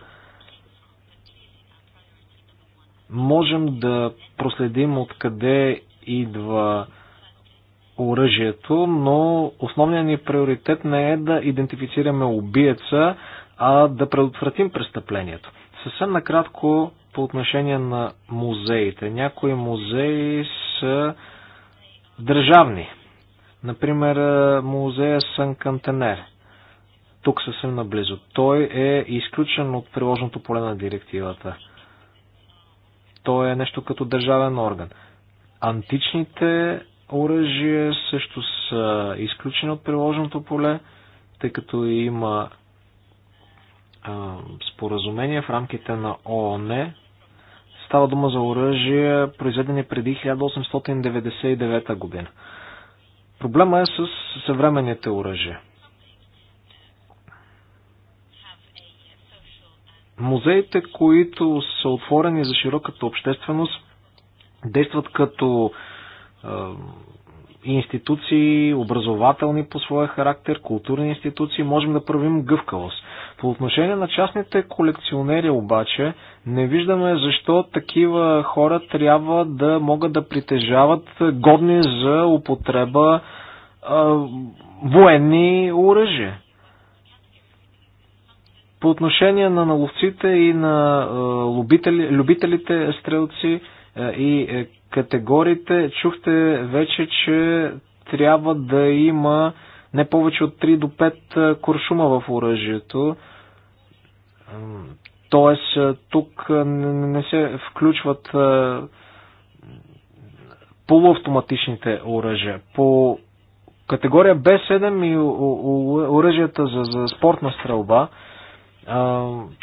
можем да проследим откъде идва оръжието, но основният ни приоритет не е да идентифицираме убиеца, а да предотвратим престъплението. Съвсем накратко по отношение на музеите. Някои музеи са държавни. Например, музея Сън Кантенер. Тук съвсем наблизо. Той е изключен от приложното поле на директивата. Той е нещо като държавен орган. Античните оръжия също са изключени от приложеното поле, тъй като има а, споразумение в рамките на ООН. Става дума за оръжия, произведени преди 1899 година. Проблема е с съвременните оръжия. Музеите, които са отворени за широката общественост, действат като е, институции, образователни по своя характер, културни институции, можем да правим гъвкавост. По отношение на частните колекционери обаче, не виждаме защо такива хора трябва да могат да притежават годни за употреба е, военни оръжия. По отношение на, на ловците и на любители, любителите стрелци и е, категориите, чухте вече, че трябва да има не повече от 3 до 5 куршума в оръжието. Тоест, тук не се включват полуавтоматичните оръжия. По категория B7 и оръжията за, за спортна стрелба,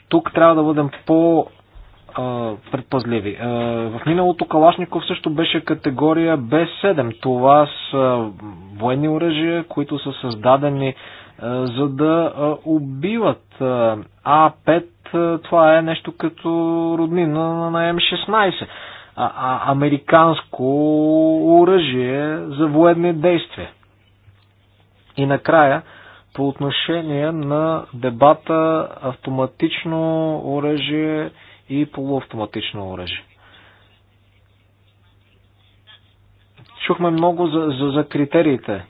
тук трябва да бъдем по- предпазливи. В миналото Калашников също беше категория б 7 Това са военни оръжия, които са създадени за да убиват. А5 това е нещо като роднина на М16. А, а, американско оръжие за военни действия. И накрая, по отношение на дебата автоматично оръжие и полуавтоматично оръжие. Чухме много за, за, за критериите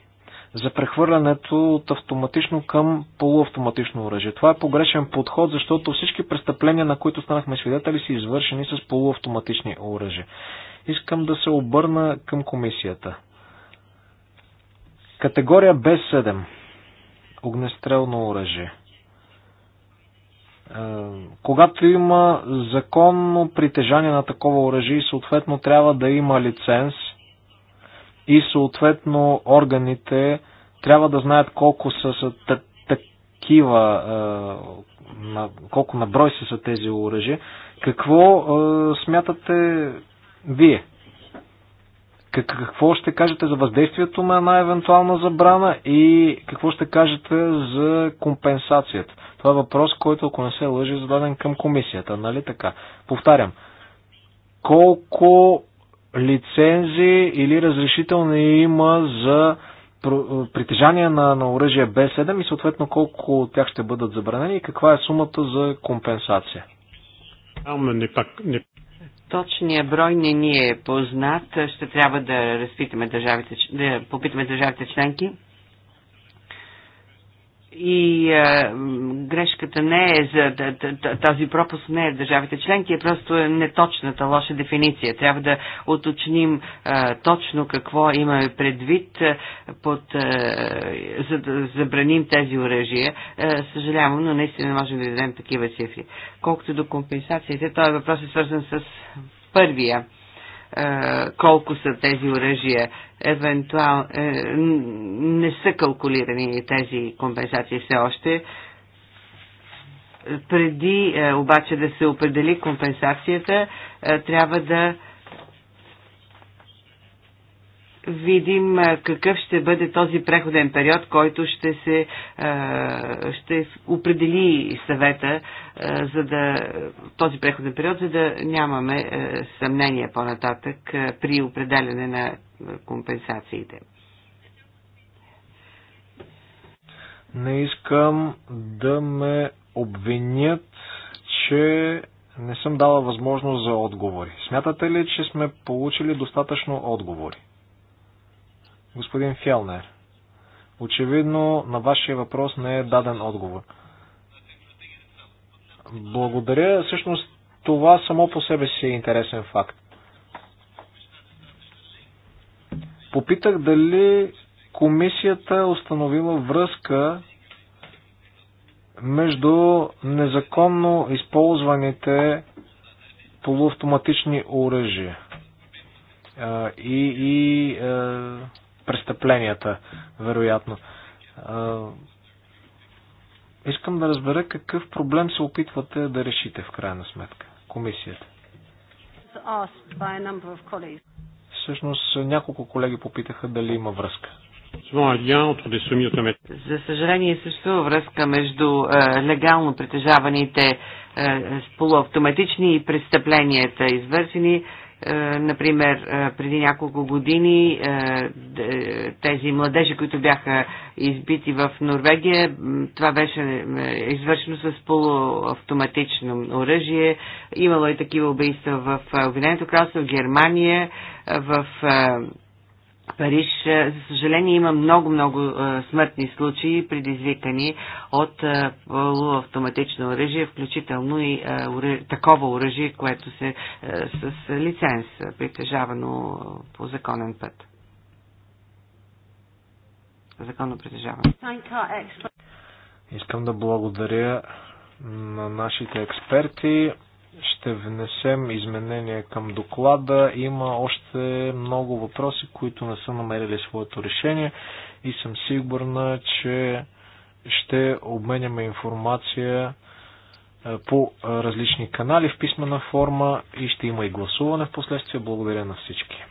за прехвърлянето от автоматично към полуавтоматично оръжие. Това е погрешен подход, защото всички престъпления, на които станахме свидетели, са извършени с полуавтоматични оръжия. Искам да се обърна към комисията. Категория Б7 огнестрелно оръжие. Е, когато има законно притежание на такова оръжие, съответно трябва да има лиценз и съответно органите трябва да знаят колко са, са такива, е, колко на брой са, са тези оръжия. Какво е, смятате вие? Какво ще кажете за въздействието на една евентуална забрана и какво ще кажете за компенсацията? Това е въпрос, който, ако не се лъжи, е зададен към комисията, нали така? Повтарям, колко лицензи или разрешителни има за притежание на, на оръжие Б7 и съответно колко от тях ще бъдат забранени и каква е сумата за компенсация? Точния брой не ни е познат. Ще трябва да разпитаме държавите, да попитаме държавите членки и а, е, грешката не е за този пропуск не е в държавите членки, е просто неточната лоша дефиниция. Трябва да уточним а, е, точно какво имаме предвид а, е, под, а, за да забраним тези оръжия. съжалявам, но наистина можем да дадем такива цифри. Колкото до компенсациите, този въпрос е свързан с първия е, колко са тези оръжия. Евентуал, е, не са калкулирани тези компенсации все още. Преди е, обаче да се определи компенсацията, трябва да видим какъв ще бъде този преходен период, който ще се ще определи съвета за да, този преходен период, за да нямаме съмнение по-нататък при определене на компенсациите. Не искам да ме обвинят, че не съм дала възможност за отговори. Смятате ли, че сме получили достатъчно отговори? Господин Фелнер, очевидно на вашия въпрос не е даден отговор. Благодаря. Всъщност това само по себе си е интересен факт. Попитах дали комисията е установила връзка между незаконно използваните полуавтоматични оръжия и, и престъпленията, вероятно. Искам да разбера какъв проблем се опитвате да решите в крайна сметка, комисията. Всъщност няколко колеги попитаха дали има връзка. За съжаление съществува връзка между е, легално притежаваните е, полуавтоматични и престъпленията, извършени е, например, е, преди няколко години е, тези младежи, които бяха избити в Норвегия, това беше извършено с полуавтоматично оръжие. Имало и такива убийства в Обединеното кралство, в Германия, в Париж, е, за съжаление, има много-много е, смъртни случаи, предизвикани от е, полуавтоматично оръжие, включително и такова оръжие, което се с лиценз, притежавано по законен път. Законно притежавано. Искам да благодаря на нашите експерти ще внесем изменения към доклада. Има още много въпроси, които не са намерили своето решение и съм сигурна, че ще обменяме информация е, по различни канали в писмена форма и ще има и гласуване в последствие. Благодаря на всички.